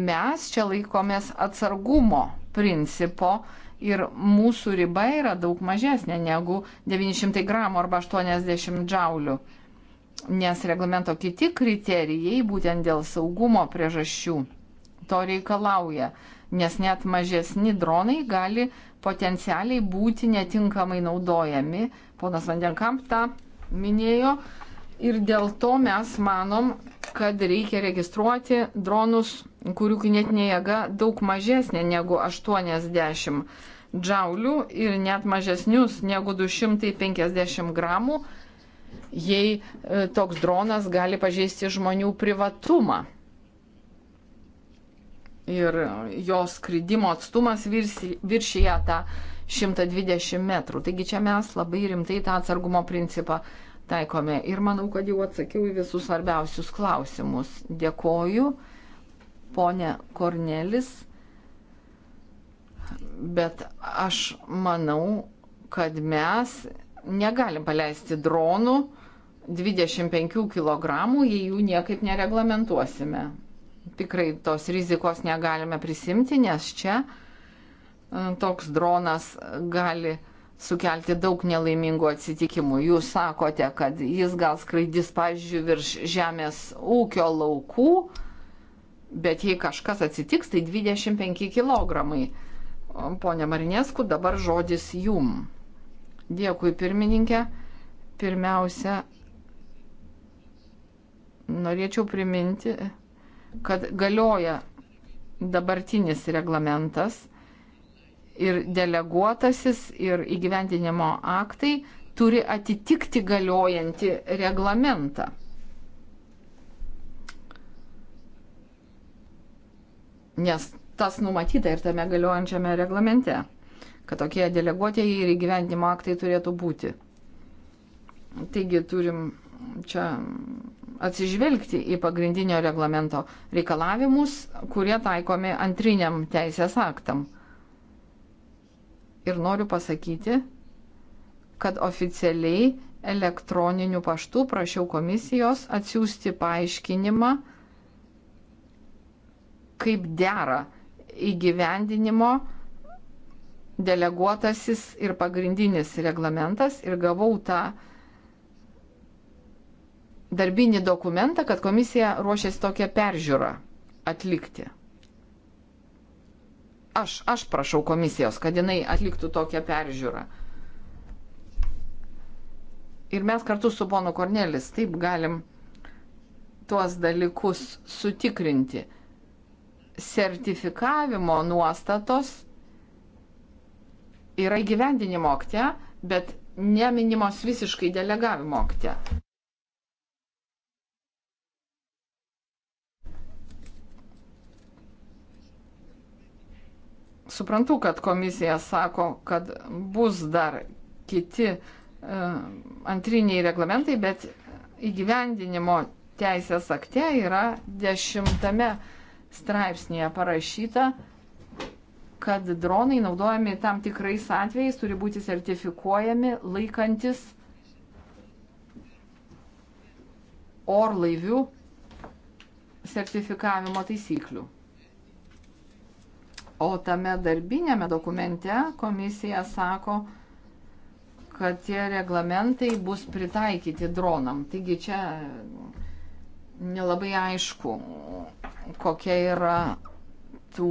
mes čia laikomės atsargumo principo ir mūsų riba yra daug mažesnė negu 900 gramų arba 80 džiaulių. Nes reglamento kiti kriterijai būtent dėl saugumo priežasčių to reikalauja nes net mažesni dronai gali potencialiai būti netinkamai naudojami. Ponas Vandenkamp tą minėjo. Ir dėl to mes manom, kad reikia registruoti dronus, kurių kinetinė jėga daug mažesnė negu 80 džaulių ir net mažesnius negu 250 gramų, jei e, toks dronas gali pažeisti žmonių privatumą ir jos skridimo atstumas viršyje tą 120 metrų. Taigi čia mes labai rimtai tą atsargumo principą taikome. Ir manau, kad jau atsakiau į visus svarbiausius klausimus. Dėkoju, ponė Kornelis. Bet aš manau, kad mes negalim paleisti dronų 25 kg, jei jų niekaip nereglamentuosime tikrai tos rizikos negalime prisimti, nes čia e, toks dronas gali sukelti daug nelaimingų atsitikimų. Jūs sakote, kad jis gal skraidys, pavyzdžiui, virš žemės ūkio laukų, bet jei kažkas atsitiks, tai 25 kg. Pone Marinėsku, dabar žodis jum. Dėkui, pirmininkė. Pirmiausia, norėčiau priminti kad galioja dabartinis reglamentas ir deleguotasis ir įgyvendinimo aktai turi atitikti galiojantį reglamentą. Nes tas numatyta ir tame galiojančiame reglamente, kad tokie deleguotieji ir įgyvendinimo aktai turėtų būti. Taigi turim čia atsižvelgti į pagrindinio reglamento reikalavimus, kurie taikomi antriniam teisės aktam. Ir noriu pasakyti, kad oficialiai elektroniniu paštu prašiau komisijos atsiųsti paaiškinimą, kaip dera įgyvendinimo deleguotasis ir pagrindinis reglamentas ir gavau tą darbinį dokumentą, kad komisija ruošiasi tokią peržiūrą atlikti. Aš, aš prašau komisijos, kad jinai atliktų tokią peržiūrą. Ir mes kartu su ponu Kornelis taip galim tuos dalykus sutikrinti. Sertifikavimo nuostatos yra įgyvendinimo akte, bet neminimos visiškai delegavimo akte. suprantu, kad komisija sako, kad bus dar kiti e, antriniai reglamentai, bet įgyvendinimo teisės akte yra dešimtame straipsnėje parašyta, kad dronai naudojami tam tikrais atvejais turi būti sertifikuojami laikantis orlaivių sertifikavimo taisyklių. O tame darbinėme dokumente komisija sako, kad tie reglamentai bus pritaikyti dronam. Taigi čia nelabai aišku, kokia yra tų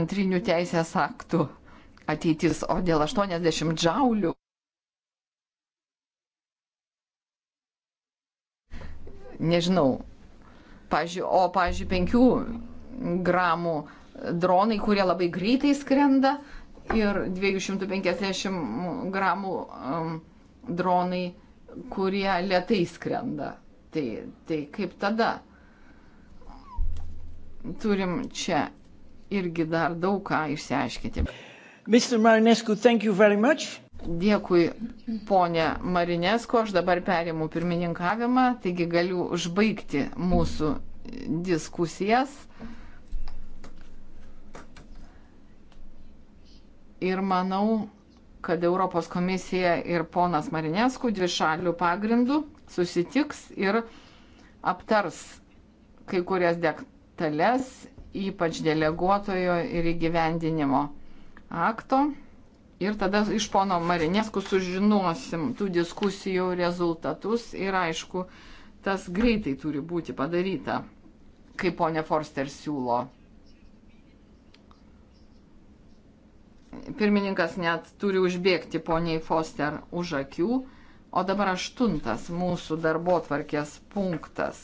antrinių teisės aktų ateitis, o dėl 80 džiaulių. Nežinau. Pavyzdžiui, o, pavyzdžiui, 5 gramų dronai, kurie labai greitai skrenda ir 250 gramų um, dronai, kurie lietai skrenda. Tai, tai kaip tada? Turim čia irgi dar daug ką išsiaiškinti. Mr. Marinescu, thank you very much. Dėkui, ponė Marinesko, aš dabar perimu pirmininkavimą, taigi galiu užbaigti mūsų diskusijas. ir manau, kad Europos komisija ir ponas Marinėskų dvi šalių pagrindų susitiks ir aptars kai kurias detalės, ypač deleguotojo ir įgyvendinimo akto. Ir tada iš pono Marinėskų sužinosim tų diskusijų rezultatus ir aišku, tas greitai turi būti padaryta, kaip ponė Forster siūlo. Pirmininkas net turi užbėgti poniai Foster už akių. O dabar aštuntas mūsų darbo tvarkės punktas.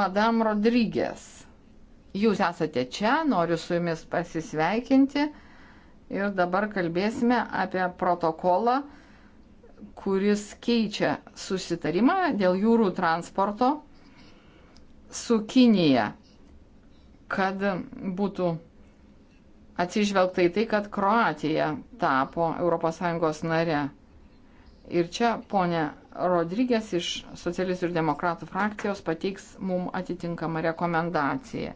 Madame Rodrygės, jūs esate čia, noriu su jumis pasisveikinti ir dabar kalbėsime apie protokolą, kuris keičia susitarimą dėl jūrų transporto su Kinija kad būtų atsižvelgta į tai, kad Kroatija tapo ES nare. Ir čia ponė Rodrygės iš Socialistų ir Demokratų frakcijos pateiks mums atitinkamą rekomendaciją.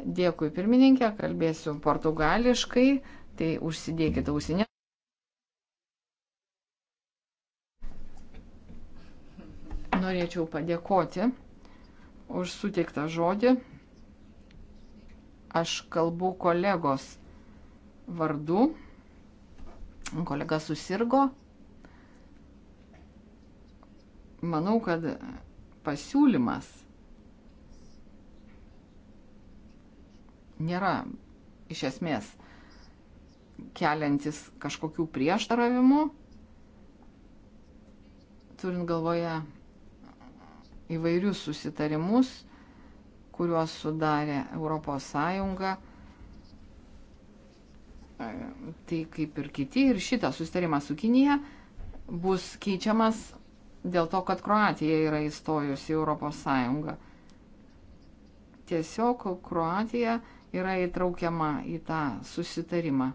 Dėkui pirmininkė, kalbėsiu portugališkai, tai užsidėkite ausinę. Norėčiau padėkoti už suteiktą žodį Aš kalbu kolegos vardu. Kolega susirgo. Manau, kad pasiūlymas nėra iš esmės keliantis kažkokių prieštaravimų, turint galvoje įvairius susitarimus kuriuos sudarė Europos Sąjunga. E, tai kaip ir kiti, ir šitas sustarimas su Kinija bus keičiamas dėl to, kad Kroatija yra įstojusi į Europos Sąjungą. Tiesiog Kroatija yra įtraukiama į tą susitarimą.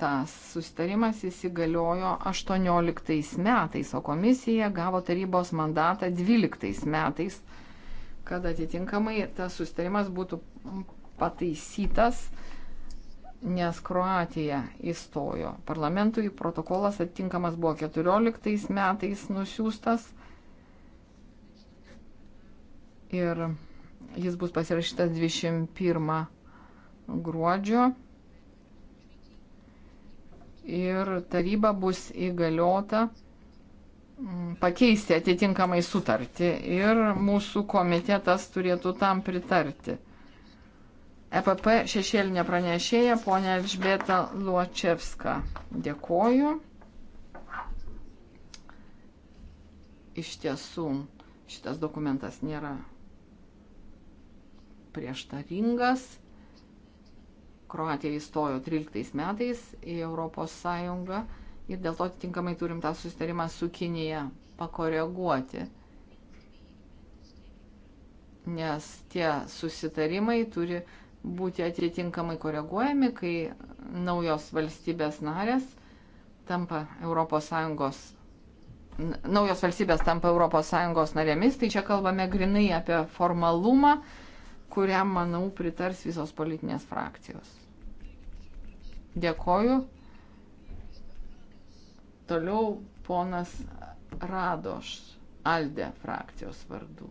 tas sustarimas įsigaliojo 18 metais, o komisija gavo tarybos mandatą 12 metais, kad atitinkamai tas sustarimas būtų pataisytas, nes Kroatija įstojo parlamentui, protokolas atitinkamas buvo 14 metais nusiųstas ir jis bus pasirašytas 21 gruodžio ir taryba bus įgaliota mm, pakeisti atitinkamai sutartį ir mūsų komitetas turėtų tam pritarti. EPP šešėlinė pranešėja ponė Elžbieta Luočevska. Dėkoju. Iš tiesų, šitas dokumentas nėra prieštaringas. Kroatija įstojo 13 metais į Europos Sąjungą ir dėl to atitinkamai turim tą susitarimą su Kinija pakoreguoti. Nes tie susitarimai turi būti atitinkamai koreguojami, kai naujos valstybės narės tampa ES naujos valstybės tampa ES narėmis, tai čia kalbame grinai apie formalumą, kuriam, manau, pritars visos politinės frakcijos. Dėkoju. Toliau ponas Radoš Alde frakcijos vardu.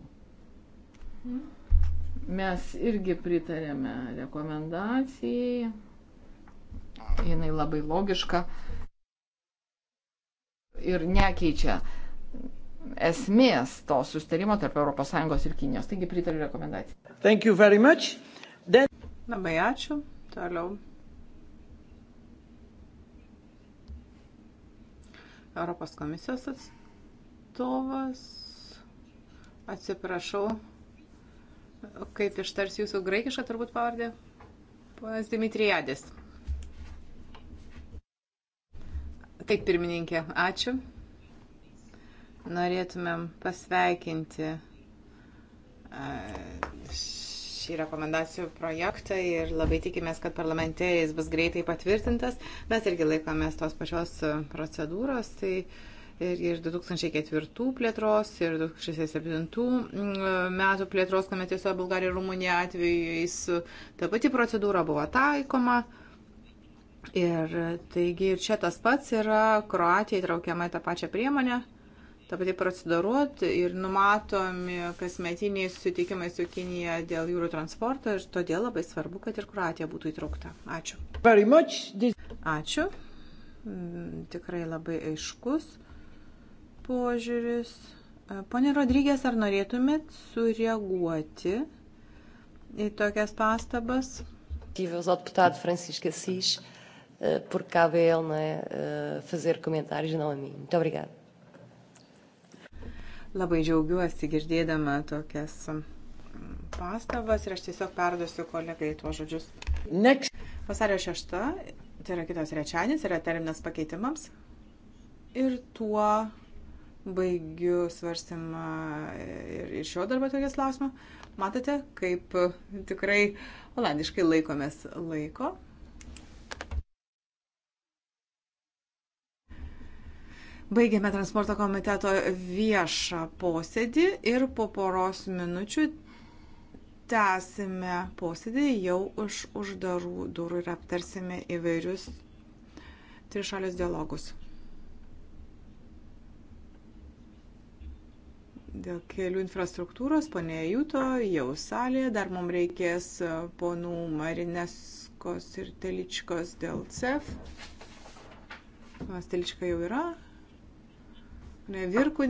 Mes irgi pritarėme rekomendacijai. Jinai labai logiška ir nekeičia esmės to sustarimo tarp ES ir Kinijos. Taigi pritariu rekomendacijai. Then... Labai ačiū. Toliau Europos komisijos atstovas. Atsiprašau, kaip ištars jūsų graikišką turbūt pavardė. Ponas Dimitrijadis. Taip, pirmininkė, ačiū. Norėtumėm pasveikinti šį rekomendacijų projektą ir labai tikimės, kad parlamente jis bus greitai patvirtintas. Mes irgi laikomės tos pačios procedūros. Tai ir, ir 2004 plėtros, ir 2007 mm, metų plėtros, kuomet tiesiog Bulgarija ir Rumunija atveju jis ta pati procedūra buvo taikoma. Ir taigi ir čia tas pats yra, Kroatija įtraukiama į tą pačią priemonę. Ta pati procedūra ir numatomi kasmetiniai susitikimai su Kinija dėl jūrų transporto ir todėl labai svarbu, kad ir Kroatija būtų įtraukta. Ačiū. Ačiū. Mm, tikrai labai aiškus požiūris. E, pone Rodrygės, ar norėtumėt sureaguoti į tokias pastabas? Tive aos deputado Francisco Assis eh, por cabe ele né, eh, fazer comentários, não a mim. Muito obrigada. Labai džiaugiuosi girdėdama tokias pastabas ir aš tiesiog perduosiu kolegai tuos žodžius. Next. Vasario 6, tai yra kitos rečianis, yra terminas pakeitimams. Ir tuo baigiu svarstymą ir, ir šio darbo tokias klausimą. Matote, kaip tikrai olandiškai laikomės laiko. Baigėme transporto komiteto viešą posėdį ir po poros minučių tęsime posėdį jau už uždarų durų ir aptarsime įvairius trišalius dialogus. Dėl kelių infrastruktūros, ponė Jūto, jau salėje, dar mums reikės e, ponų Marineskos ir Teličkos dėl CEF. Stelička jau yra. Virkunė